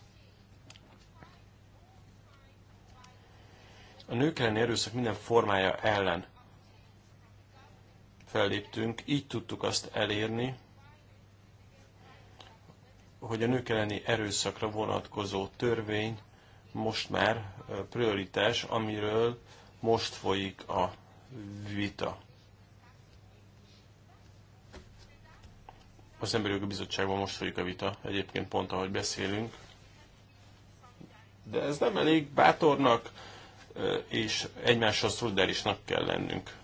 A nők elleni erőszak minden formája ellen felléptünk, így tudtuk azt elérni, hogy a nők elleni erőszakra vonatkozó törvény most már prioritás, amiről most folyik a vita. Az Emberi Jogi Bizottságban most folyik a vita, egyébként pont ahogy beszélünk. De ez nem elég bátornak és egymással szolidárisnak kell lennünk.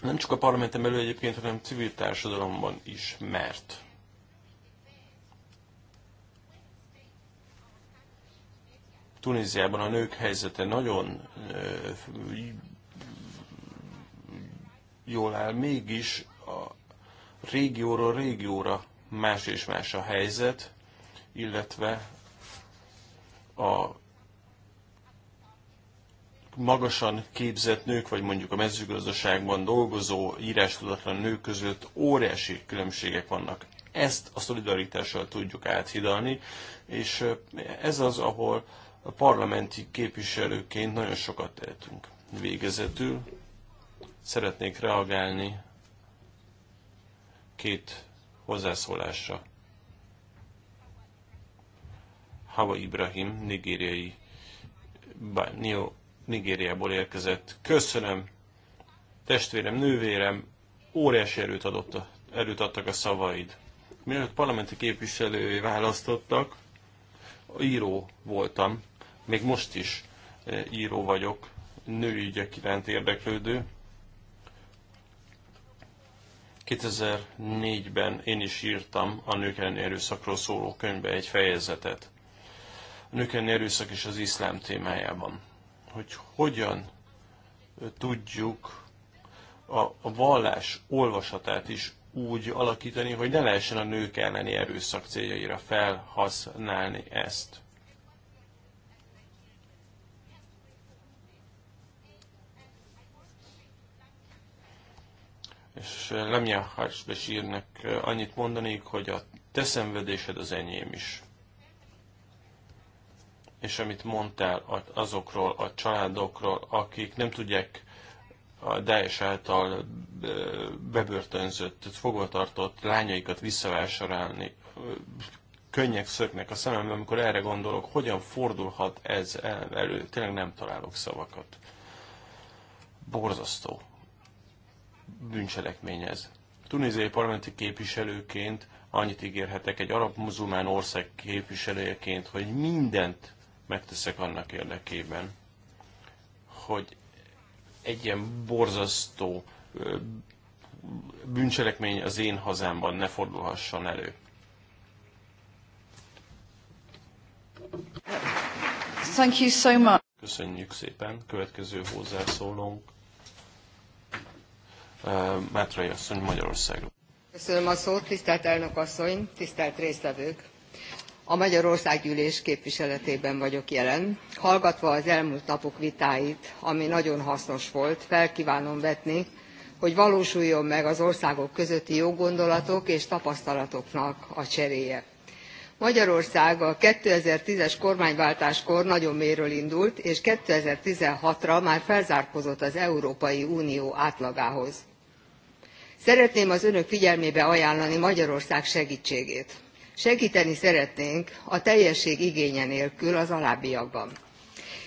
Nem csak a parlamenten belül egyébként, hanem civil társadalomban is, mert Tunéziában a nők helyzete nagyon jól áll, mégis a régióról régióra más és más a helyzet, illetve a magasan képzett nők, vagy mondjuk a mezőgazdaságban dolgozó írástudatlan nők között óriási különbségek vannak. Ezt a szolidaritással tudjuk áthidalni, és ez az, ahol a parlamenti képviselőként nagyon sokat tehetünk. Végezetül szeretnék reagálni két hozzászólásra. Hava Ibrahim, nigériai, Nio, Nigériából érkezett. Köszönöm, testvérem, nővérem, óriási erőt, adott a, erőt adtak a szavaid. Mielőtt parlamenti képviselői választottak, író voltam, még most is e, író vagyok, női ügyek iránt érdeklődő. 2004-ben én is írtam a nők elleni erőszakról szóló könyvbe egy fejezetet. A nők elleni erőszak és az iszlám témájában. Hogy hogyan e, tudjuk a, a vallás olvasatát is úgy alakítani, hogy ne lehessen a nők elleni erőszak céljaira felhasználni ezt. és eh, Lemia Harcbesírnek eh, annyit mondanék, hogy a te szenvedésed az enyém is. És amit mondtál azokról a családokról, akik nem tudják a Daesh által eh, bebörtönzött, fogvatartott lányaikat visszavásárolni, könnyek szöknek a szememben, amikor erre gondolok, hogyan fordulhat ez elő. Tényleg nem találok szavakat. Borzasztó bűncselekmény ez. Tunéziai parlamenti képviselőként annyit ígérhetek egy arab-muzulmán ország képviselőjeként, hogy mindent megteszek annak érdekében, hogy egy ilyen borzasztó bűncselekmény az én hazámban ne fordulhasson elő. Thank you so much. Köszönjük szépen. Következő hozzászólónk Mátrai asszony Magyarországról. Köszönöm a szót, tisztelt elnök asszony, tisztelt résztvevők! A Magyarországgyűlés képviseletében vagyok jelen. Hallgatva az elmúlt napok vitáit, ami nagyon hasznos volt, felkívánom vetni, hogy valósuljon meg az országok közötti jó gondolatok és tapasztalatoknak a cseréje. Magyarország a 2010-es kormányváltáskor nagyon méről indult, és 2016-ra már felzárkozott az Európai Unió átlagához szeretném az önök figyelmébe ajánlani magyarország segtségét. segteni szeretnénk a teljesség igénye nélkül az alábbiakban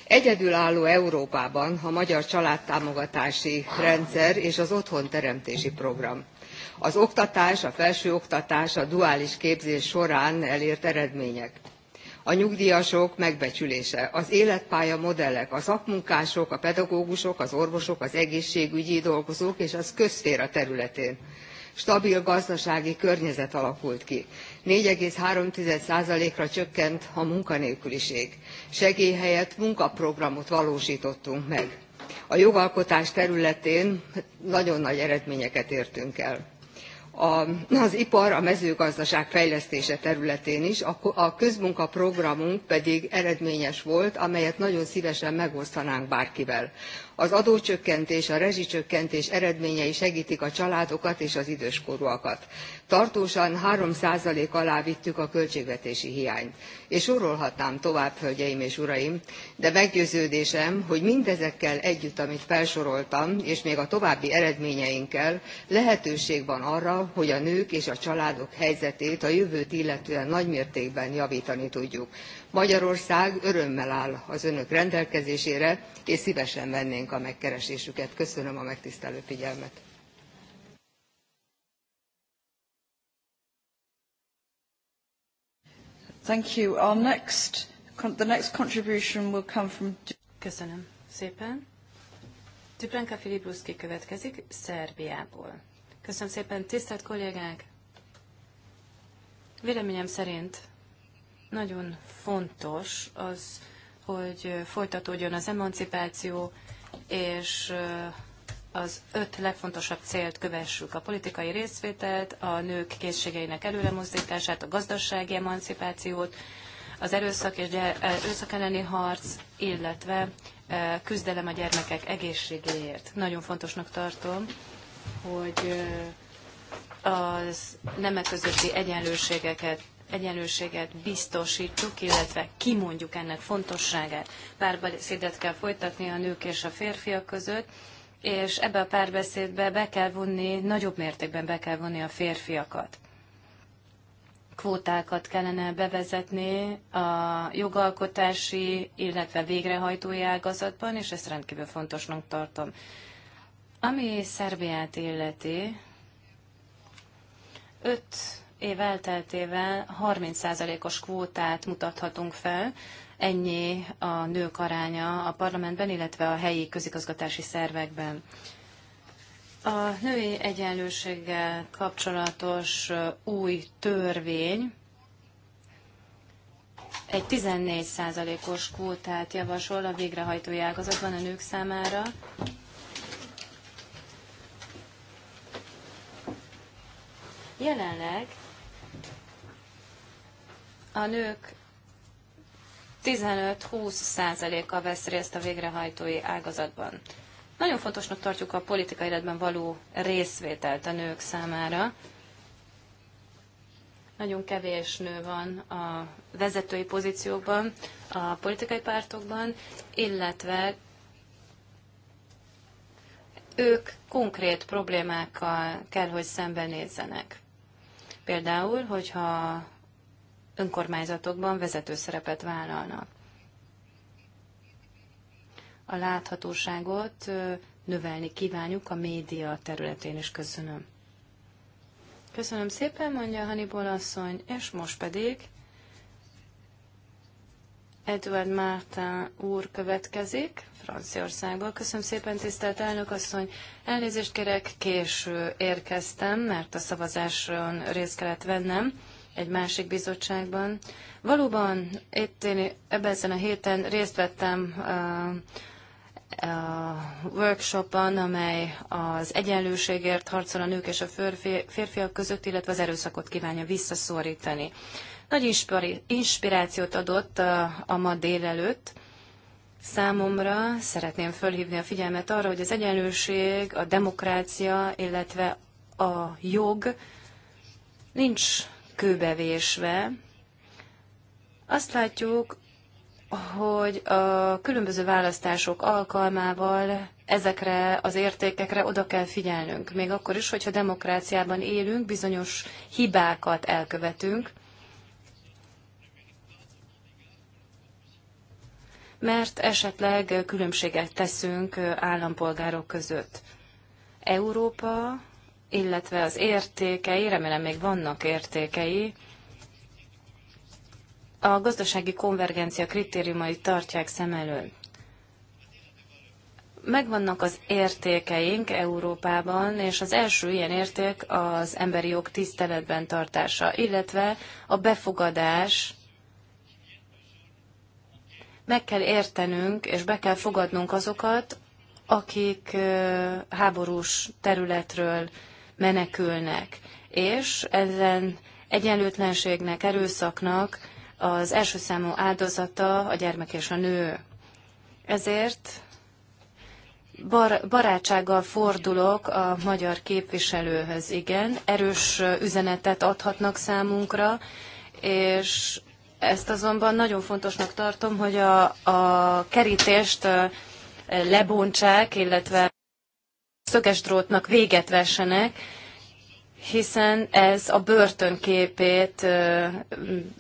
egyedülálló európában a magyar családtámogatási rendszer és az otthonteremtési program az oktatás a felsőoktatás a duális képzés során elért eredmények a nyugdíjasok megbecsülése, az életpálya modellek, a szakmunkások, a pedagógusok, az orvosok, az egészségügyi dolgozók és az közszféra területén. Stabil gazdasági környezet alakult ki. 4,3%-ra csökkent a munkanélküliség. Segély helyett munkaprogramot valósítottunk meg. A jogalkotás területén nagyon nagy eredményeket értünk el az ipar a mezőgazdaság fejlesztése területén is, a közmunkaprogramunk pedig eredményes volt, amelyet nagyon szívesen megosztanánk bárkivel. Az adócsökkentés, a rezsicsökkentés eredményei segítik a családokat és az időskorúakat. Tartósan 3% alá vittük a költségvetési hiányt. És sorolhatnám tovább, hölgyeim és uraim, de meggyőződésem, hogy mindezekkel együtt, amit felsoroltam, és még a további eredményeinkkel lehetőség van arra, hogy a nők és a családok helyzetét a jövőt illetően nagymértékben javítani tudjuk. Magyarország örömmel áll az önök rendelkezésére, és szívesen vennénk a megkeresésüket. Köszönöm a megtisztelő figyelmet. Thank you. Our next, the next contribution will come from... Köszönöm szépen. Tüplenka Filibruszki következik Szerbiából. Köszönöm szépen, tisztelt kollégák! Véleményem szerint nagyon fontos az, hogy folytatódjon az emancipáció, és az öt legfontosabb célt kövessük. A politikai részvételt, a nők készségeinek előremozdítását, a gazdasági emancipációt, az erőszak és erőszak elleni harc, illetve küzdelem a gyermekek egészségéért. Nagyon fontosnak tartom, hogy az nemek közötti egyenlőségeket egyenlőséget biztosítsuk, illetve kimondjuk ennek fontosságát. Párbeszédet kell folytatni a nők és a férfiak között, és ebbe a párbeszédbe be kell vonni, nagyobb mértékben be kell vonni a férfiakat. Kvótákat kellene bevezetni a jogalkotási, illetve végrehajtói ágazatban, és ezt rendkívül fontosnak tartom. Ami Szerbiát illeti, öt év elteltével 30%-os kvótát mutathatunk fel, ennyi a nők aránya a parlamentben, illetve a helyi közigazgatási szervekben. A női egyenlőséggel kapcsolatos új törvény egy 14%-os kvótát javasol a végrehajtói ágazatban a nők számára, Jelenleg a nők 15-20 százaléka vesz részt a végrehajtói ágazatban. Nagyon fontosnak tartjuk a politikai életben való részvételt a nők számára. Nagyon kevés nő van a vezetői pozíciókban, a politikai pártokban, illetve ők konkrét problémákkal kell, hogy szembenézzenek. Például, hogyha önkormányzatokban vezető szerepet vállalnak. A láthatóságot növelni kívánjuk a média területén is. Köszönöm. Köszönöm szépen, mondja Hannibal asszony, és most pedig Edward Martin úr következik Franciaországból. Köszönöm szépen, tisztelt elnök asszony. Elnézést kérek, késő érkeztem, mert a szavazáson részt kellett vennem egy másik bizottságban. Valóban itt én ebben a héten részt vettem a, a workshopon, amely az egyenlőségért harcol a nők és a férfiak között, illetve az erőszakot kívánja visszaszorítani. Nagy inspirációt adott a, a ma délelőtt, Számomra szeretném fölhívni a figyelmet arra, hogy az egyenlőség, a demokrácia, illetve a jog nincs kőbevésve. Azt látjuk, hogy a különböző választások alkalmával ezekre az értékekre oda kell figyelnünk. Még akkor is, hogyha demokráciában élünk, bizonyos hibákat elkövetünk, mert esetleg különbséget teszünk állampolgárok között. Európa illetve az értékei, remélem még vannak értékei, a gazdasági konvergencia kritériumait tartják szem elől. Megvannak az értékeink Európában, és az első ilyen érték az emberi jog tiszteletben tartása, illetve a befogadás. Meg kell értenünk, és be kell fogadnunk azokat, akik háborús területről menekülnek, és ezen egyenlőtlenségnek, erőszaknak az első számú áldozata a gyermek és a nő. Ezért bar- barátsággal fordulok a magyar képviselőhöz, igen, erős üzenetet adhatnak számunkra, és ezt azonban nagyon fontosnak tartom, hogy a, a kerítést lebontsák, illetve szöges drótnak véget vessenek, hiszen ez a börtönképét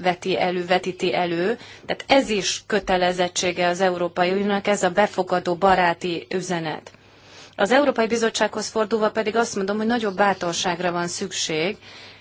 veti elő, vetíti elő. Tehát ez is kötelezettsége az Európai Uniónak, ez a befogadó baráti üzenet. Az Európai Bizottsághoz fordulva pedig azt mondom, hogy nagyobb bátorságra van szükség,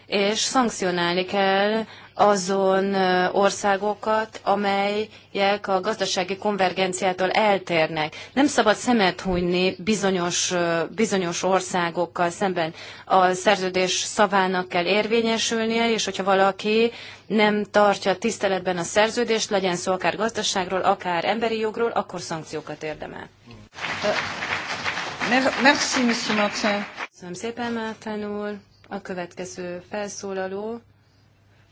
és szankcionálni kell azon országokat, amelyek a gazdasági konvergenciától eltérnek. Nem szabad szemet hújni bizonyos, bizonyos országokkal szemben. A szerződés szavának kell érvényesülnie, és hogyha valaki nem tartja tiszteletben a szerződést, legyen szó akár gazdaságról, akár emberi jogról, akkor szankciókat érdemel. Merci, Monsieur Martin. Köszönöm szépen, Mártán úr. A következő felszólaló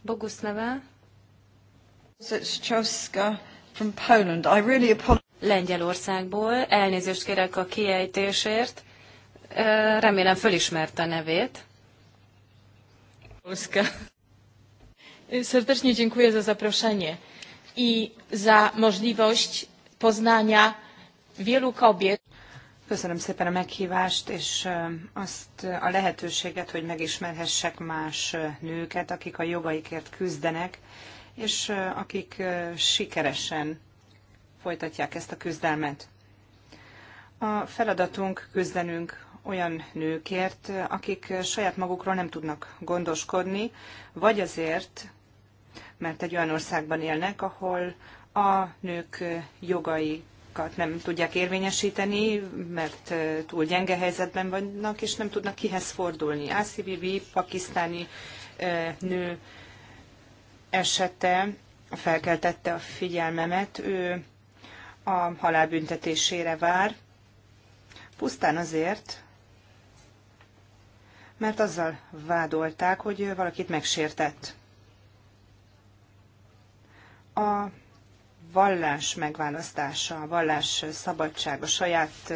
Boguszlava. From Poland. I really Lengyelországból. Elnézést kérek a kiejtésért. Remélem fölismerte a nevét. Polska. Serdecznie dziękuję za zaproszenie i za możliwość poznania wielu kobiet. Köszönöm szépen a meghívást, és azt a lehetőséget, hogy megismerhessek más nőket, akik a jogaikért küzdenek, és akik sikeresen folytatják ezt a küzdelmet. A feladatunk küzdenünk olyan nőkért, akik saját magukról nem tudnak gondoskodni, vagy azért, mert egy olyan országban élnek, ahol a nők jogai jogaikat nem tudják érvényesíteni, mert túl gyenge helyzetben vannak, és nem tudnak kihez fordulni. ACBB, pakisztáni nő esete felkeltette a figyelmemet, ő a halálbüntetésére vár, pusztán azért, mert azzal vádolták, hogy valakit megsértett. A vallás megválasztása, a vallás szabadsága, a saját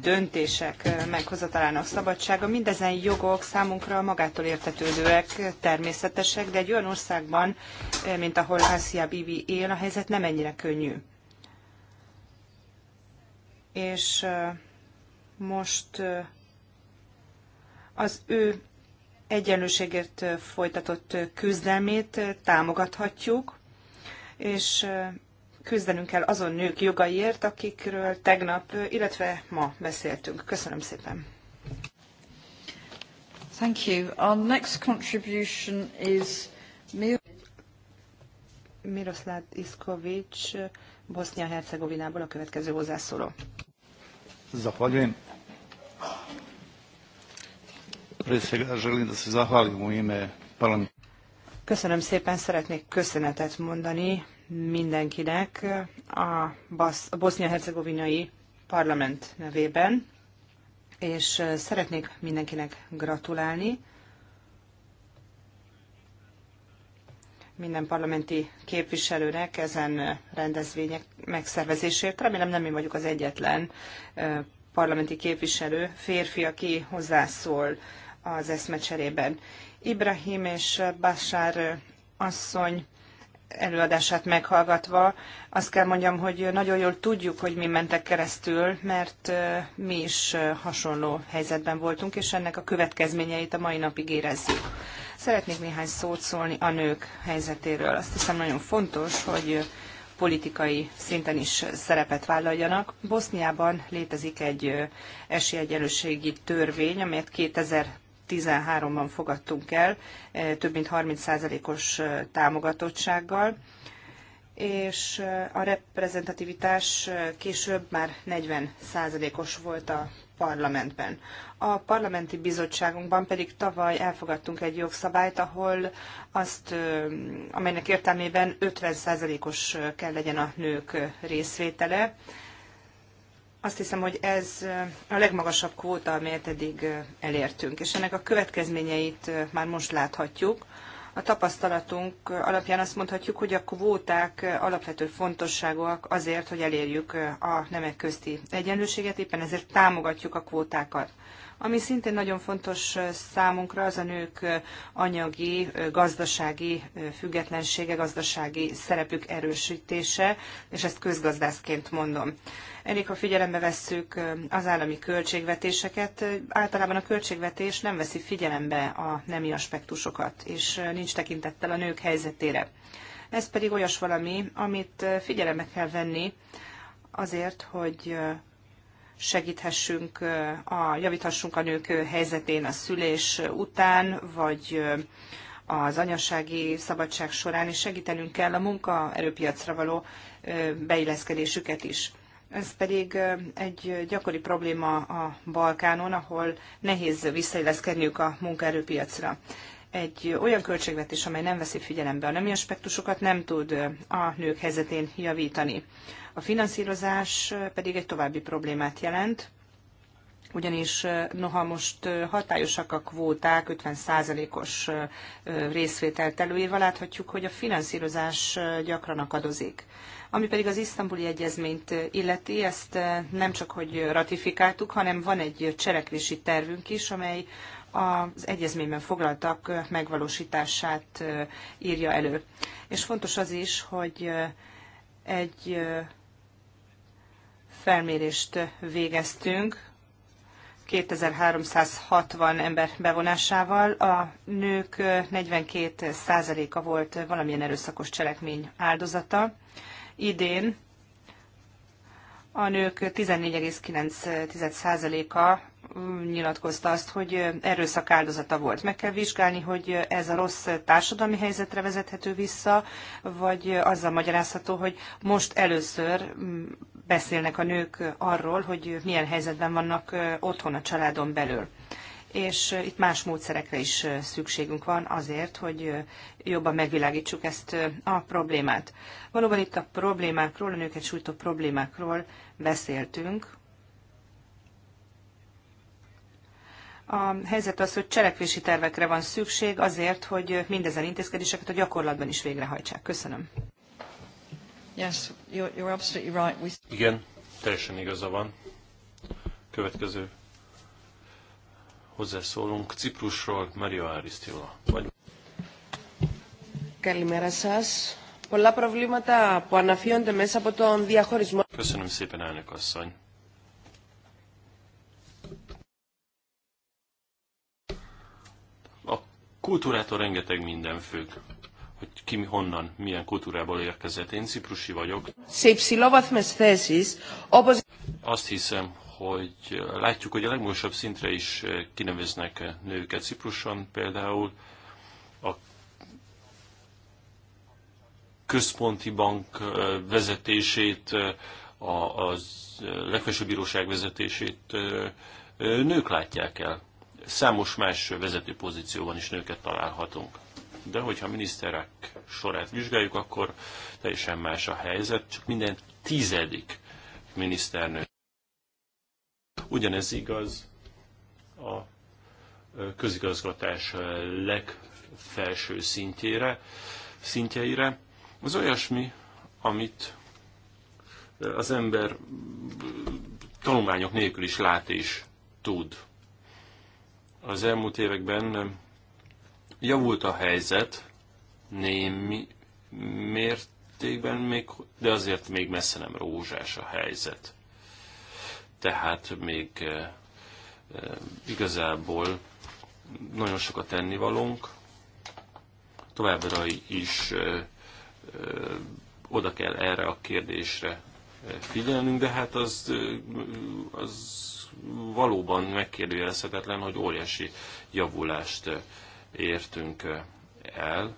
döntések meghozatalának szabadsága, mindezen jogok számunkra magától értetődőek, természetesek, de egy olyan országban, mint ahol Ásia Bibi él, a helyzet nem ennyire könnyű. És most az ő egyenlőségért folytatott küzdelmét támogathatjuk, és küzdenünk kell azon nők jogaiért, akikről tegnap, illetve ma beszéltünk. Köszönöm szépen. Thank you. Our next contribution is Miroslav Iskovic, Bosnia hercegovinából a következő hozzászóló. Zahvaljujem. Prije svega želim da se zahvalim u ime parlamenta. Köszönöm szépen, szeretnék köszönetet mondani mindenkinek a, bosznia-hercegovinai parlament nevében, és szeretnék mindenkinek gratulálni. minden parlamenti képviselőnek ezen rendezvények megszervezésért. Remélem nem én vagyok az egyetlen parlamenti képviselő, férfi, aki hozzászól az eszmecserében. Ibrahim és Bashar asszony előadását meghallgatva, azt kell mondjam, hogy nagyon jól tudjuk, hogy mi mentek keresztül, mert mi is hasonló helyzetben voltunk, és ennek a következményeit a mai napig érezzük. Szeretnék néhány szót szólni a nők helyzetéről. Azt hiszem nagyon fontos, hogy politikai szinten is szerepet vállaljanak. Boszniában létezik egy esélyegyenlőségi törvény, amelyet 2000 2013-ban fogadtunk el, eh, több mint 30%-os eh, támogatottsággal, és eh, a reprezentativitás később már 40%-os volt a parlamentben. A parlamenti bizottságunkban pedig tavaly elfogadtunk egy jogszabályt, ahol azt, amelynek értelmében 50%-os kell legyen a nők részvétele, azt hiszem, hogy ez a legmagasabb kvóta, amelyet eddig elértünk, és ennek a következményeit már most láthatjuk. A tapasztalatunk alapján azt mondhatjuk, hogy a kvóták alapvető fontosságúak azért, hogy elérjük a nemek közti egyenlőséget, éppen ezért támogatjuk a kvótákat. Ami szintén nagyon fontos számunkra, az a nők anyagi, gazdasági függetlensége, gazdasági szerepük erősítése, és ezt közgazdászként mondom. Elég, ha figyelembe vesszük az állami költségvetéseket, általában a költségvetés nem veszi figyelembe a nemi aspektusokat, és nincs tekintettel a nők helyzetére. Ez pedig olyas valami, amit figyelembe kell venni azért, hogy segíthessünk, a, javíthassunk a nők helyzetén a szülés után, vagy az anyasági szabadság során, és segítenünk kell a munkaerőpiacra való beilleszkedésüket is. Ez pedig egy gyakori probléma a Balkánon, ahol nehéz visszailleszkedniük a munkaerőpiacra egy olyan költségvetés, amely nem veszi figyelembe a nemi aspektusokat, nem tud a nők helyzetén javítani. A finanszírozás pedig egy további problémát jelent, ugyanis noha most hatályosak a kvóták, 50%-os részvételt előírva láthatjuk, hogy a finanszírozás gyakran akadozik. Ami pedig az isztambuli egyezményt illeti, ezt nem csak hogy ratifikáltuk, hanem van egy cselekvési tervünk is, amely az egyezményben foglaltak megvalósítását írja elő. És fontos az is, hogy egy felmérést végeztünk 2360 ember bevonásával. A nők 42%-a volt valamilyen erőszakos cselekmény áldozata. Idén a nők 14,9%-a nyilatkozta azt, hogy erőszak áldozata volt. Meg kell vizsgálni, hogy ez a rossz társadalmi helyzetre vezethető vissza, vagy azzal magyarázható, hogy most először mm, beszélnek a nők arról, hogy milyen helyzetben vannak otthon a családon belül. És itt más módszerekre is szükségünk van azért, hogy jobban megvilágítsuk ezt a problémát. Valóban itt a problémákról, a nőket sújtó problémákról beszéltünk, A helyzet az, hogy cselekvési tervekre van szükség azért, hogy mindezen intézkedéseket a gyakorlatban is végrehajtsák. Köszönöm. Yes, you're, you're absolutely right. We... Igen, teljesen igaza van. Következő hozzászólunk Ciprusról, Mario Aristiola. Vagy... Καλημέρα σας. Πολλά προβλήματα που αναφύονται μέσα από τον διαχωρισμό. Köszönöm szépen, elnök asszony. kultúrától rengeteg minden függ hogy ki honnan, milyen kultúrából érkezett. Én ciprusi vagyok. Azt hiszem, hogy látjuk, hogy a legmagasabb szintre is eh, kineveznek eh, nőket Cipruson, például a központi bank eh, vezetését, a, a legfelsőbb bíróság vezetését nők látják el számos más vezető pozícióban is nőket találhatunk. De hogyha a miniszterek sorát vizsgáljuk, akkor teljesen más a helyzet, csak minden tizedik miniszternő. Ugyanez igaz a közigazgatás legfelső szintjére, szintjeire. Az olyasmi, amit az ember tanulmányok nélkül is lát és tud az elmúlt években javult a helyzet némi mértékben, még, de azért még messze nem rózsás a helyzet. Tehát még eh, eh, igazából nagyon sokat tennivalónk, továbbra is ö, eh, ö, oda kell erre a kérdésre figyelnünk, de hát az, az valóban megkérdőjelezhetetlen, hogy óriási javulást értünk el.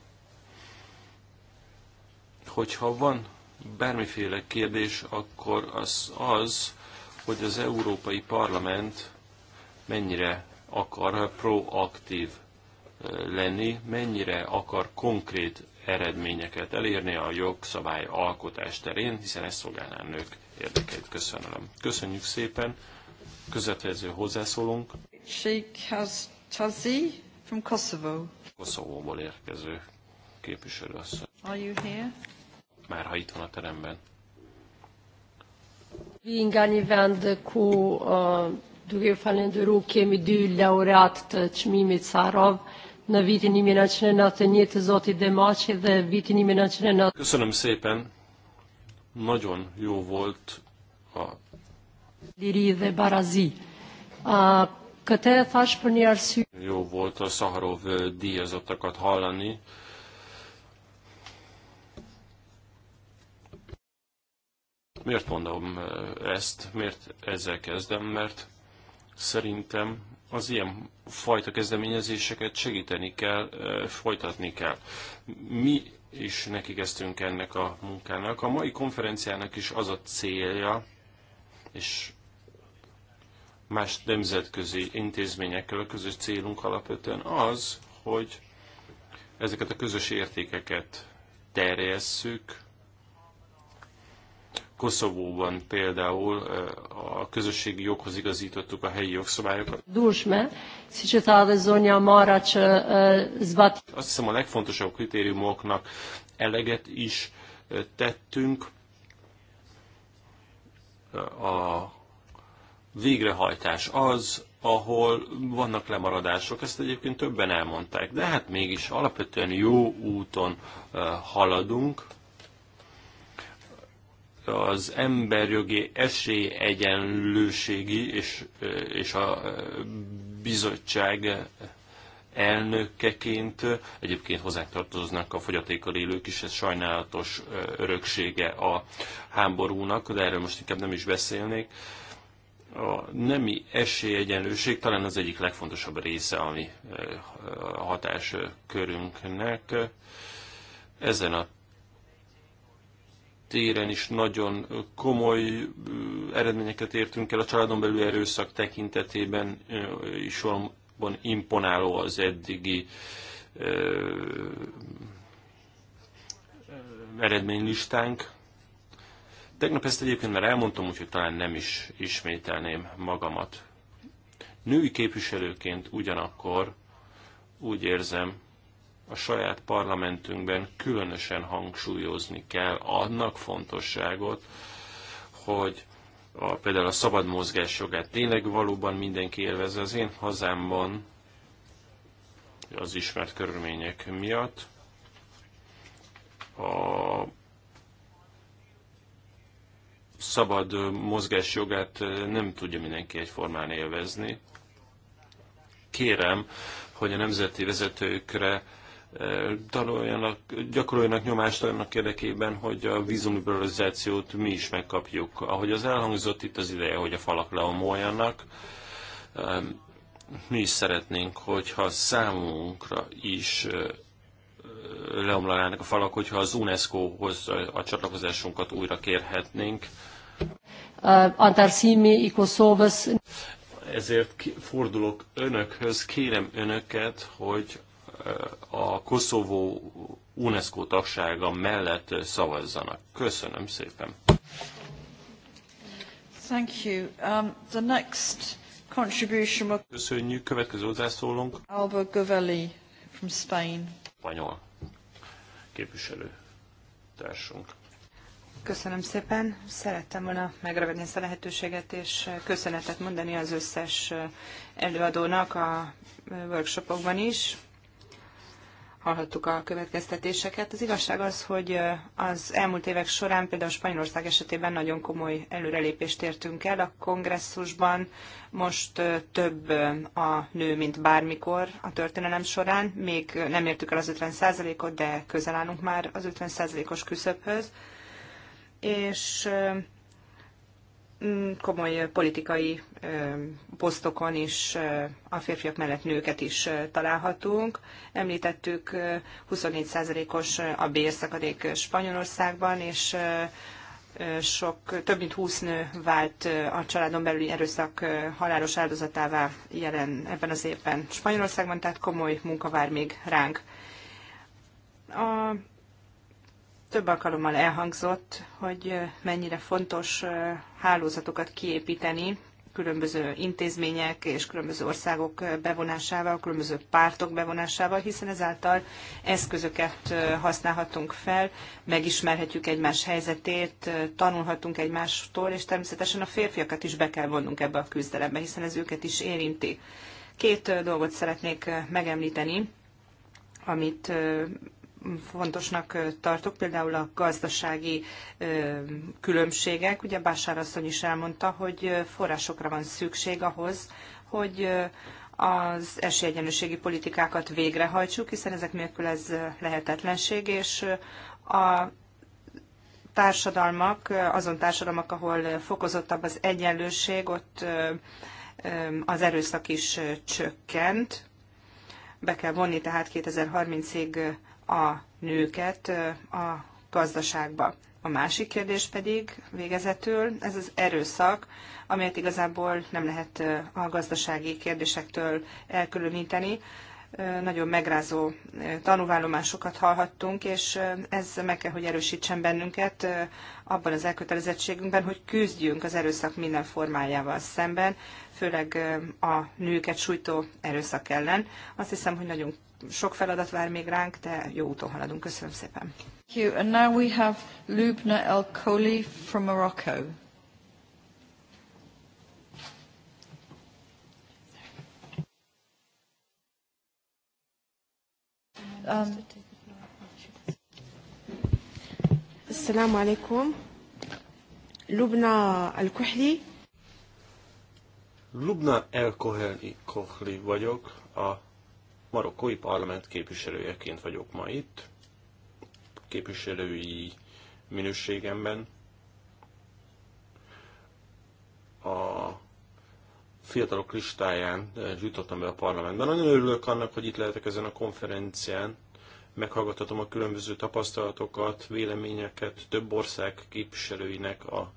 Hogyha van bármiféle kérdés, akkor az az, hogy az Európai Parlament mennyire akar proaktív lenni, mennyire akar konkrét eredményeket elérni a jogszabály alkotás terén, hiszen ezt szolgálná a nők érdekeit. Köszönöm. Köszönjük szépen. Közvetlenül hozzászólunk. Sheikh Tazi from Kosovo. Koszovóból érkező asszony. Are you here? Már ha itt van a teremben. Vi inganivende ku uh, duke falenderu kemi dy laureat uh, të çmimit Sarov në vitin 1991 të Zotit Demaci dhe vitin 1990. Köszönöm szépen, nagyon jó volt a... Liri dhe Barazi. A, këtë e thash për një arsye. Jó volt a Szaharov díjazottakat hallani. Miért mondom ezt? Miért ezzel kezdem? Mert szerintem az ilyen fajta kezdeményezéseket segíteni kell, folytatni kell. Mi is nekikeztünk ennek a munkának. A mai konferenciának is az a célja, és más nemzetközi intézményekkel a közös célunk alapvetően az, hogy ezeket a közös értékeket terjesszük, Koszovóban például a közösségi joghoz igazítottuk a helyi jogszabályokat. marac Azt hiszem a legfontosabb kritériumoknak eleget is tettünk a végrehajtás az, ahol vannak lemaradások, ezt egyébként többen elmondták, de hát mégis alapvetően jó úton haladunk, az emberjogi esélyegyenlőségi és, és a bizottság elnökeként, egyébként tartoznak a fogyatékkal élők is, ez sajnálatos öröksége a háborúnak, de erről most inkább nem is beszélnék. A nemi esélyegyenlőség talán az egyik legfontosabb része a mi hatáskörünknek. Ezen a téren is nagyon komoly eredményeket értünk el a családon belül erőszak tekintetében is valóban imponáló az eddigi eredménylistánk. Tegnap ezt egyébként már elmondtam, úgyhogy talán nem is ismételném magamat. Női képviselőként ugyanakkor úgy érzem, a saját parlamentünkben különösen hangsúlyozni kell annak fontosságot, hogy a, például a szabad mozgás jogát tényleg valóban mindenki élvez az én hazámban az ismert körülmények miatt. A szabad mozgás jogát nem tudja mindenki egyformán élvezni. Kérem, hogy a nemzeti vezetőkre tanuljanak, gyakoroljanak nyomást annak érdekében, hogy a vízumliberalizációt mi is megkapjuk. Ahogy az elhangzott, itt az ideje, hogy a falak leomoljanak. Mi is szeretnénk, hogyha számunkra is leomlanának a falak, hogyha az UNESCO-hoz a csatlakozásunkat újra kérhetnénk. Uh, Ezért fordulok önökhöz, kérem önöket, hogy a Koszovó UNESCO tagsága mellett szavazzanak. Köszönöm szépen. Thank you. Um, the next contribution... will. Köszönjük. Következő hozzászólunk. Alba Govelli from Spain. Spanyol képviselő társunk. Köszönöm szépen. Szerettem volna megragadni ezt a lehetőséget, és uh, köszönetet mondani az összes uh, előadónak a uh, workshopokban is hallhattuk a következtetéseket. Az igazság az, hogy az elmúlt évek során például Spanyolország esetében nagyon komoly előrelépést értünk el. A kongresszusban most több a nő, mint bármikor a történelem során. Még nem értük el az 50%-ot, de közel állunk már az 50%-os küszöbhöz. És Mm, komoly politikai posztokon is a férfiak mellett nőket is találhatunk. Említettük 24%-os a bérszakadék Spanyolországban, és sok, több mint 20 nő vált a családon belüli erőszak halálos áldozatává jelen ebben az évben Spanyolországban, tehát komoly munka vár még ránk. A több alkalommal elhangzott, hogy mennyire fontos hálózatokat kiépíteni, különböző intézmények és különböző országok bevonásával, különböző pártok bevonásával, hiszen ezáltal eszközöket használhatunk fel, megismerhetjük egymás helyzetét, tanulhatunk egymástól, és természetesen a férfiakat is be kell vonnunk ebbe a küzdelembe, hiszen ez őket is érinti. Két dolgot szeretnék megemlíteni, amit fontosnak tartok, például a gazdasági különbségek. Ugye Básár asszony is elmondta, hogy forrásokra van szükség ahhoz, hogy az esélyegyenlőségi politikákat végrehajtsuk, hiszen ezek nélkül ez lehetetlenség, és a társadalmak, azon társadalmak, ahol fokozottabb az egyenlőség, ott az erőszak is csökkent. Be kell vonni tehát 2030-ig a nőket a gazdaságba. A másik kérdés pedig végezetül, ez az erőszak, amelyet igazából nem lehet a gazdasági kérdésektől elkülöníteni. Nagyon megrázó tanúvállomásokat hallhattunk, és ez meg kell, hogy erősítsen bennünket abban az elkötelezettségünkben, hogy küzdjünk az erőszak minden formájával szemben, főleg a nőket sújtó erőszak ellen. Azt hiszem, hogy nagyon sok feladat vár még ránk, de jó úton haladunk. Köszönöm szépen. Thank you. And now we have Lubna El Kholi from Morocco. Um, السلام عليكم لبنى الكحلي لبنى الكحلي كحلي vagyok a marokkói parlament képviselőjeként vagyok ma itt, képviselői minőségemben. A fiatalok listáján eh, jutottam be a parlamentben. Nagyon örülök annak, hogy itt lehetek ezen a konferencián, meghallgathatom a különböző tapasztalatokat, véleményeket több ország képviselőinek a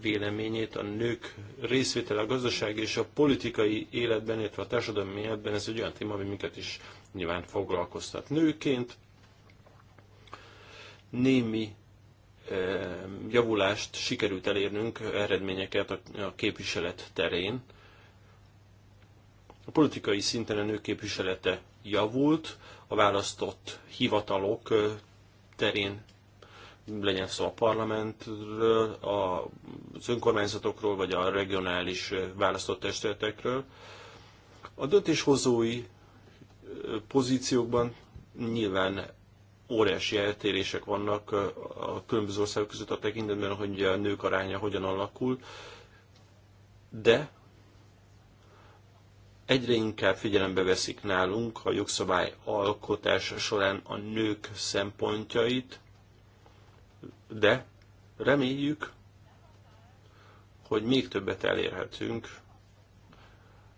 véleményét, a nők részvétele a gazdaság és a politikai életben, illetve a társadalmi életben, ez egy olyan téma, ami minket is nyilván foglalkoztat. Nőként némi javulást sikerült elérnünk, eredményeket a képviselet terén. A politikai szinten a nők képviselete javult, a választott hivatalok terén legyen szó a parlamentről, az önkormányzatokról, vagy a regionális választott testületekről. A döntéshozói pozíciókban nyilván óriási eltérések vannak a különböző országok között a tekintetben, hogy a nők aránya hogyan alakul, de egyre inkább figyelembe veszik nálunk a jogszabály alkotás során a nők szempontjait, de reméljük, hogy még többet elérhetünk,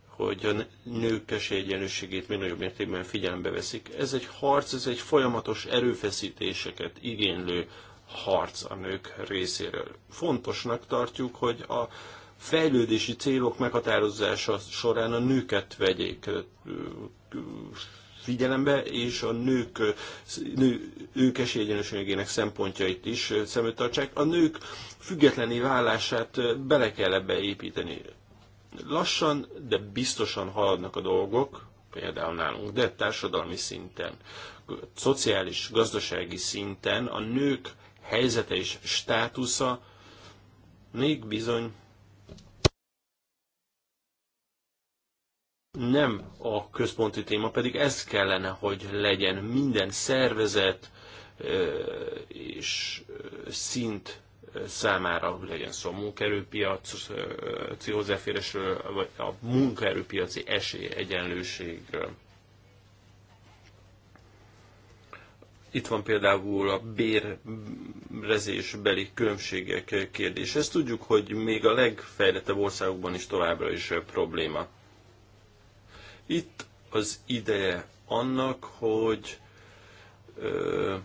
hogy a nők esélyegyenlőségét még nagyobb mértékben figyelembe veszik. Ez egy harc, ez egy folyamatos erőfeszítéseket igénylő harc a nők részéről. Fontosnak tartjuk, hogy a fejlődési célok meghatározása során a nőket vegyék figyelembe, és a nők, nő, ők esélyegyenlőségének szempontjait is szemült tartsák. A nők függetlené válását bele kell ebbe építeni. Lassan, de biztosan haladnak a dolgok, például nálunk, de társadalmi szinten, szociális, gazdasági szinten a nők helyzete és státusza még bizony nem a központi téma, pedig ez kellene, hogy legyen minden szervezet és szint számára legyen szó a munkaerőpiaci hozzáférésről, vagy a munkaerőpiaci egyenlőségről. Itt van például a bérrezésbeli különbségek kérdése. Ezt tudjuk, hogy még a legfejlettebb országokban is továbbra is probléma. Itt az ideje annak, hogy ö,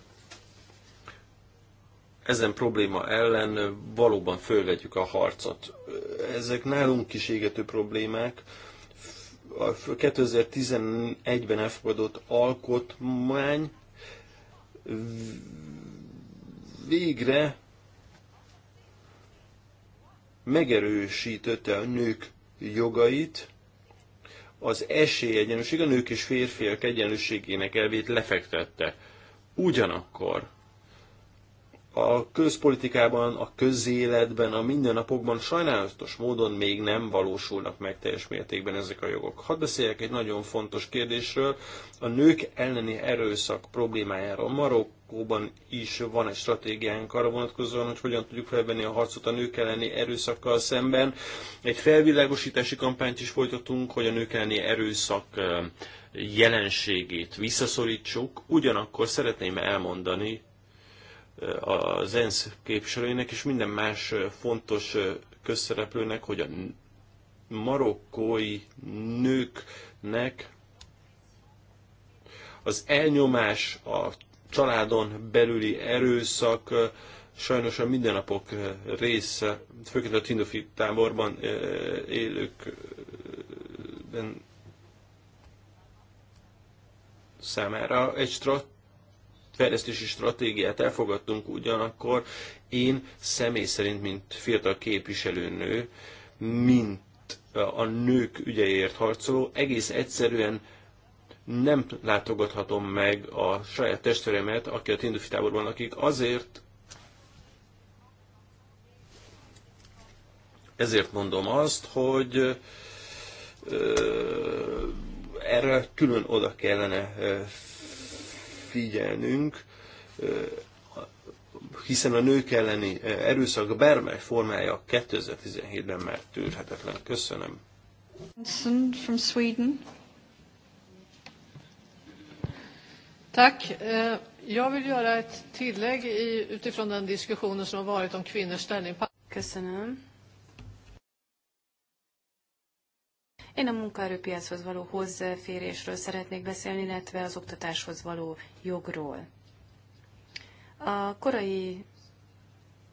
ezen probléma ellen valóban fölvegyük a harcot. Ezek nálunk is égető problémák. A 2011-ben elfogadott alkotmány végre megerősítette a nők jogait, az esélyegyenlőség, a nők és férfiak egyenlőségének elvét lefektette. Ugyanakkor a közpolitikában, a közéletben, a mindennapokban sajnálatos módon még nem valósulnak meg teljes mértékben ezek a jogok. Hadd beszéljek egy nagyon fontos kérdésről, a nők elleni erőszak problémájáról. Marokkóban is van egy stratégiánk arra vonatkozóan, hogy hogyan tudjuk felvenni a harcot a nők elleni erőszakkal szemben. Egy felvilágosítási kampányt is folytatunk, hogy a nők elleni erőszak jelenségét visszaszorítsuk. Ugyanakkor szeretném elmondani, az ENSZ képviselőinek és minden más fontos közszereplőnek, hogy a marokkói nőknek az elnyomás, a családon belüli erőszak sajnos a mindennapok része, főként a Tindofi táborban élők számára egy strat fejlesztési stratégiát elfogadtunk, ugyanakkor én személy szerint, mint fiatal képviselőnő, mint a nők ügyeért harcoló, egész egyszerűen nem látogathatom meg a saját testvéremet, aki a Tindufi táborban lakik, azért, ezért mondom azt, hogy erre külön oda kellene figyelnünk, hiszen a nők elleni erőszak bármely formája 2017-ben már tűrhetetlen. Köszönöm. From Sweden. Tack. Eh, jag vill göra ett tillägg utifrån den diskussionen som har varit om kvinnors ställning. Köszönöm. Én a munkaerőpiachoz való hozzáférésről szeretnék beszélni, illetve az oktatáshoz való jogról. A korai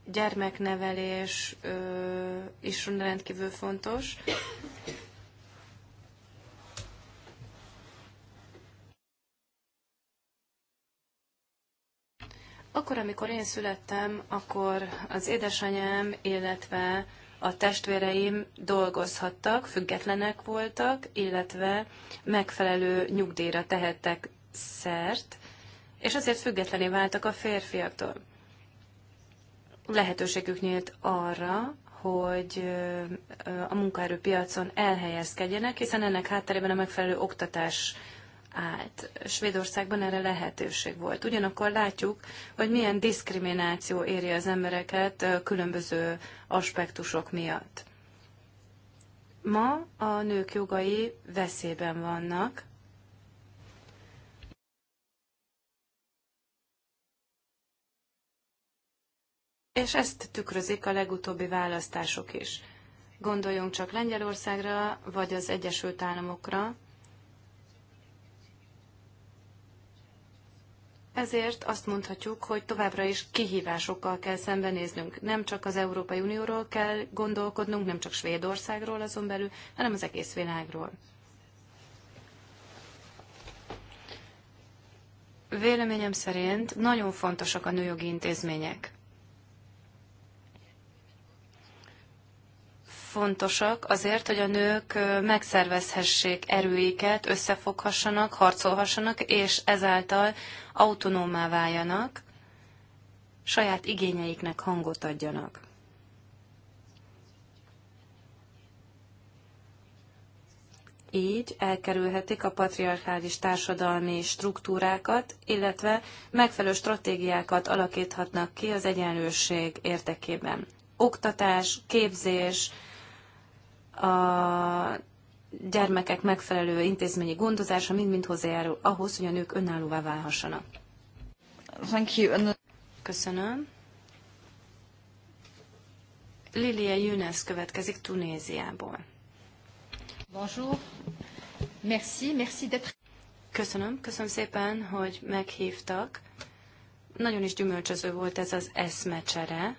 gyermeknevelés ö, is rendkívül fontos. Akkor, amikor én születtem, akkor az édesanyám, illetve a testvéreim dolgozhattak, függetlenek voltak, illetve megfelelő nyugdíjra tehettek szert, és azért függetlené váltak a férfiaktól. Lehetőségük nyílt arra, hogy a munkaerőpiacon elhelyezkedjenek, hiszen ennek hátterében a megfelelő oktatás állt. Svédországban erre lehetőség volt. Ugyanakkor látjuk, hogy milyen diszkrimináció éri az embereket különböző aspektusok miatt. Ma a nők jogai veszélyben vannak, És ezt tükrözik a legutóbbi választások is. Gondoljunk csak Lengyelországra, vagy az Egyesült Államokra, Ezért azt mondhatjuk, hogy továbbra is kihívásokkal kell szembenéznünk. Nem csak az Európai Unióról kell gondolkodnunk, nem csak Svédországról azon belül, hanem az egész világról. Véleményem szerint nagyon fontosak a nőjogi intézmények. fontosak azért, hogy a nők megszervezhessék erőiket, összefoghassanak, harcolhassanak, és ezáltal autonómá váljanak, saját igényeiknek hangot adjanak. Így elkerülhetik a patriarchális társadalmi struktúrákat, illetve megfelelő stratégiákat alakíthatnak ki az egyenlőség érdekében. Oktatás, képzés, a gyermekek megfelelő intézményi gondozása mind-mind hozzájárul ahhoz, hogy a nők önállóvá válhassanak. Thank you. Köszönöm. Lilia Younes következik Tunéziából. Bonjour. Merci, merci d'être... Köszönöm, köszönöm szépen, hogy meghívtak. Nagyon is gyümölcsöző volt ez az eszmecsere.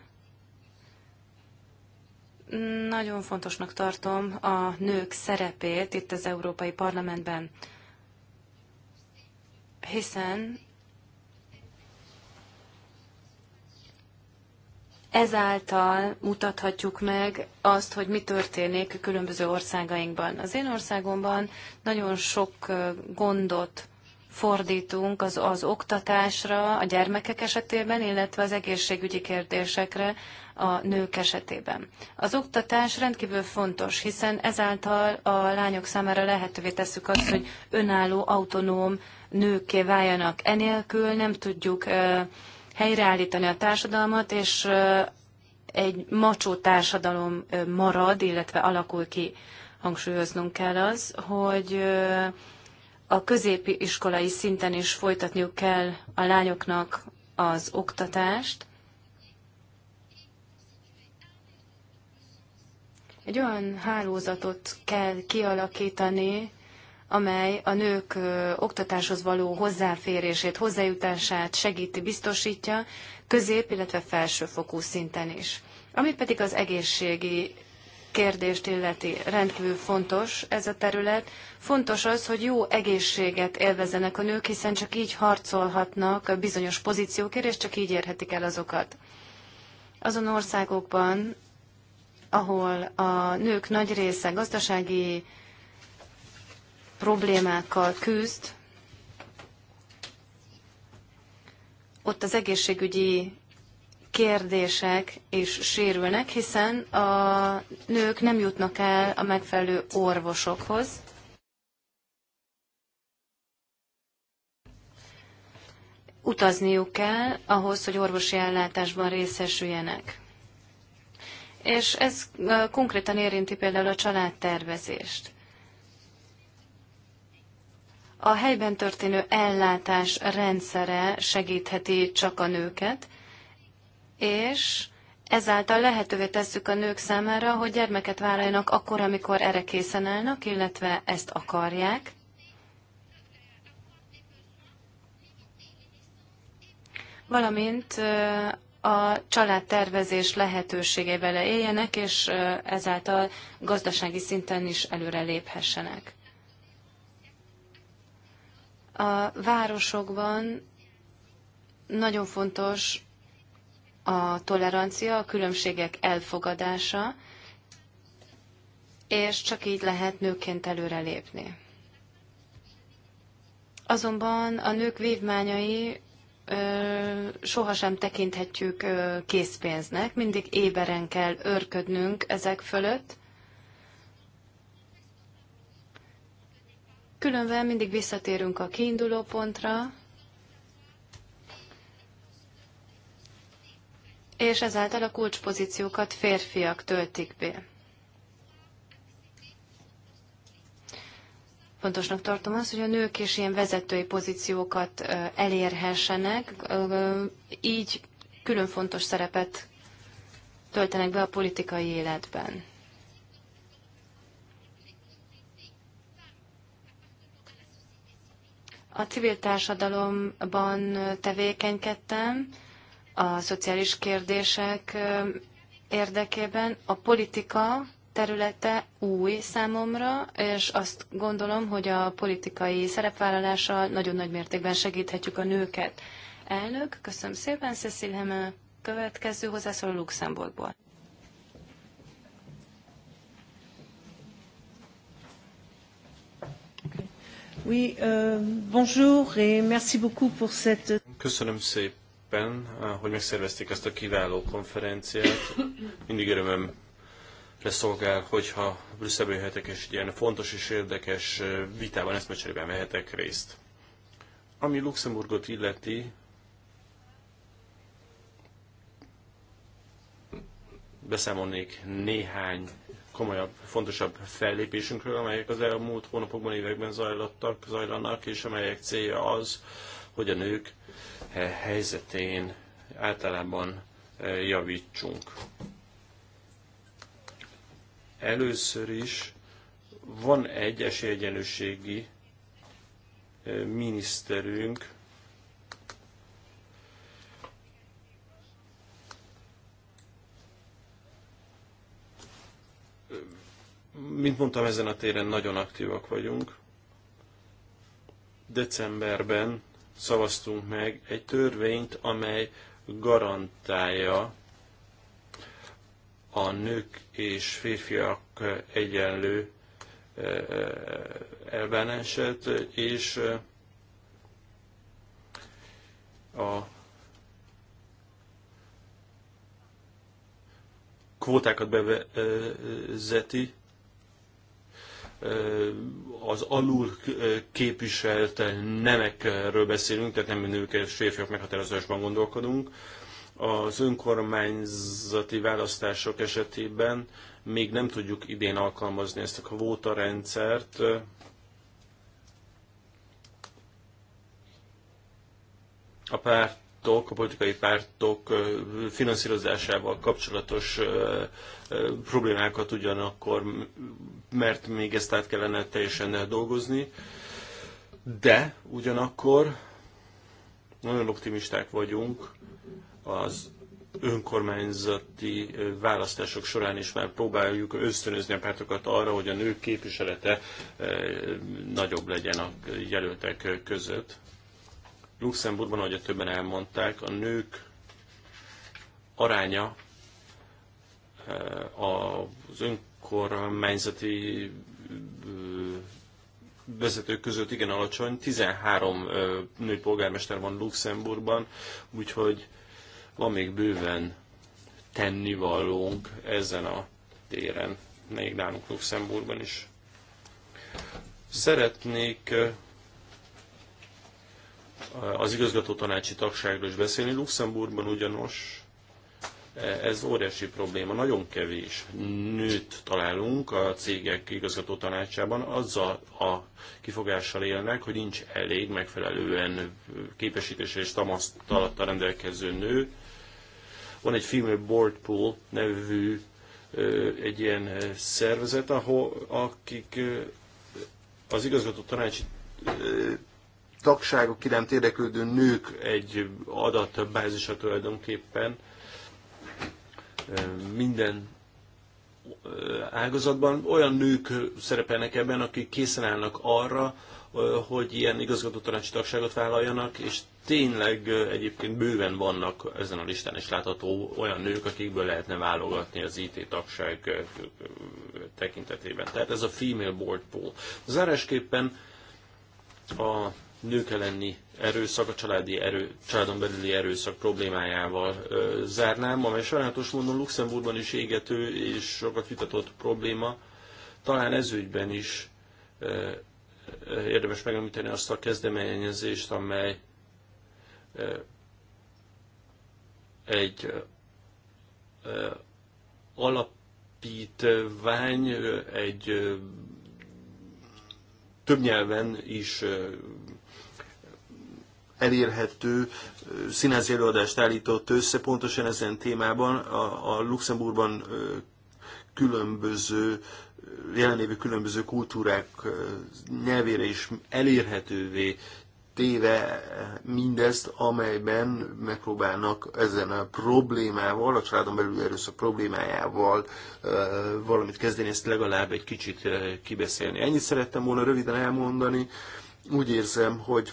Nagyon fontosnak tartom a nők szerepét itt az Európai Parlamentben, hiszen ezáltal mutathatjuk meg azt, hogy mi történik a különböző országainkban. Az én országomban nagyon sok gondot fordítunk az, az oktatásra a gyermekek esetében, illetve az egészségügyi kérdésekre, a nők esetében. Az oktatás rendkívül fontos, hiszen ezáltal a lányok számára lehetővé tesszük azt, hogy önálló, autonóm nőkké váljanak. Enélkül nem tudjuk helyreállítani a társadalmat, és egy macsó társadalom marad, illetve alakul ki. Hangsúlyoznunk kell az, hogy a középiskolai szinten is folytatniuk kell a lányoknak az oktatást, Egy olyan hálózatot kell kialakítani, amely a nők oktatáshoz való hozzáférését, hozzájutását segíti, biztosítja, közép, illetve felsőfokú szinten is. Ami pedig az egészségi kérdést illeti rendkívül fontos ez a terület. Fontos az, hogy jó egészséget élvezenek a nők, hiszen csak így harcolhatnak bizonyos pozíciókért, és csak így érhetik el azokat. Azon országokban, ahol a nők nagy része gazdasági problémákkal küzd, ott az egészségügyi kérdések is sérülnek, hiszen a nők nem jutnak el a megfelelő orvosokhoz. Utazniuk kell ahhoz, hogy orvosi ellátásban részesüljenek és ez konkrétan érinti például a családtervezést. A helyben történő ellátás rendszere segítheti csak a nőket, és ezáltal lehetővé tesszük a nők számára, hogy gyermeket vállaljanak akkor, amikor erre készen állnak, illetve ezt akarják. Valamint a családtervezés lehetőségeivel éljenek, és ezáltal gazdasági szinten is előreléphessenek. A városokban nagyon fontos a tolerancia, a különbségek elfogadása, és csak így lehet nőként előrelépni. Azonban a nők vívmányai sohasem tekinthetjük készpénznek, mindig éberen kell örködnünk ezek fölött. Különben mindig visszatérünk a kiinduló pontra, és ezáltal a kulcspozíciókat férfiak töltik be. Fontosnak tartom azt, hogy a nők és ilyen vezetői pozíciókat elérhessenek, így külön fontos szerepet töltenek be a politikai életben. A civil társadalomban tevékenykedtem, a szociális kérdések érdekében. A politika területe új számomra, és azt gondolom, hogy a politikai szerepvállalása nagyon nagy mértékben segíthetjük a nőket. Elnök, köszönöm szépen, Cecil Heme, következő a Luxemburgból. Oui, euh, bonjour et merci beaucoup pour cette... Köszönöm szépen, eh, hogy megszervezték ezt a kiváló konferenciát. Mindig örömöm szolgál, hogyha Brüsszelben jöhetek és ilyen fontos és érdekes vitában, eszmecserében vehetek részt. Ami Luxemburgot illeti, beszámolnék néhány komolyabb, fontosabb fellépésünkről, amelyek az elmúlt hónapokban, években zajlottak, zajlanak, és amelyek célja az, hogy a nők eh, helyzetén általában eh, javítsunk. Először is van egy esélyegyenlőségi miniszterünk, mint mondtam, ezen a téren nagyon aktívak vagyunk. Decemberben szavaztunk meg egy törvényt, amely garantálja a nők és férfiak egyenlő e, e, elbánását, és e, a kvótákat bevezeti, az alul képviselt nemekről beszélünk, tehát nem nők és férfiak meghatározásban gondolkodunk, az önkormányzati választások esetében még nem tudjuk idén alkalmazni ezt a kvóta rendszert, a pártok, a politikai pártok finanszírozásával kapcsolatos problémákat ugyanakkor, mert még ezt át kellene teljesen dolgozni, de ugyanakkor nagyon optimisták vagyunk az önkormányzati választások során is már próbáljuk ösztönözni a pártokat arra, hogy a nők képviselete nagyobb legyen a jelöltek között. Luxemburgban, ahogy a többen elmondták, a nők aránya az önkormányzati vezetők között igen alacsony. 13 női polgármester van Luxemburgban, úgyhogy van még bőven tennivalónk ezen a téren, még nálunk Luxemburgban is. Szeretnék az igazgató tanácsi tagságról is beszélni. Luxemburgban ugyanos ez óriási probléma. Nagyon kevés nőt találunk a cégek igazgató tanácsában. Azzal a kifogással élnek, hogy nincs elég megfelelően képesítéssel és tamasztalattal rendelkező nő. Van egy Female Board Pool nevű egy ilyen szervezet, ahol akik az igazgató tanácsi tagságok iránt érdeklődő nők egy adatbázisa tulajdonképpen minden ágazatban. Olyan nők szerepelnek ebben, akik készen állnak arra, hogy ilyen igazgató tanácsi tagságot vállaljanak, és tényleg egyébként bőven vannak ezen a listán is látható olyan nők, akikből lehetne válogatni az IT tagság tekintetében. Tehát ez a female board pool. Zárásképpen a nők elleni erőszak, a családi erő, családon belüli erőszak problémájával ö, zárnám, amely sajnálatos mondom Luxemburgban is égető és sokat vitatott probléma. Talán ezügyben is ö, érdemes megemlíteni azt a kezdeményezést, amely egy alapítvány, egy több nyelven is elérhető színházi előadást állított össze, pontosan ezen témában a, a Luxemburgban különböző jelenlévő különböző kultúrák nyelvére is elérhetővé téve mindezt, amelyben megpróbálnak ezen a problémával, a családon belül erőszak problémájával valamit kezdeni, ezt legalább egy kicsit kibeszélni. Ennyit szerettem volna röviden elmondani. Úgy érzem, hogy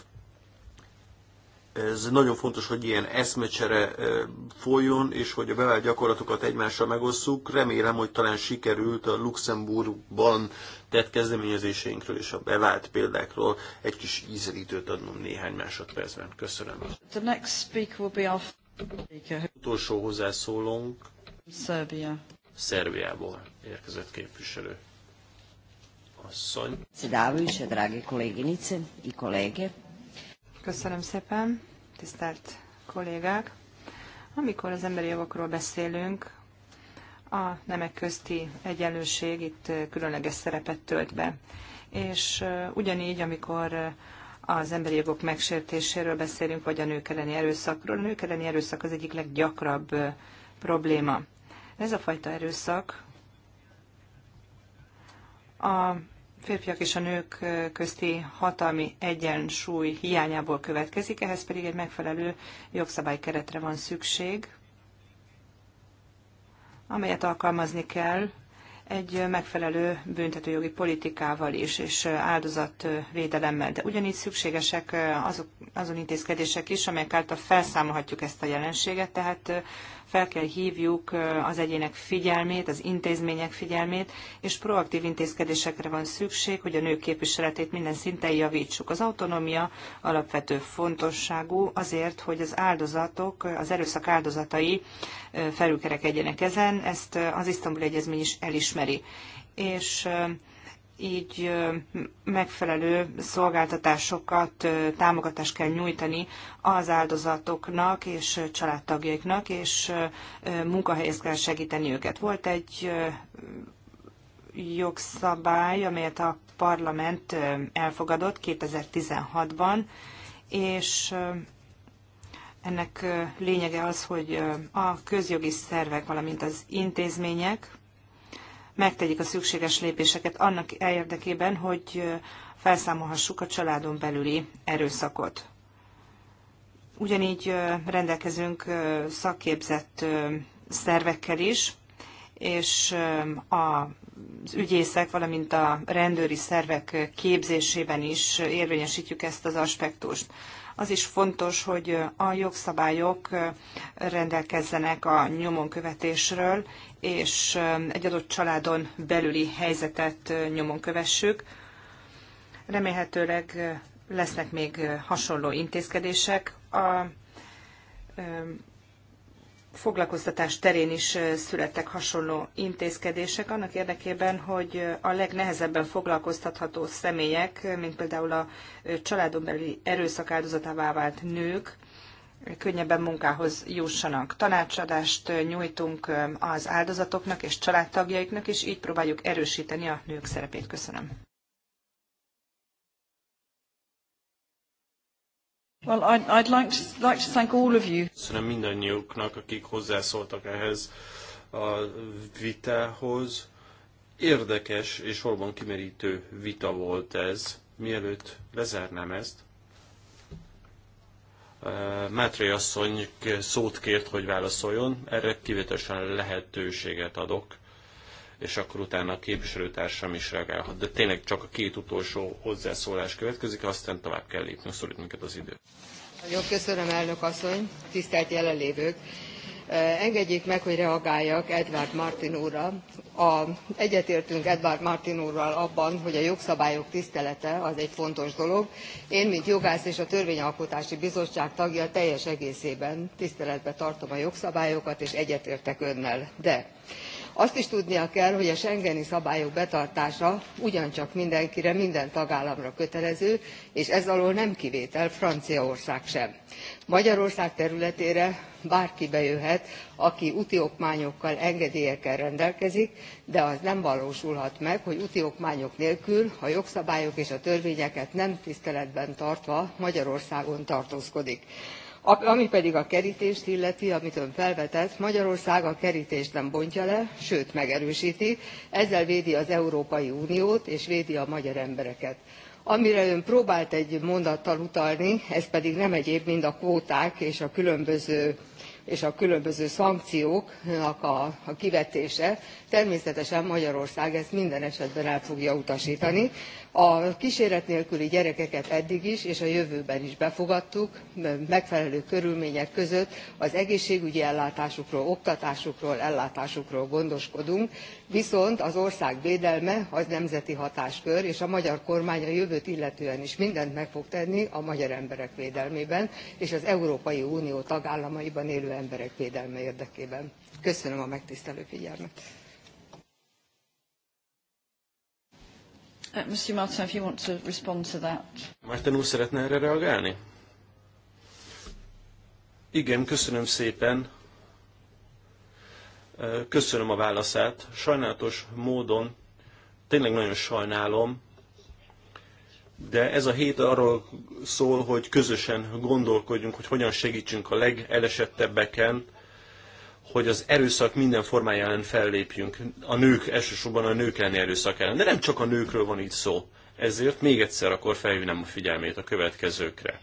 ez nagyon fontos, hogy ilyen eszmecsere folyjon, és hogy a bevált gyakorlatokat egymással megosszuk. Remélem, hogy talán sikerült a Luxemburgban tett kezdeményezéseinkről és a bevált példákról egy kis ízelítőt adnom néhány másodpercben. Köszönöm. The next speaker will be our... Utolsó hozzászólónk Serbia. Szerbiából érkezett képviselő. Asszony. Szedávőse, drági kolléginice i kollége. Köszönöm szépen, tisztelt kollégák. Amikor az emberi jogokról beszélünk, a nemek közti egyenlőség itt különleges szerepet tölt be. És ugyanígy, amikor az emberi jogok megsértéséről beszélünk, vagy a nők elleni erőszakról, a nők elleni erőszak az egyik leggyakrabb probléma. Ez a fajta erőszak a férfiak és a nők közti hatalmi egyensúly hiányából következik, ehhez pedig egy megfelelő jogszabálykeretre van szükség, amelyet alkalmazni kell egy megfelelő büntetőjogi politikával is, és áldozatvédelemmel. De ugyanígy szükségesek azok, azon intézkedések is, amelyek által felszámolhatjuk ezt a jelenséget, tehát fel kell hívjuk az egyének figyelmét, az intézmények figyelmét, és proaktív intézkedésekre van szükség, hogy a nők képviseletét minden szinten javítsuk. Az autonómia alapvető fontosságú azért, hogy az áldozatok, az erőszak áldozatai felülkerekedjenek ezen, ezt az Isztambul Egyezmény is elismeri. És így megfelelő szolgáltatásokat, támogatást kell nyújtani az áldozatoknak és családtagjaiknak, és munkahelyhez kell segíteni őket. Volt egy jogszabály, amelyet a parlament elfogadott 2016-ban, és ennek lényege az, hogy a közjogi szervek, valamint az intézmények, megtegyék a szükséges lépéseket annak érdekében, hogy felszámolhassuk a családon belüli erőszakot. Ugyanígy rendelkezünk szakképzett szervekkel is, és az ügyészek, valamint a rendőri szervek képzésében is érvényesítjük ezt az aspektust. Az is fontos, hogy a jogszabályok rendelkezzenek a nyomonkövetésről, és egy adott családon belüli helyzetet nyomon kövessük. Remélhetőleg lesznek még hasonló intézkedések. A foglalkoztatás terén is születtek hasonló intézkedések annak érdekében, hogy a legnehezebben foglalkoztatható személyek, mint például a családon belüli erőszak áldozatává vált nők, könnyebben munkához jussanak. Tanácsadást nyújtunk az áldozatoknak és családtagjaiknak, és így próbáljuk erősíteni a nők szerepét. Köszönöm. Well, I'd like to, like to thank all of you. Köszönöm mindannyiuknak, akik hozzászóltak ehhez a vitához. Érdekes és valóban kimerítő vita volt ez. Mielőtt lezárnám ezt, Mátré asszony szót kért, hogy válaszoljon, erre kivételesen lehetőséget adok, és akkor utána a képviselőtársam is reagálhat. De tényleg csak a két utolsó hozzászólás következik, aztán tovább kell lépni, szorít minket az idő. Nagyon köszönöm, elnök asszony, tisztelt jelenlévők! Eh, engedjék meg, hogy reagáljak Edward Martin úrra. A, egyetértünk Edward Martin úrral abban, hogy a jogszabályok tisztelete az egy fontos dolog. Én, mint jogász és a Törvényalkotási Bizottság tagja teljes egészében tiszteletbe tartom a jogszabályokat, és egyetértek önnel. De azt is tudnia kell, hogy a schengeni szabályok betartása ugyancsak mindenkire, minden tagállamra kötelező, és ez alól nem kivétel Franciaország sem magyarország területére bárki bejöhet aki úti okmányokkal engedélyekkel rendelkezik de az nem valósulhat meg hogy úti okmányok nélkül a jogszabályok és a törvényeket nem tiszteletben tartva magyarországon tartózkodik. ami pedig a kertést illeti amit ön felvetett magyarország a kertést nem bontja le sőt megerősti ezzel védi az európai uniót és védi a magyar embereket amire ön próbált egy mondattal utalni ez pedig nem egyéb mint a kvóták és a különböző és a különböző szankcióknak a, a kivetése. Természetesen Magyarország ezt minden esetben el fogja utasítani. A kíséret nélküli gyerekeket eddig is és a jövőben is befogadtuk, megfelelő körülmények között az egészségügyi ellátásukról, oktatásukról, ellátásukról gondoskodunk, viszont az ország védelme az nemzeti hatáskör és a magyar kormány a jövőt illetően is mindent meg fog tenni a magyar emberek védelmében és az európai unió tagállamaiban élő emberek védelme érdekében. köszönöm a megtisztelő figyelmet. Uh, Mr. Martin, if you want to respond to that. Martin úr szeretne erre reagálni? Igen, köszönöm szépen Köszönöm a válaszát. Sajnálatos módon, tényleg nagyon sajnálom, de ez a hét arról szól, hogy közösen gondolkodjunk, hogy hogyan segítsünk a legelesettebbeken, hogy az erőszak minden formája ellen fellépjünk. A nők, elsősorban a nők elleni erőszak ellen. De nem csak a nőkről van itt szó. Ezért még egyszer akkor felhívnám a figyelmét a következőkre.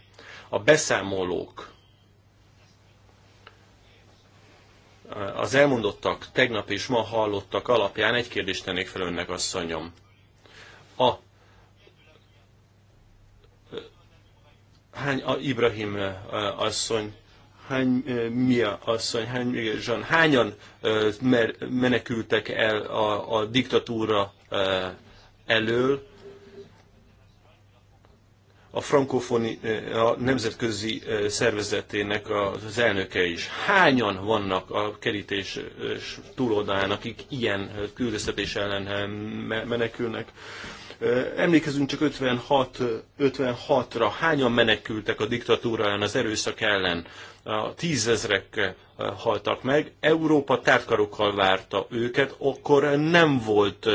A beszámolók az elmondottak, tegnap és ma hallottak alapján egy kérdést tennék fel önnek, asszonyom. A hány a Ibrahim asszony, hány Mia asszony, hány Zsan, hányan menekültek el a, a diktatúra elől, a frankofoni, eh, a nemzetközi eh, szervezetének az elnöke is. Hányan vannak a kerítés eh, túloldalán, akik ilyen küldöztetés ellen menekülnek? Emlékezünk csak 56, 56-ra, hányan menekültek a diktatúra ellen, az erőszak ellen? A tízezrek haltak meg, Európa tártkarokkal várta őket, akkor nem volt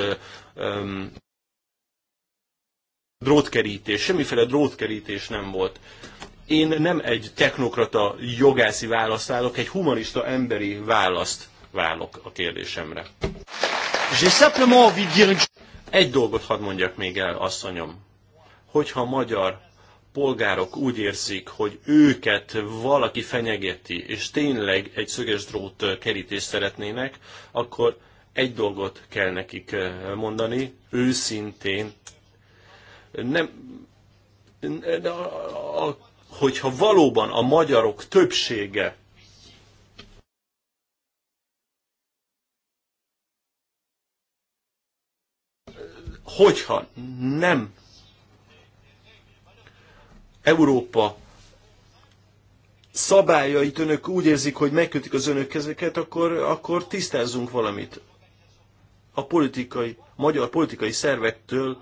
drótkerítés, semmiféle drótkerítés nem volt. Én nem egy technokrata jogászi választ állok, egy humanista emberi választ válok a kérdésemre. Egy dolgot hadd mondjak még el, asszonyom. Hogyha a magyar polgárok úgy érzik, hogy őket valaki fenyegeti, és tényleg egy szöges drót kerítést szeretnének, akkor egy dolgot kell nekik mondani, őszintén nem, hogyha valóban a magyarok többsége hogyha nem Európa szabályait önök úgy érzik, hogy megkötik az önök kezeket, akkor, akkor tisztázzunk valamit. A politikai, magyar politikai szervektől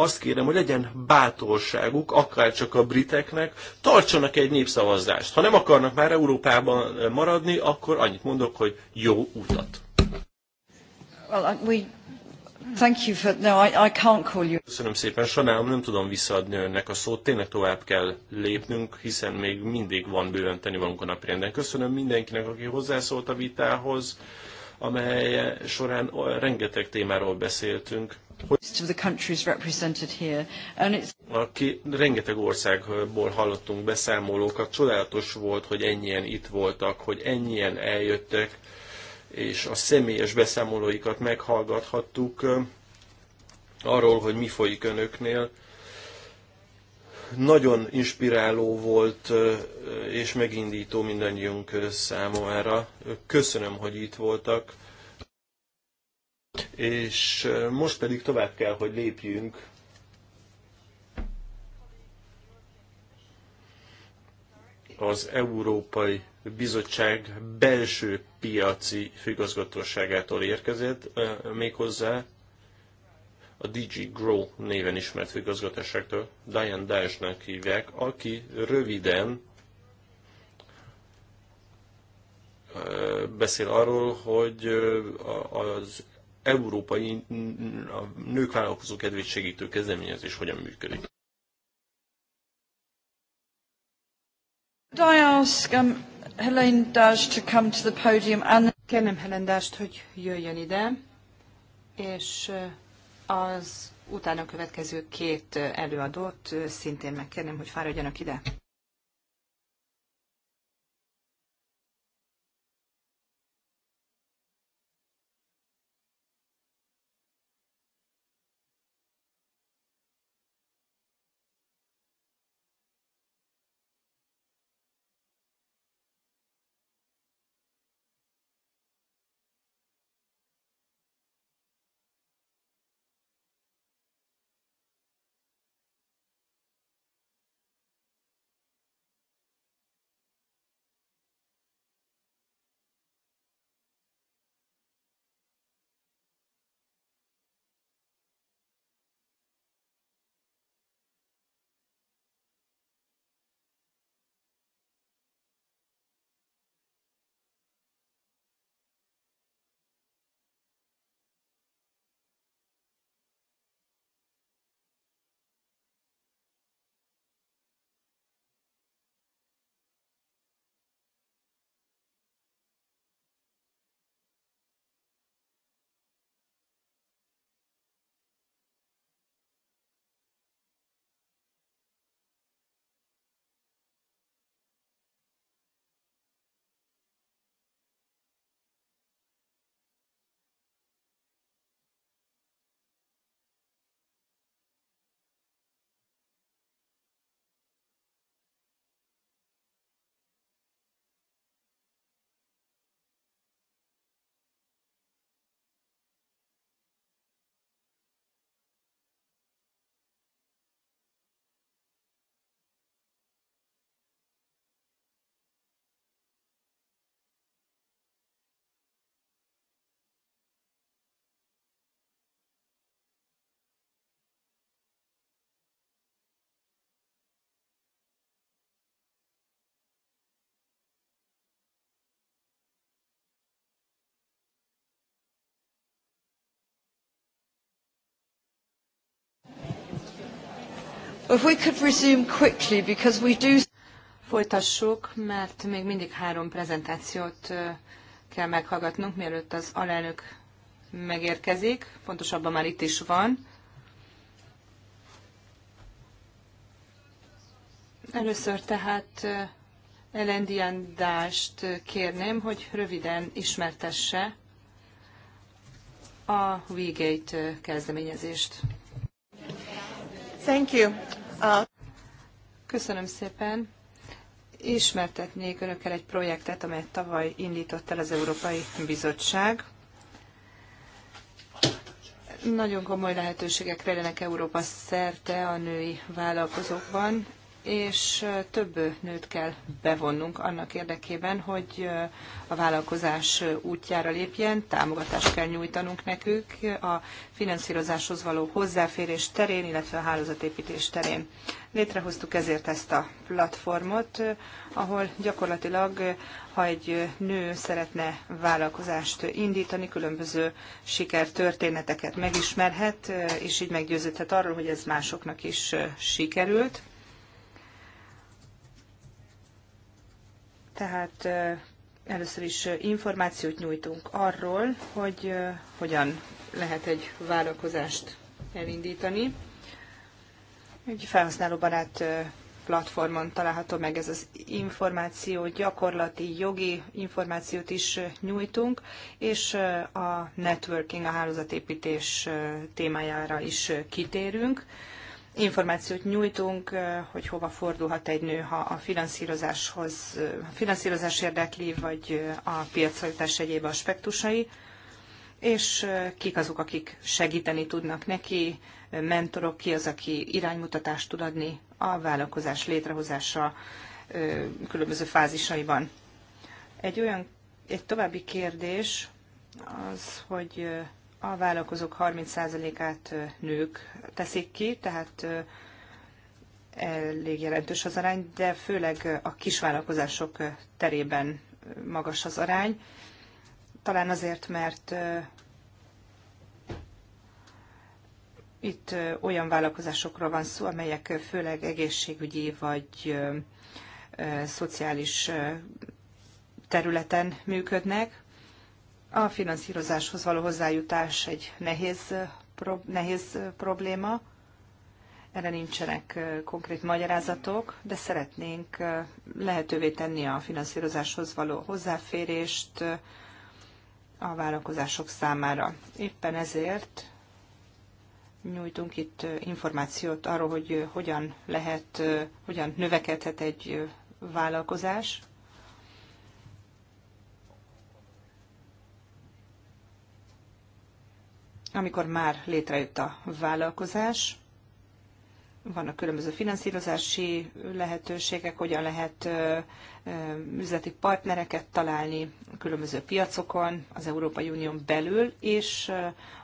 azt kérem, hogy legyen bátorságuk, akár csak a briteknek, tartsanak egy népszavazást. Ha nem akarnak már Európában maradni, akkor annyit mondok, hogy jó utat. Well, uh, we... Thank you for... no, I, I can't call you. Köszönöm szépen, sajnálom, nem tudom visszaadni önnek a szót, tényleg tovább kell lépnünk, hiszen még mindig van bőven tennivalónk a napirenden. Köszönöm mindenkinek, aki hozzászólt a vitához, amely során rengeteg témáról beszéltünk. Aki rengeteg országból hallottunk beszámolókat, csodálatos volt, hogy ennyien itt voltak, hogy ennyien eljöttek, és a személyes beszámolóikat meghallgathattuk arról, hogy mi folyik önöknél. Nagyon inspiráló volt és megindító mindannyiunk számára. Köszönöm, hogy itt voltak és most pedig tovább kell, hogy lépjünk az Európai Bizottság belső piaci főigazgatóságától érkezett, méghozzá a DG Grow néven ismert főigazgatóságtól, Diane Dash-nak hívják, aki röviden beszél arról, hogy az európai a nők vállalkozó kedvét segítő kezdeményezés hogyan működik. Kérnem um, Kérném Helen Dást, hogy jöjjön ide, és uh, az utána következő két előadót uh, szintén megkérném, hogy fáradjanak ide. Folytassuk, mert még mindig három prezentációt kell meghallgatnunk, mielőtt az alelnök megérkezik. Pontosabban már itt is van. Először tehát Elendian Dást kérném, hogy röviden ismertesse a WeGate kezdeményezést. Thank you. Köszönöm szépen. Ismertetnék önökkel egy projektet, amelyet tavaly indított el az Európai Bizottság. Nagyon komoly lehetőségek rejlenek Európa szerte a női vállalkozókban és több nőt kell bevonnunk annak érdekében, hogy a vállalkozás útjára lépjen, támogatást kell nyújtanunk nekük a finanszírozáshoz való hozzáférés terén, illetve a hálózatépítés terén. Létrehoztuk ezért ezt a platformot, ahol gyakorlatilag, ha egy nő szeretne vállalkozást indítani, különböző sikertörténeteket megismerhet, és így meggyőződhet arról, hogy ez másoknak is sikerült Tehát először is információt nyújtunk arról, hogy hogyan lehet egy vállalkozást elindítani. Egy felhasználóbarát platformon található meg ez az információ, gyakorlati, jogi információt is nyújtunk, és a networking, a hálózatépítés témájára is kitérünk információt nyújtunk, hogy hova fordulhat egy nő, ha a finanszírozáshoz, a finanszírozás érdekli, vagy a piacajutás egyéb aspektusai, és kik azok, akik segíteni tudnak neki, mentorok, ki az, aki iránymutatást tud adni a vállalkozás létrehozása különböző fázisaiban. Egy olyan, egy további kérdés az, hogy a vállalkozók 30%-át nők teszik ki, tehát elég jelentős az arány, de főleg a kisvállalkozások terében magas az arány. Talán azért, mert itt olyan vállalkozásokról van szó, amelyek főleg egészségügyi vagy szociális területen működnek, a finanszírozáshoz való hozzájutás egy nehéz, prob- nehéz probléma. Erre nincsenek konkrét magyarázatok, de szeretnénk lehetővé tenni a finanszírozáshoz való hozzáférést a vállalkozások számára. Éppen ezért nyújtunk itt információt arról, hogy hogyan lehet, hogyan növekedhet egy vállalkozás, amikor már létrejött a vállalkozás, vannak különböző finanszírozási lehetőségek, hogyan lehet üzleti partnereket találni különböző piacokon, az Európai Unión belül, és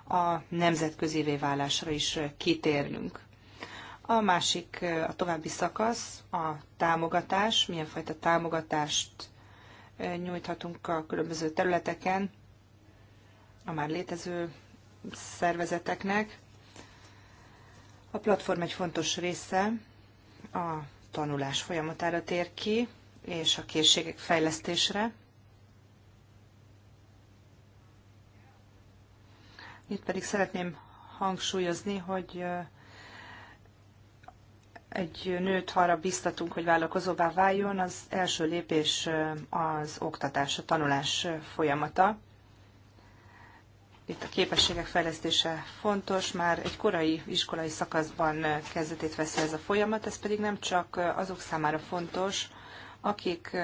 a nemzetközi válásra is kitérnünk. A másik, a további szakasz, a támogatás, milyen fajta támogatást nyújthatunk a különböző területeken, a már létező szervezeteknek. A platform egy fontos része a tanulás folyamatára tér ki, és a készségek fejlesztésre. Itt pedig szeretném hangsúlyozni, hogy egy nőt arra biztatunk, hogy vállalkozóvá váljon, az első lépés az oktatás, a tanulás folyamata itt a képességek fejlesztése fontos, már egy korai iskolai szakaszban kezdetét veszi ez a folyamat, ez pedig nem csak azok számára fontos, akik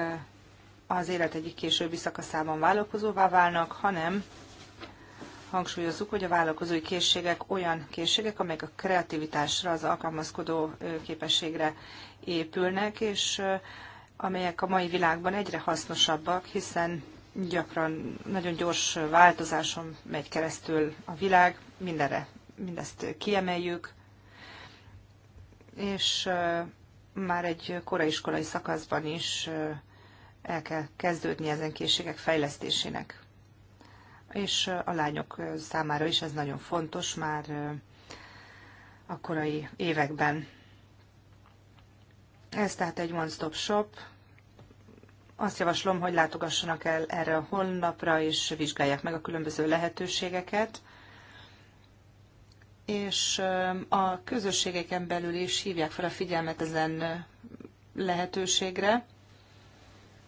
az élet egyik későbbi szakaszában vállalkozóvá válnak, hanem hangsúlyozzuk, hogy a vállalkozói készségek olyan készségek, amelyek a kreativitásra, az alkalmazkodó képességre épülnek, és amelyek a mai világban egyre hasznosabbak, hiszen gyakran nagyon gyors változáson megy keresztül a világ, mindenre mindezt kiemeljük, és már egy koraiskolai szakaszban is el kell kezdődni ezen készségek fejlesztésének. És a lányok számára is ez nagyon fontos már a korai években. Ez tehát egy one-stop shop, azt javaslom, hogy látogassanak el erre a honlapra, és vizsgálják meg a különböző lehetőségeket. És a közösségeken belül is hívják fel a figyelmet ezen lehetőségre.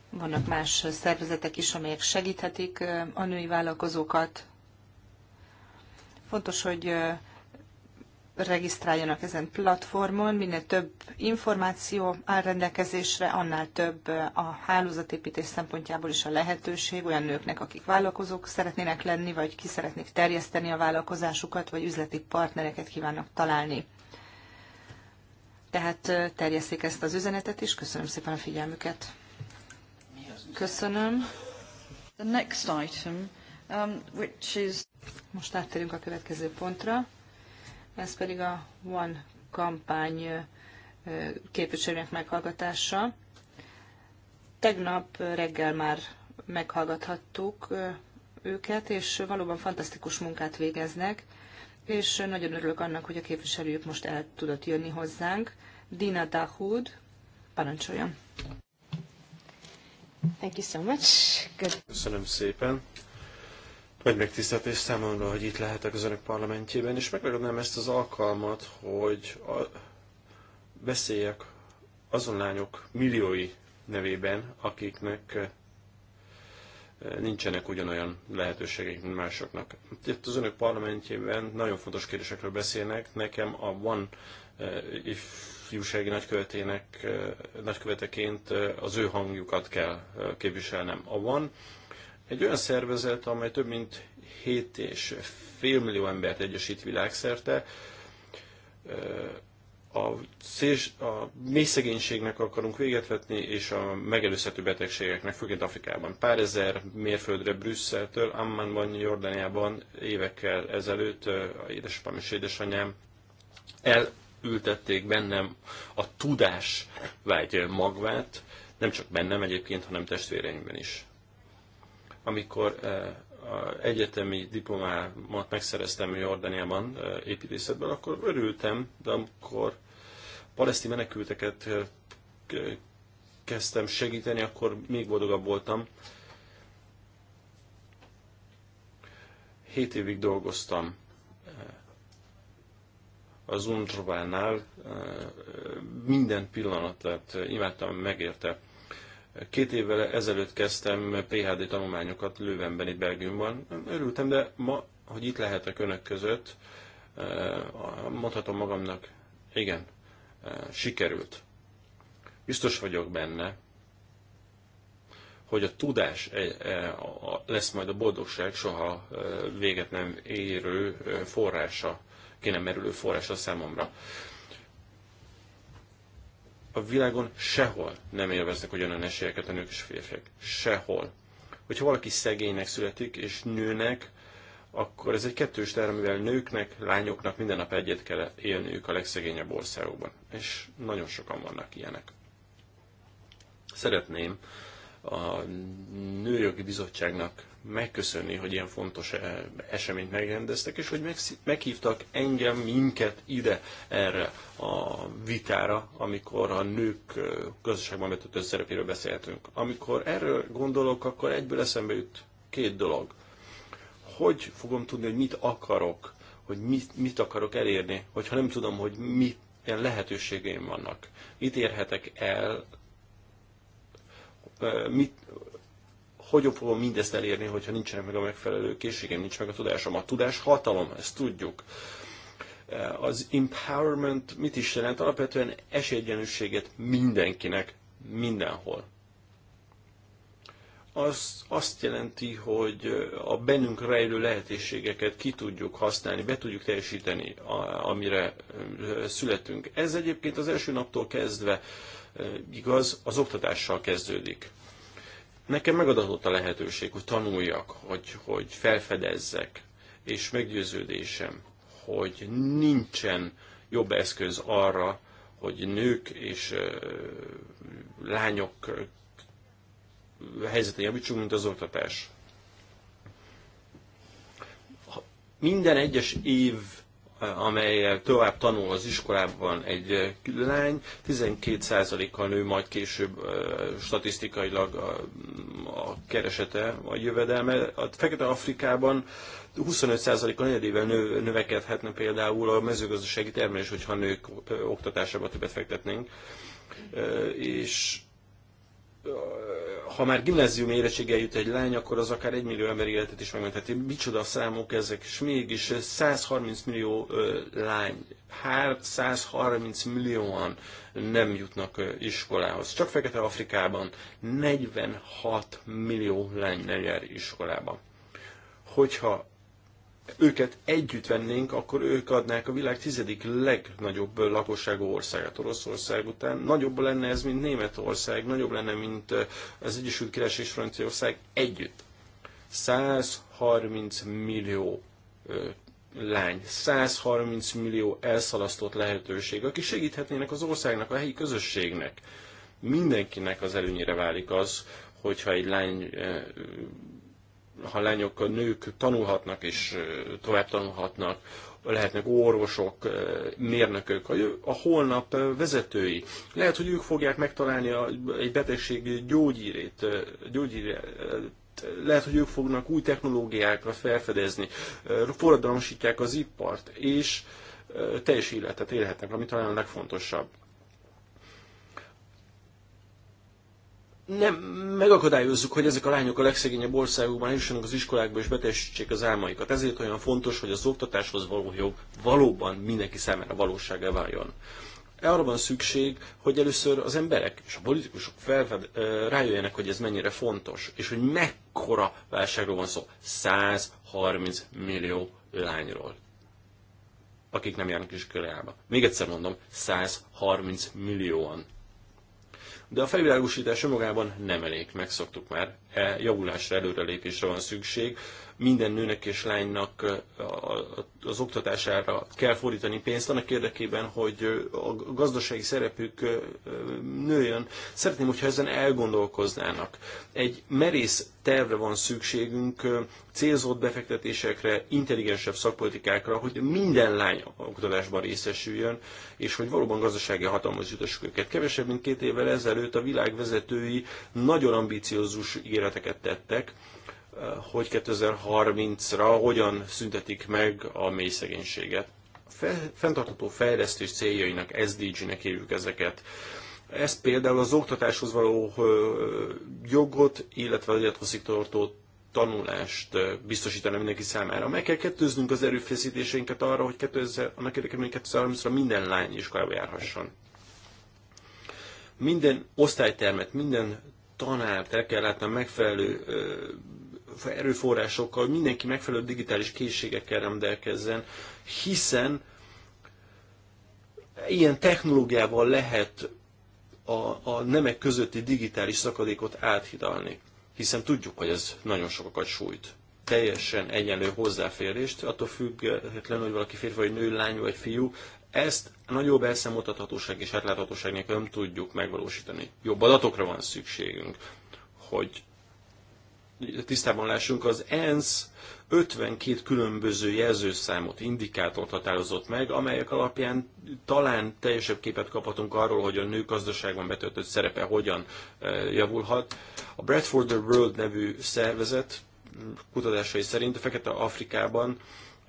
Vannak más szervezetek is, amelyek segíthetik a női vállalkozókat. Fontos, hogy regisztráljanak ezen platformon, minél több információ áll rendelkezésre, annál több a hálózatépítés szempontjából is a lehetőség olyan nőknek, akik vállalkozók szeretnének lenni, vagy ki szeretnék terjeszteni a vállalkozásukat, vagy üzleti partnereket kívánnak találni. Tehát terjesszék ezt az üzenetet is. Köszönöm szépen a figyelmüket. Köszönöm. The next item, um, which is... Most áttérünk a következő pontra ez pedig a One kampány képviselőnek meghallgatása. Tegnap reggel már meghallgathattuk őket, és valóban fantasztikus munkát végeznek, és nagyon örülök annak, hogy a képviselőjük most el tudott jönni hozzánk. Dina Dahud, parancsoljon! Thank you so much. Good. Köszönöm szépen. Nagy megtiszteltés számomra, hogy itt lehetek az önök parlamentjében, és megragadnám ezt az alkalmat, hogy a, beszéljek azon lányok milliói nevében, akiknek eh, nincsenek ugyanolyan lehetőségeik, mint másoknak. Itt az önök parlamentjében nagyon fontos kérdésekről beszélnek. Nekem a One eh, ifjúsági nagykövetének, eh, nagyköveteként az ő hangjukat kell képviselnem. A One egy olyan szervezet, amely több mint 7 és fél millió embert egyesít világszerte, a, szés, a mély szegénységnek akarunk véget vetni, és a megelőzhető betegségeknek, főként Afrikában. Pár ezer mérföldre Brüsszeltől, Ammanban, Jordániában évekkel ezelőtt a édesapám és édesanyám elültették bennem a tudás vágy magvát, nem csak bennem egyébként, hanem testvéreimben is. Amikor eh, a egyetemi diplomámat megszereztem Jordániában eh, építészetben, akkor örültem, de amikor paleszti menekülteket eh, kezdtem segíteni, akkor még boldogabb voltam. Hét évig dolgoztam az Untrobánál, minden pillanatát imádtam, megérte Két évvel ezelőtt kezdtem PHD tanulmányokat Lővenben, itt Belgiumban. Örültem, de ma, hogy itt lehetek önök között, eh, mondhatom magamnak, igen, eh, sikerült. Biztos vagyok benne, hogy a tudás eh, lesz majd a boldogság soha véget nem érő forrása, ki nem merülő forrása számomra a világon sehol nem élveznek ugyanolyan esélyeket a nők és férfiak. Sehol. Hogyha valaki szegénynek születik és nőnek, akkor ez egy kettős terv, mivel nőknek, lányoknak minden nap egyet kell élniük a legszegényebb országokban. És nagyon sokan vannak ilyenek. Szeretném a Nőjogi Bizottságnak megköszönni, hogy ilyen fontos e, eseményt megrendeztek, és hogy meghívtak engem, minket ide erre a vitára, amikor a nők közösségben betöltő szerepéről beszéltünk. Amikor erről gondolok, akkor egyből eszembe jut két dolog. Hogy fogom tudni, hogy mit akarok, hogy mit, mit akarok elérni, hogyha nem tudom, hogy mit, milyen lehetőségeim vannak. Mit érhetek el, mit, hogyan fogom mindezt elérni, hogyha nincsenek meg a megfelelő készségem, nincs meg a tudásom. A tudás hatalom, ezt tudjuk. Eh, az empowerment mit is jelent? Alapvetően esélyegyenlőséget mindenkinek, mindenhol. Az azt jelenti, hogy eh, a bennünk rejlő lehetőségeket ki tudjuk használni, be tudjuk teljesíteni, amire eh, születünk. Ez egyébként az első naptól kezdve igaz, az oktatással kezdődik Nekem megadatott a lehetőség, hogy tanuljak, hogy, hogy felfedezzek, és meggyőződésem, hogy nincsen jobb eszköz arra, hogy nők és ö, lányok helyzetén javítsunk, mint az oktatás. Minden egyes év Amely tovább tanul az iskolában egy lány, 12%-kal nő majd később statisztikailag a, a keresete, a jövedelme. A Fekete Afrikában 25%-a negyedével nő, növekedhetne például a mezőgazdasági termelés, hogyha nők oktatásába többet fektetnénk. És ha már gimnázium érettségi eljut egy lány, akkor az akár egy millió ember életet is megmentheti. Micsoda számok ezek, és mégis 130 eh, millió eh, lány, 130 hát, millióan nem jutnak eh, iskolához. Csak Fekete-Afrikában 46 millió lány ne jár iskolába. Hogyha őket együtt vennénk, akkor ők adnák a világ tizedik legnagyobb lakosságú országát Oroszország után. Nagyobb lenne ez, mint Németország, nagyobb lenne, mint az Egyesült Királyság és Franciaország együtt. 130 millió ö, lány, 130 millió elszalasztott lehetőség, akik segíthetnének az országnak, a helyi közösségnek. Mindenkinek az előnyére válik az, hogyha egy lány ha lányok, a nők tanulhatnak és tovább tanulhatnak, lehetnek orvosok, mérnökök, a holnap vezetői. Lehet, hogy ők fogják megtalálni egy betegség gyógyírét, gyógyírét lehet, hogy ők fognak új technológiákra felfedezni, forradalmasítják az ipart, és teljes életet élhetnek, ami talán a legfontosabb. nem megakadályozzuk, hogy ezek a lányok a legszegényebb országokban jussanak az iskolákba és beteljesítsék az álmaikat. Ezért olyan fontos, hogy az oktatáshoz való jog valóban mindenki számára valóságá váljon. Arra van szükség, hogy először az emberek és a politikusok felved, rájöjjenek, hogy ez mennyire fontos, és hogy mekkora válságról van szó. 130 millió lányról, akik nem járnak iskolába. Még egyszer mondom, 130 millióan de a felvilágosítás önmagában nem elég, megszoktuk már. E, javulásra, előrelépésre van szükség. Minden nőnek és lánynak e, az oktatására kell fordítani pénzt annak érdekében, hogy a gazdasági szerepük e, nőjön. Szeretném, hogyha ezen elgondolkoznának. Egy merész tervre van szükségünk, célzott befektetésekre, intelligensebb szakpolitikákra, hogy minden lány oktatásban részesüljön, és hogy valóban gazdasági hatalmas jutassuk őket. Kevesebb, mint két évvel ezelőtt a világ vezetői nagyon ambiciózus ígéretet kísérleteket tettek, eh, hogy 2030-ra hogyan szüntetik meg a mély szegénységet. A fenntartható fejlesztés céljainak, SDG-nek hívjuk ezeket. Ez például az oktatáshoz való jogot, illetve az élethosszígtartó tanulást biztosítani mindenki számára. Meg kell kettőznünk az erőfeszítéseinket arra, hogy 2000, annak érdekében 2030-ra minden lány iskolába járhasson. Minden osztálytermet, minden tanárt el kell látni a megfelelő erőforrásokkal, hogy mindenki megfelelő digitális készségekkel rendelkezzen, hiszen ilyen technológiával lehet a, a nemek közötti digitális szakadékot áthidalni, hiszen tudjuk, hogy ez nagyon sokakat sújt. Teljesen egyenlő hozzáférést, attól függetlenül, hogy valaki férfi vagy nő, lány vagy fiú, ezt nagyobb elszámoltathatóság és átláthatóság nélkül nem tudjuk megvalósítani. Jobb adatokra van szükségünk, hogy tisztában lássunk, az ENSZ 52 különböző jelzőszámot, indikátort határozott meg, amelyek alapján talán teljesebb képet kaphatunk arról, hogy a nők gazdaságban betöltött szerepe hogyan eh, javulhat. A Bradford the World nevű szervezet mm, kutatásai szerint a Fekete Afrikában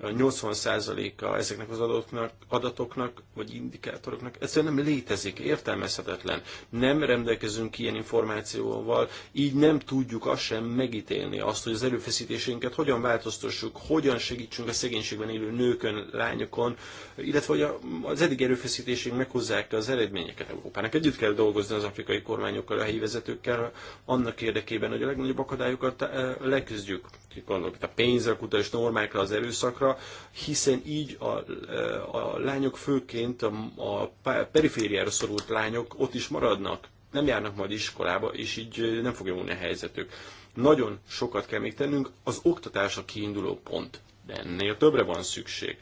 80%-a ezeknek az adatoknak, adatoknak vagy indikátoroknak egyszerűen nem létezik, értelmezhetetlen. Nem rendelkezünk ilyen információval, így nem tudjuk azt sem megítélni, azt, hogy az erőfeszítésünket hogyan változtassuk, hogyan segítsünk a szegénységben élő nőkön, lányokon, illetve hogy az eddig erőfeszítésünk meghozzák az eredményeket Európának. Együtt kell dolgozni az afrikai kormányokkal, a helyi vezetőkkel, annak érdekében, hogy a legnagyobb akadályokat eh, leküzdjük. Gondolok itt a pénzre, a kutatás normákra, az erőszakra, számunkra, hiszen így a, a lányok főként a, a perifériára szorult lányok ott is maradnak, nem járnak majd iskolába, és így nem fogja múlni a helyzetük. Nagyon sokat kell még tennünk, az oktatás a kiinduló pont. De ennél többre van szükség.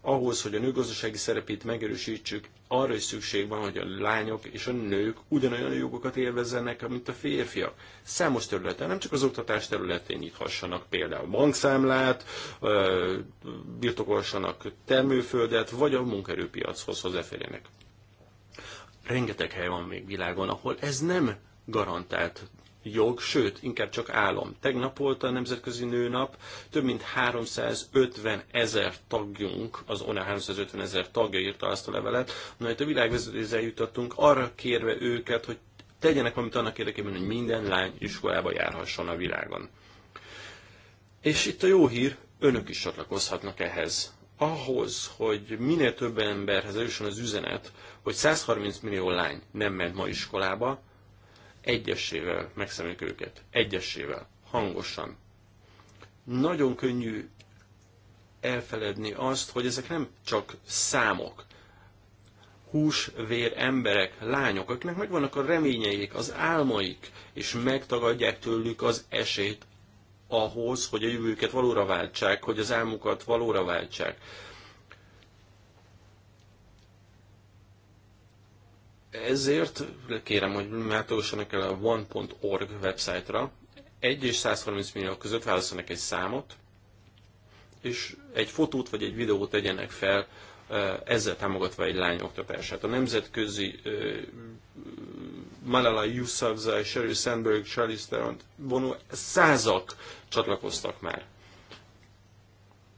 Ahhoz, hogy a nőgazdasági szerepét megerősítsük, arra is szükség van, hogy a lányok és a nők ugyanolyan jogokat élvezzenek, mint a férfiak. Számos területen, nem csak az oktatás területén nyithassanak például bankszámlát, birtokolsanak termőföldet, vagy a munkaerőpiachoz hozzáférjenek. Rengeteg hely van még világon, ahol ez nem garantált jog, sőt, inkább csak álom. Tegnap volt a Nemzetközi Nőnap, több mint 350 ezer tagjunk, az ONA 350 ezer tagja írta azt a levelet, amelyet a világvezetőzzel jutottunk, arra kérve őket, hogy tegyenek valamit annak érdekében, hogy minden lány iskolába járhasson a világon. És itt a jó hír, önök is csatlakozhatnak ehhez. Ahhoz, hogy minél több emberhez eljusson az üzenet, hogy 130 millió lány nem ment ma iskolába, egyesével megszemeljük őket. Egyesével, hangosan. Nagyon könnyű elfeledni azt, hogy ezek nem csak számok, hús, vér, emberek, lányok, akiknek megvannak a reményeik, az álmaik, és megtagadják tőlük az esélyt ahhoz, hogy a jövőket valóra váltsák, hogy az álmukat valóra váltsák. Ezért kérem, hogy látogassanak el a one.org websájtra, 1 és 130 millió között válaszolnak egy számot, és egy fotót vagy egy videót tegyenek fel, eh, ezzel támogatva egy lány oktatását. A nemzetközi eh, Malala Yousafzai, Sherry Sandberg, Charlie Theron vonó százak csatlakoztak már.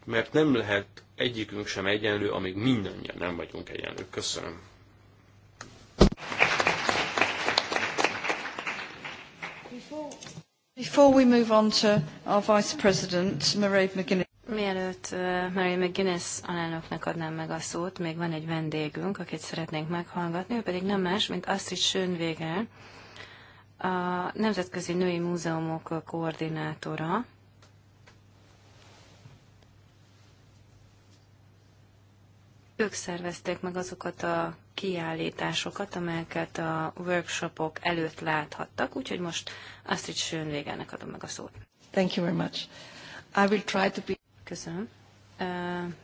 Mert nem lehet egyikünk sem egyenlő, amíg mindannyian nem vagyunk egyenlők. Köszönöm. Before we move on to our Vice President, Mairead McGuinness. Mielőtt uh, Mary McGuinness alelnöknek adnám meg a szót, még van egy vendégünk, akit szeretnénk meghallgatni, ő pedig nem más, mint Astrid Schönvéger, a Nemzetközi Női Múzeumok koordinátora. Ők szervezték meg azokat a kiállításokat, amelyeket a workshopok előtt láthattak, úgyhogy most azt is Schönwegennek adom meg a szót. Thank you very much. I will try to be... Köszönöm.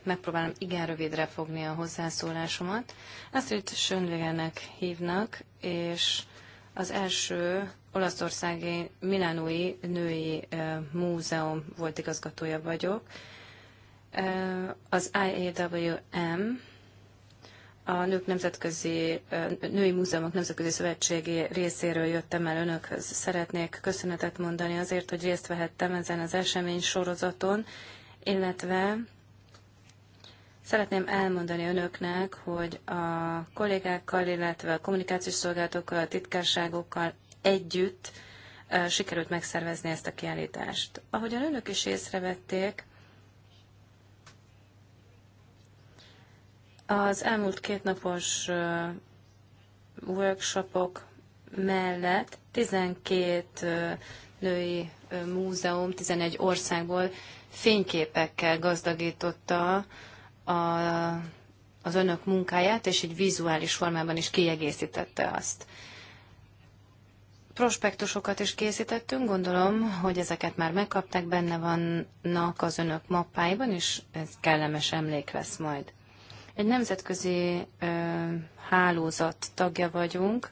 Megpróbálom igen rövidre fogni a hozzászólásomat. Astrid Schönwegennek hívnak, és az első olaszországi Milánói Női Múzeum volt igazgatója vagyok az IAWM, a Nők Nemzetközi, Női Múzeumok Nemzetközi Szövetségi részéről jöttem el önökhöz. Szeretnék köszönetet mondani azért, hogy részt vehettem ezen az esemény sorozaton, illetve Szeretném elmondani önöknek, hogy a kollégákkal, illetve a kommunikációs szolgálatokkal, a titkárságokkal együtt sikerült megszervezni ezt a kiállítást. Ahogyan önök is észrevették, Az elmúlt két napos workshopok mellett 12 női múzeum 11 országból fényképekkel gazdagította a, az önök munkáját, és egy vizuális formában is kiegészítette azt. Prospektusokat is készítettünk, gondolom, hogy ezeket már megkapták, benne vannak az önök mappáiban, és ez kellemes emlék lesz majd. Egy nemzetközi ö, hálózat tagja vagyunk.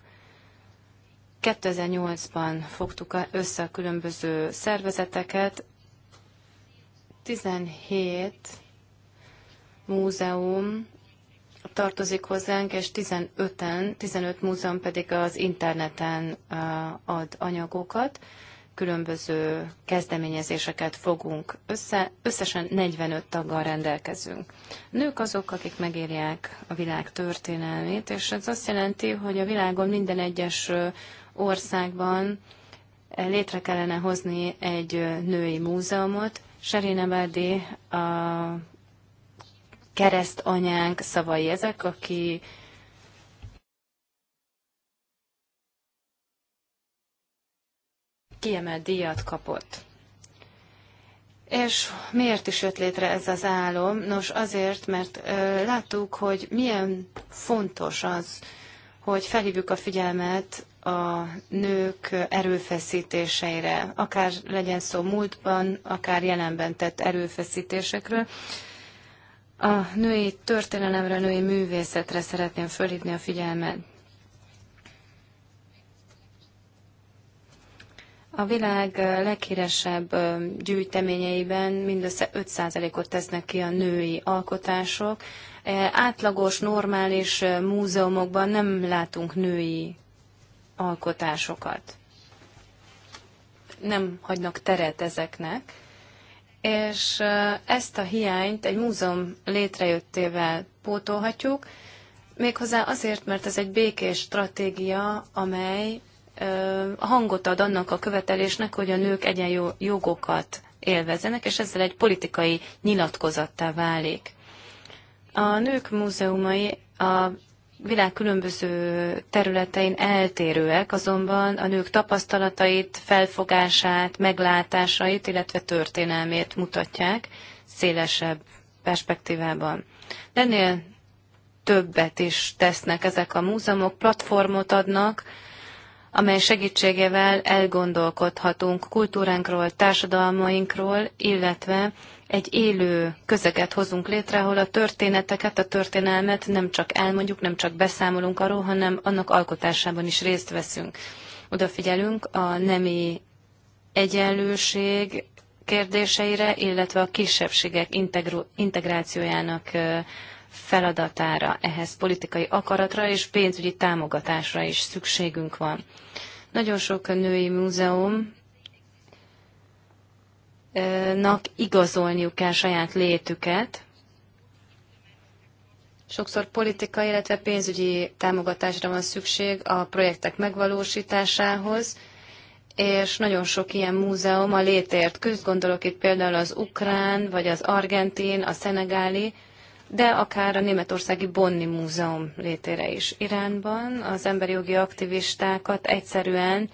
2008-ban fogtuk össze a különböző szervezeteket. 17 múzeum tartozik hozzánk, és 15-en, 15 múzeum pedig az interneten ad anyagokat különböző kezdeményezéseket fogunk össze, összesen 45 taggal rendelkezünk. Nők azok, akik megírják a világ történelmét, és ez azt jelenti, hogy a világon minden egyes országban eh, létre kellene hozni egy női múzeumot. Serine Bádi a keresztanyánk szavai ezek, aki kiemelt díjat kapott. És miért is jött létre ez az álom? Nos, azért, mert ö, láttuk, hogy milyen fontos az, hogy felhívjuk a figyelmet a nők erőfeszítéseire, akár legyen szó múltban, akár jelenben tett erőfeszítésekről. A női történelemre, a női művészetre szeretném fölhívni a figyelmet. A világ leghíresebb gyűjteményeiben mindössze 5%-ot tesznek ki a női alkotások. E, átlagos, normális múzeumokban nem látunk női alkotásokat. Nem hagynak teret ezeknek. És ezt a hiányt egy múzeum létrejöttével pótolhatjuk, méghozzá azért, mert ez egy békés stratégia, amely hangot ad annak a követelésnek, hogy a nők egyenjó jogokat élvezzenek, és ezzel egy politikai nyilatkozattá válik. A nők múzeumai a világ különböző területein eltérőek, azonban a nők tapasztalatait, felfogását, meglátásait, illetve történelmét mutatják szélesebb perspektívában. Ennél többet is tesznek ezek a múzeumok, platformot adnak amely segítségével elgondolkodhatunk kultúránkról, társadalmainkról, illetve egy élő közeget hozunk létre, ahol a történeteket, a történelmet nem csak elmondjuk, nem csak beszámolunk arról, hanem annak alkotásában is részt veszünk. Odafigyelünk a nemi egyenlőség kérdéseire, illetve a kisebbségek integrációjának feladatára, ehhez politikai akaratra és pénzügyi támogatásra is szükségünk van. Nagyon sok női múzeum nak igazolniuk kell saját létüket. Sokszor politikai, illetve pénzügyi támogatásra van szükség a projektek megvalósításához, és nagyon sok ilyen múzeum a létért küzd, gondolok itt például az ukrán, vagy az argentin, a szenegáli, de akár a németországi Bonni Múzeum létére is. Iránban az emberi jogi aktivistákat egyszerűen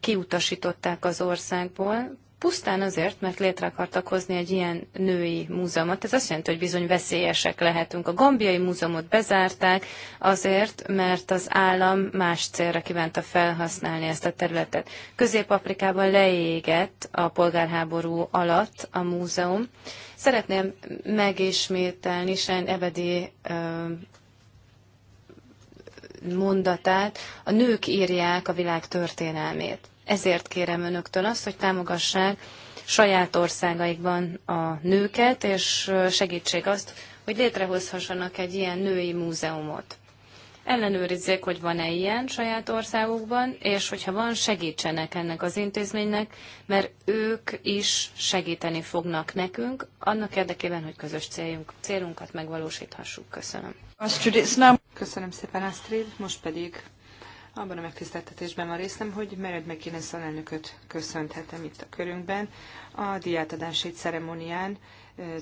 kiutasították az országból, pusztán azért, mert létre akartak hozni egy ilyen női múzeumot. Ez azt jelenti, hogy bizony veszélyesek lehetünk. A gambiai múzeumot bezárták azért, mert az állam más célra kívánta felhasználni ezt a területet. Közép-Afrikában leégett a polgárháború alatt a múzeum. Szeretném megismételni Sein Ebedi mondatát, a nők írják a világ történelmét. Ezért kérem önöktől azt, hogy támogassák saját országaikban a nőket, és segítsék azt, hogy létrehozhassanak egy ilyen női múzeumot. Ellenőrizzék, hogy van-e ilyen saját országukban, és hogyha van, segítsenek ennek az intézménynek, mert ők is segíteni fognak nekünk, annak érdekében, hogy közös céljunk, célunkat megvalósíthassuk. Köszönöm. Köszönöm szépen, Astrid. Most pedig abban a megtiszteltetésben van részem, hogy Mered McGuinness alelnököt köszönhetem itt a körünkben. A diátadási ceremónián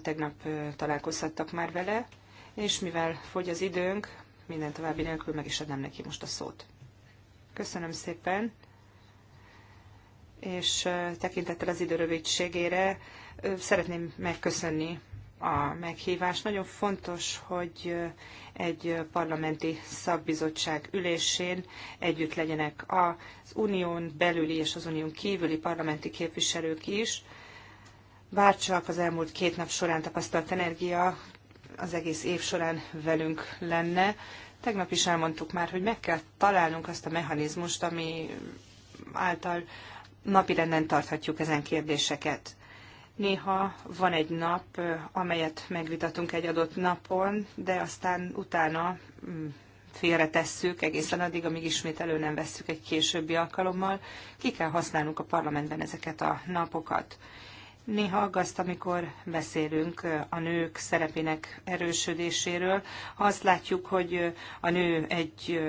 tegnap találkozhattak már vele, és mivel fogy az időnk, minden további nélkül meg is adnám neki most a szót. Köszönöm szépen, és tekintettel az idő rövidségére szeretném megköszönni a meghívás. Nagyon fontos, hogy egy parlamenti szakbizottság ülésén együtt legyenek az unión belüli és az unión kívüli parlamenti képviselők is. Bárcsak az elmúlt két nap során tapasztalt energia az egész év során velünk lenne. Tegnap is elmondtuk már, hogy meg kell találnunk azt a mechanizmust, ami által napirenden tarthatjuk ezen kérdéseket Néha van egy nap, amelyet megvitatunk egy adott napon, de aztán utána mm, félretesszük egészen addig, amíg ismét elő nem vesszük egy későbbi alkalommal. Ki kell használnunk a parlamentben ezeket a napokat. Néha aggaszt, amikor beszélünk a nők szerepének erősödéséről. Ha azt látjuk, hogy a nő egy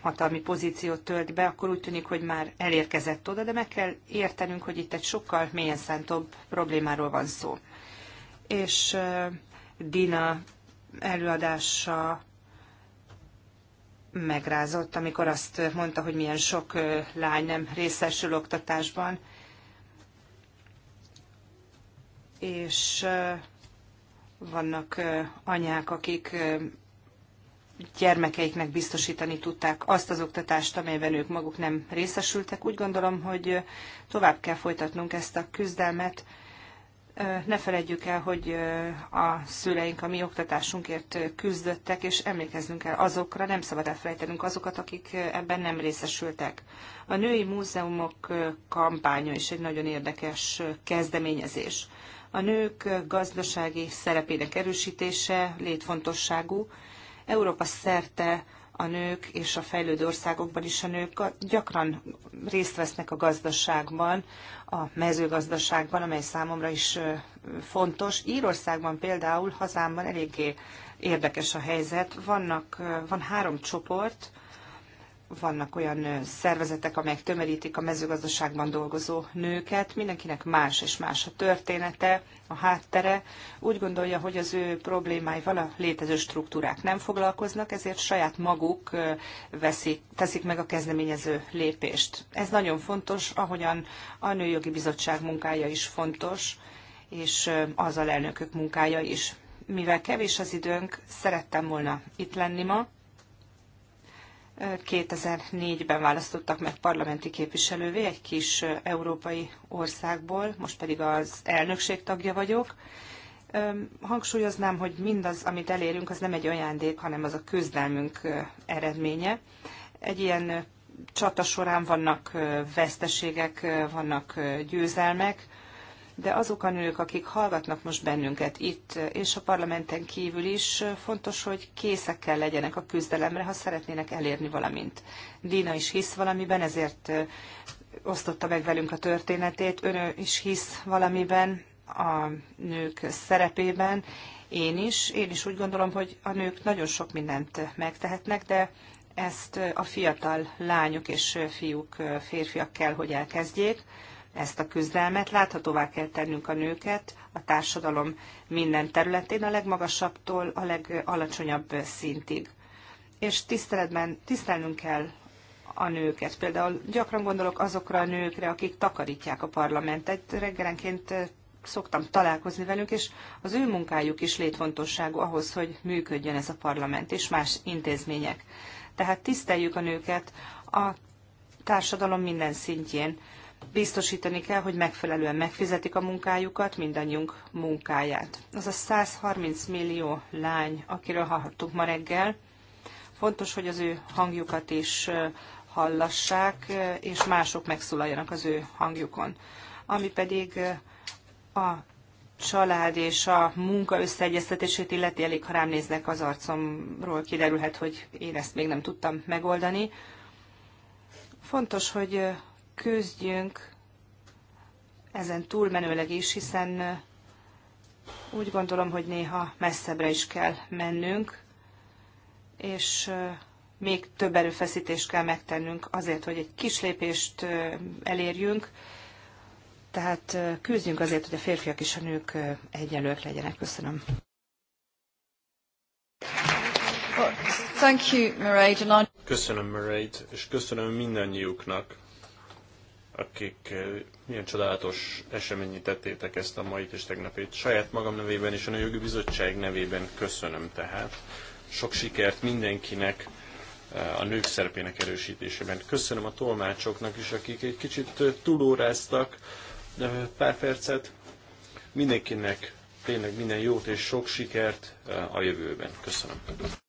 hatalmi pozíciót tölt be, akkor úgy tűnik, hogy már elérkezett oda, de meg kell értenünk, hogy itt egy sokkal mélyen szántóbb problémáról van szó. És Dina előadása megrázott, amikor azt mondta, hogy milyen sok lány nem részesül oktatásban. És vannak anyák, akik gyermekeiknek biztosítani tudták azt az oktatást, amelyben ők maguk nem részesültek. Úgy gondolom, hogy tovább kell folytatnunk ezt a küzdelmet. Ne feledjük el, hogy a szüleink a mi oktatásunkért küzdöttek, és emlékeznünk el azokra, nem szabad elfelejtenünk azokat, akik ebben nem részesültek. A Női Múzeumok kampánya is egy nagyon érdekes kezdeményezés. A nők gazdasági szerepének erősítése létfontosságú, Európa szerte a nők és a fejlődő országokban is a nők gyakran részt vesznek a gazdaságban, a mezőgazdaságban, amely számomra is fontos. Írországban például, hazámban eléggé érdekes a helyzet. Vannak, van három csoport, vannak olyan szervezetek, amelyek tömörítik a mezőgazdaságban dolgozó nőket. Mindenkinek más és más a története, a háttere. Úgy gondolja, hogy az ő problémáival a létező struktúrák nem foglalkoznak, ezért saját maguk veszik, teszik meg a kezdeményező lépést. Ez nagyon fontos, ahogyan a Nőjogi Bizottság munkája is fontos, és az alelnökök munkája is. Mivel kevés az időnk, szerettem volna itt lenni ma 2004-ben választottak meg parlamenti képviselővé egy kis európai országból, most pedig az elnökség tagja vagyok. Hangsúlyoznám, hogy mindaz, amit elérünk, az nem egy ajándék, hanem az a küzdelmünk eredménye. Egy ilyen csata során vannak veszteségek, vannak győzelmek, de azok a nők, akik hallgatnak most bennünket itt és a parlamenten kívül is, fontos, hogy készek kell legyenek a küzdelemre, ha szeretnének elérni valamint. Dina is hisz valamiben, ezért osztotta meg velünk a történetét, ön is hisz valamiben, a nők szerepében. Én is, én is úgy gondolom, hogy a nők nagyon sok mindent megtehetnek, de ezt a fiatal lányok és fiúk, férfiak kell, hogy elkezdjék ezt a küzdelmet. Láthatóvá kell tennünk a nőket a társadalom minden területén, a legmagasabbtól a legalacsonyabb szintig. És tiszteletben, tisztelnünk kell a nőket. Például gyakran gondolok azokra a nőkre, akik takarítják a parlamentet. Reggelenként eh, szoktam találkozni velünk, és az ő munkájuk is létfontosságú ahhoz, hogy működjön ez a parlament és más intézmények. Tehát tiszteljük a nőket a társadalom minden szintjén biztosítani kell, hogy megfelelően megfizetik a munkájukat, mindannyiunk munkáját. Az a 130 millió lány, akiről hallhattuk ma reggel, fontos, hogy az ő hangjukat is hallassák, és mások megszólaljanak az ő hangjukon. Ami pedig a család és a munka összeegyeztetését illeti, elég ha rám néznek az arcomról, kiderülhet, hogy én ezt még nem tudtam megoldani. Fontos, hogy küzdjünk ezen túlmenőleg is, hiszen úgy gondolom, hogy néha messzebbre is kell mennünk, és még több erőfeszítést kell megtennünk azért, hogy egy kis lépést elérjünk. Tehát küzdjünk azért, hogy a férfiak és a nők egyenlők legyenek. Köszönöm. Köszönöm, Mairead, és köszönöm mindannyiuknak akik eh, milyen csodálatos eseményi tettétek ezt a mait és tegnapét. Saját magam nevében és a Nőjogi Bizottság nevében köszönöm tehát. Sok sikert mindenkinek eh, a nők szerepének erősítésében. Köszönöm a tolmácsoknak is, akik egy kicsit eh, túlóráztak pár percet. Mindenkinek tényleg minden jót és sok sikert a jövőben. Köszönöm.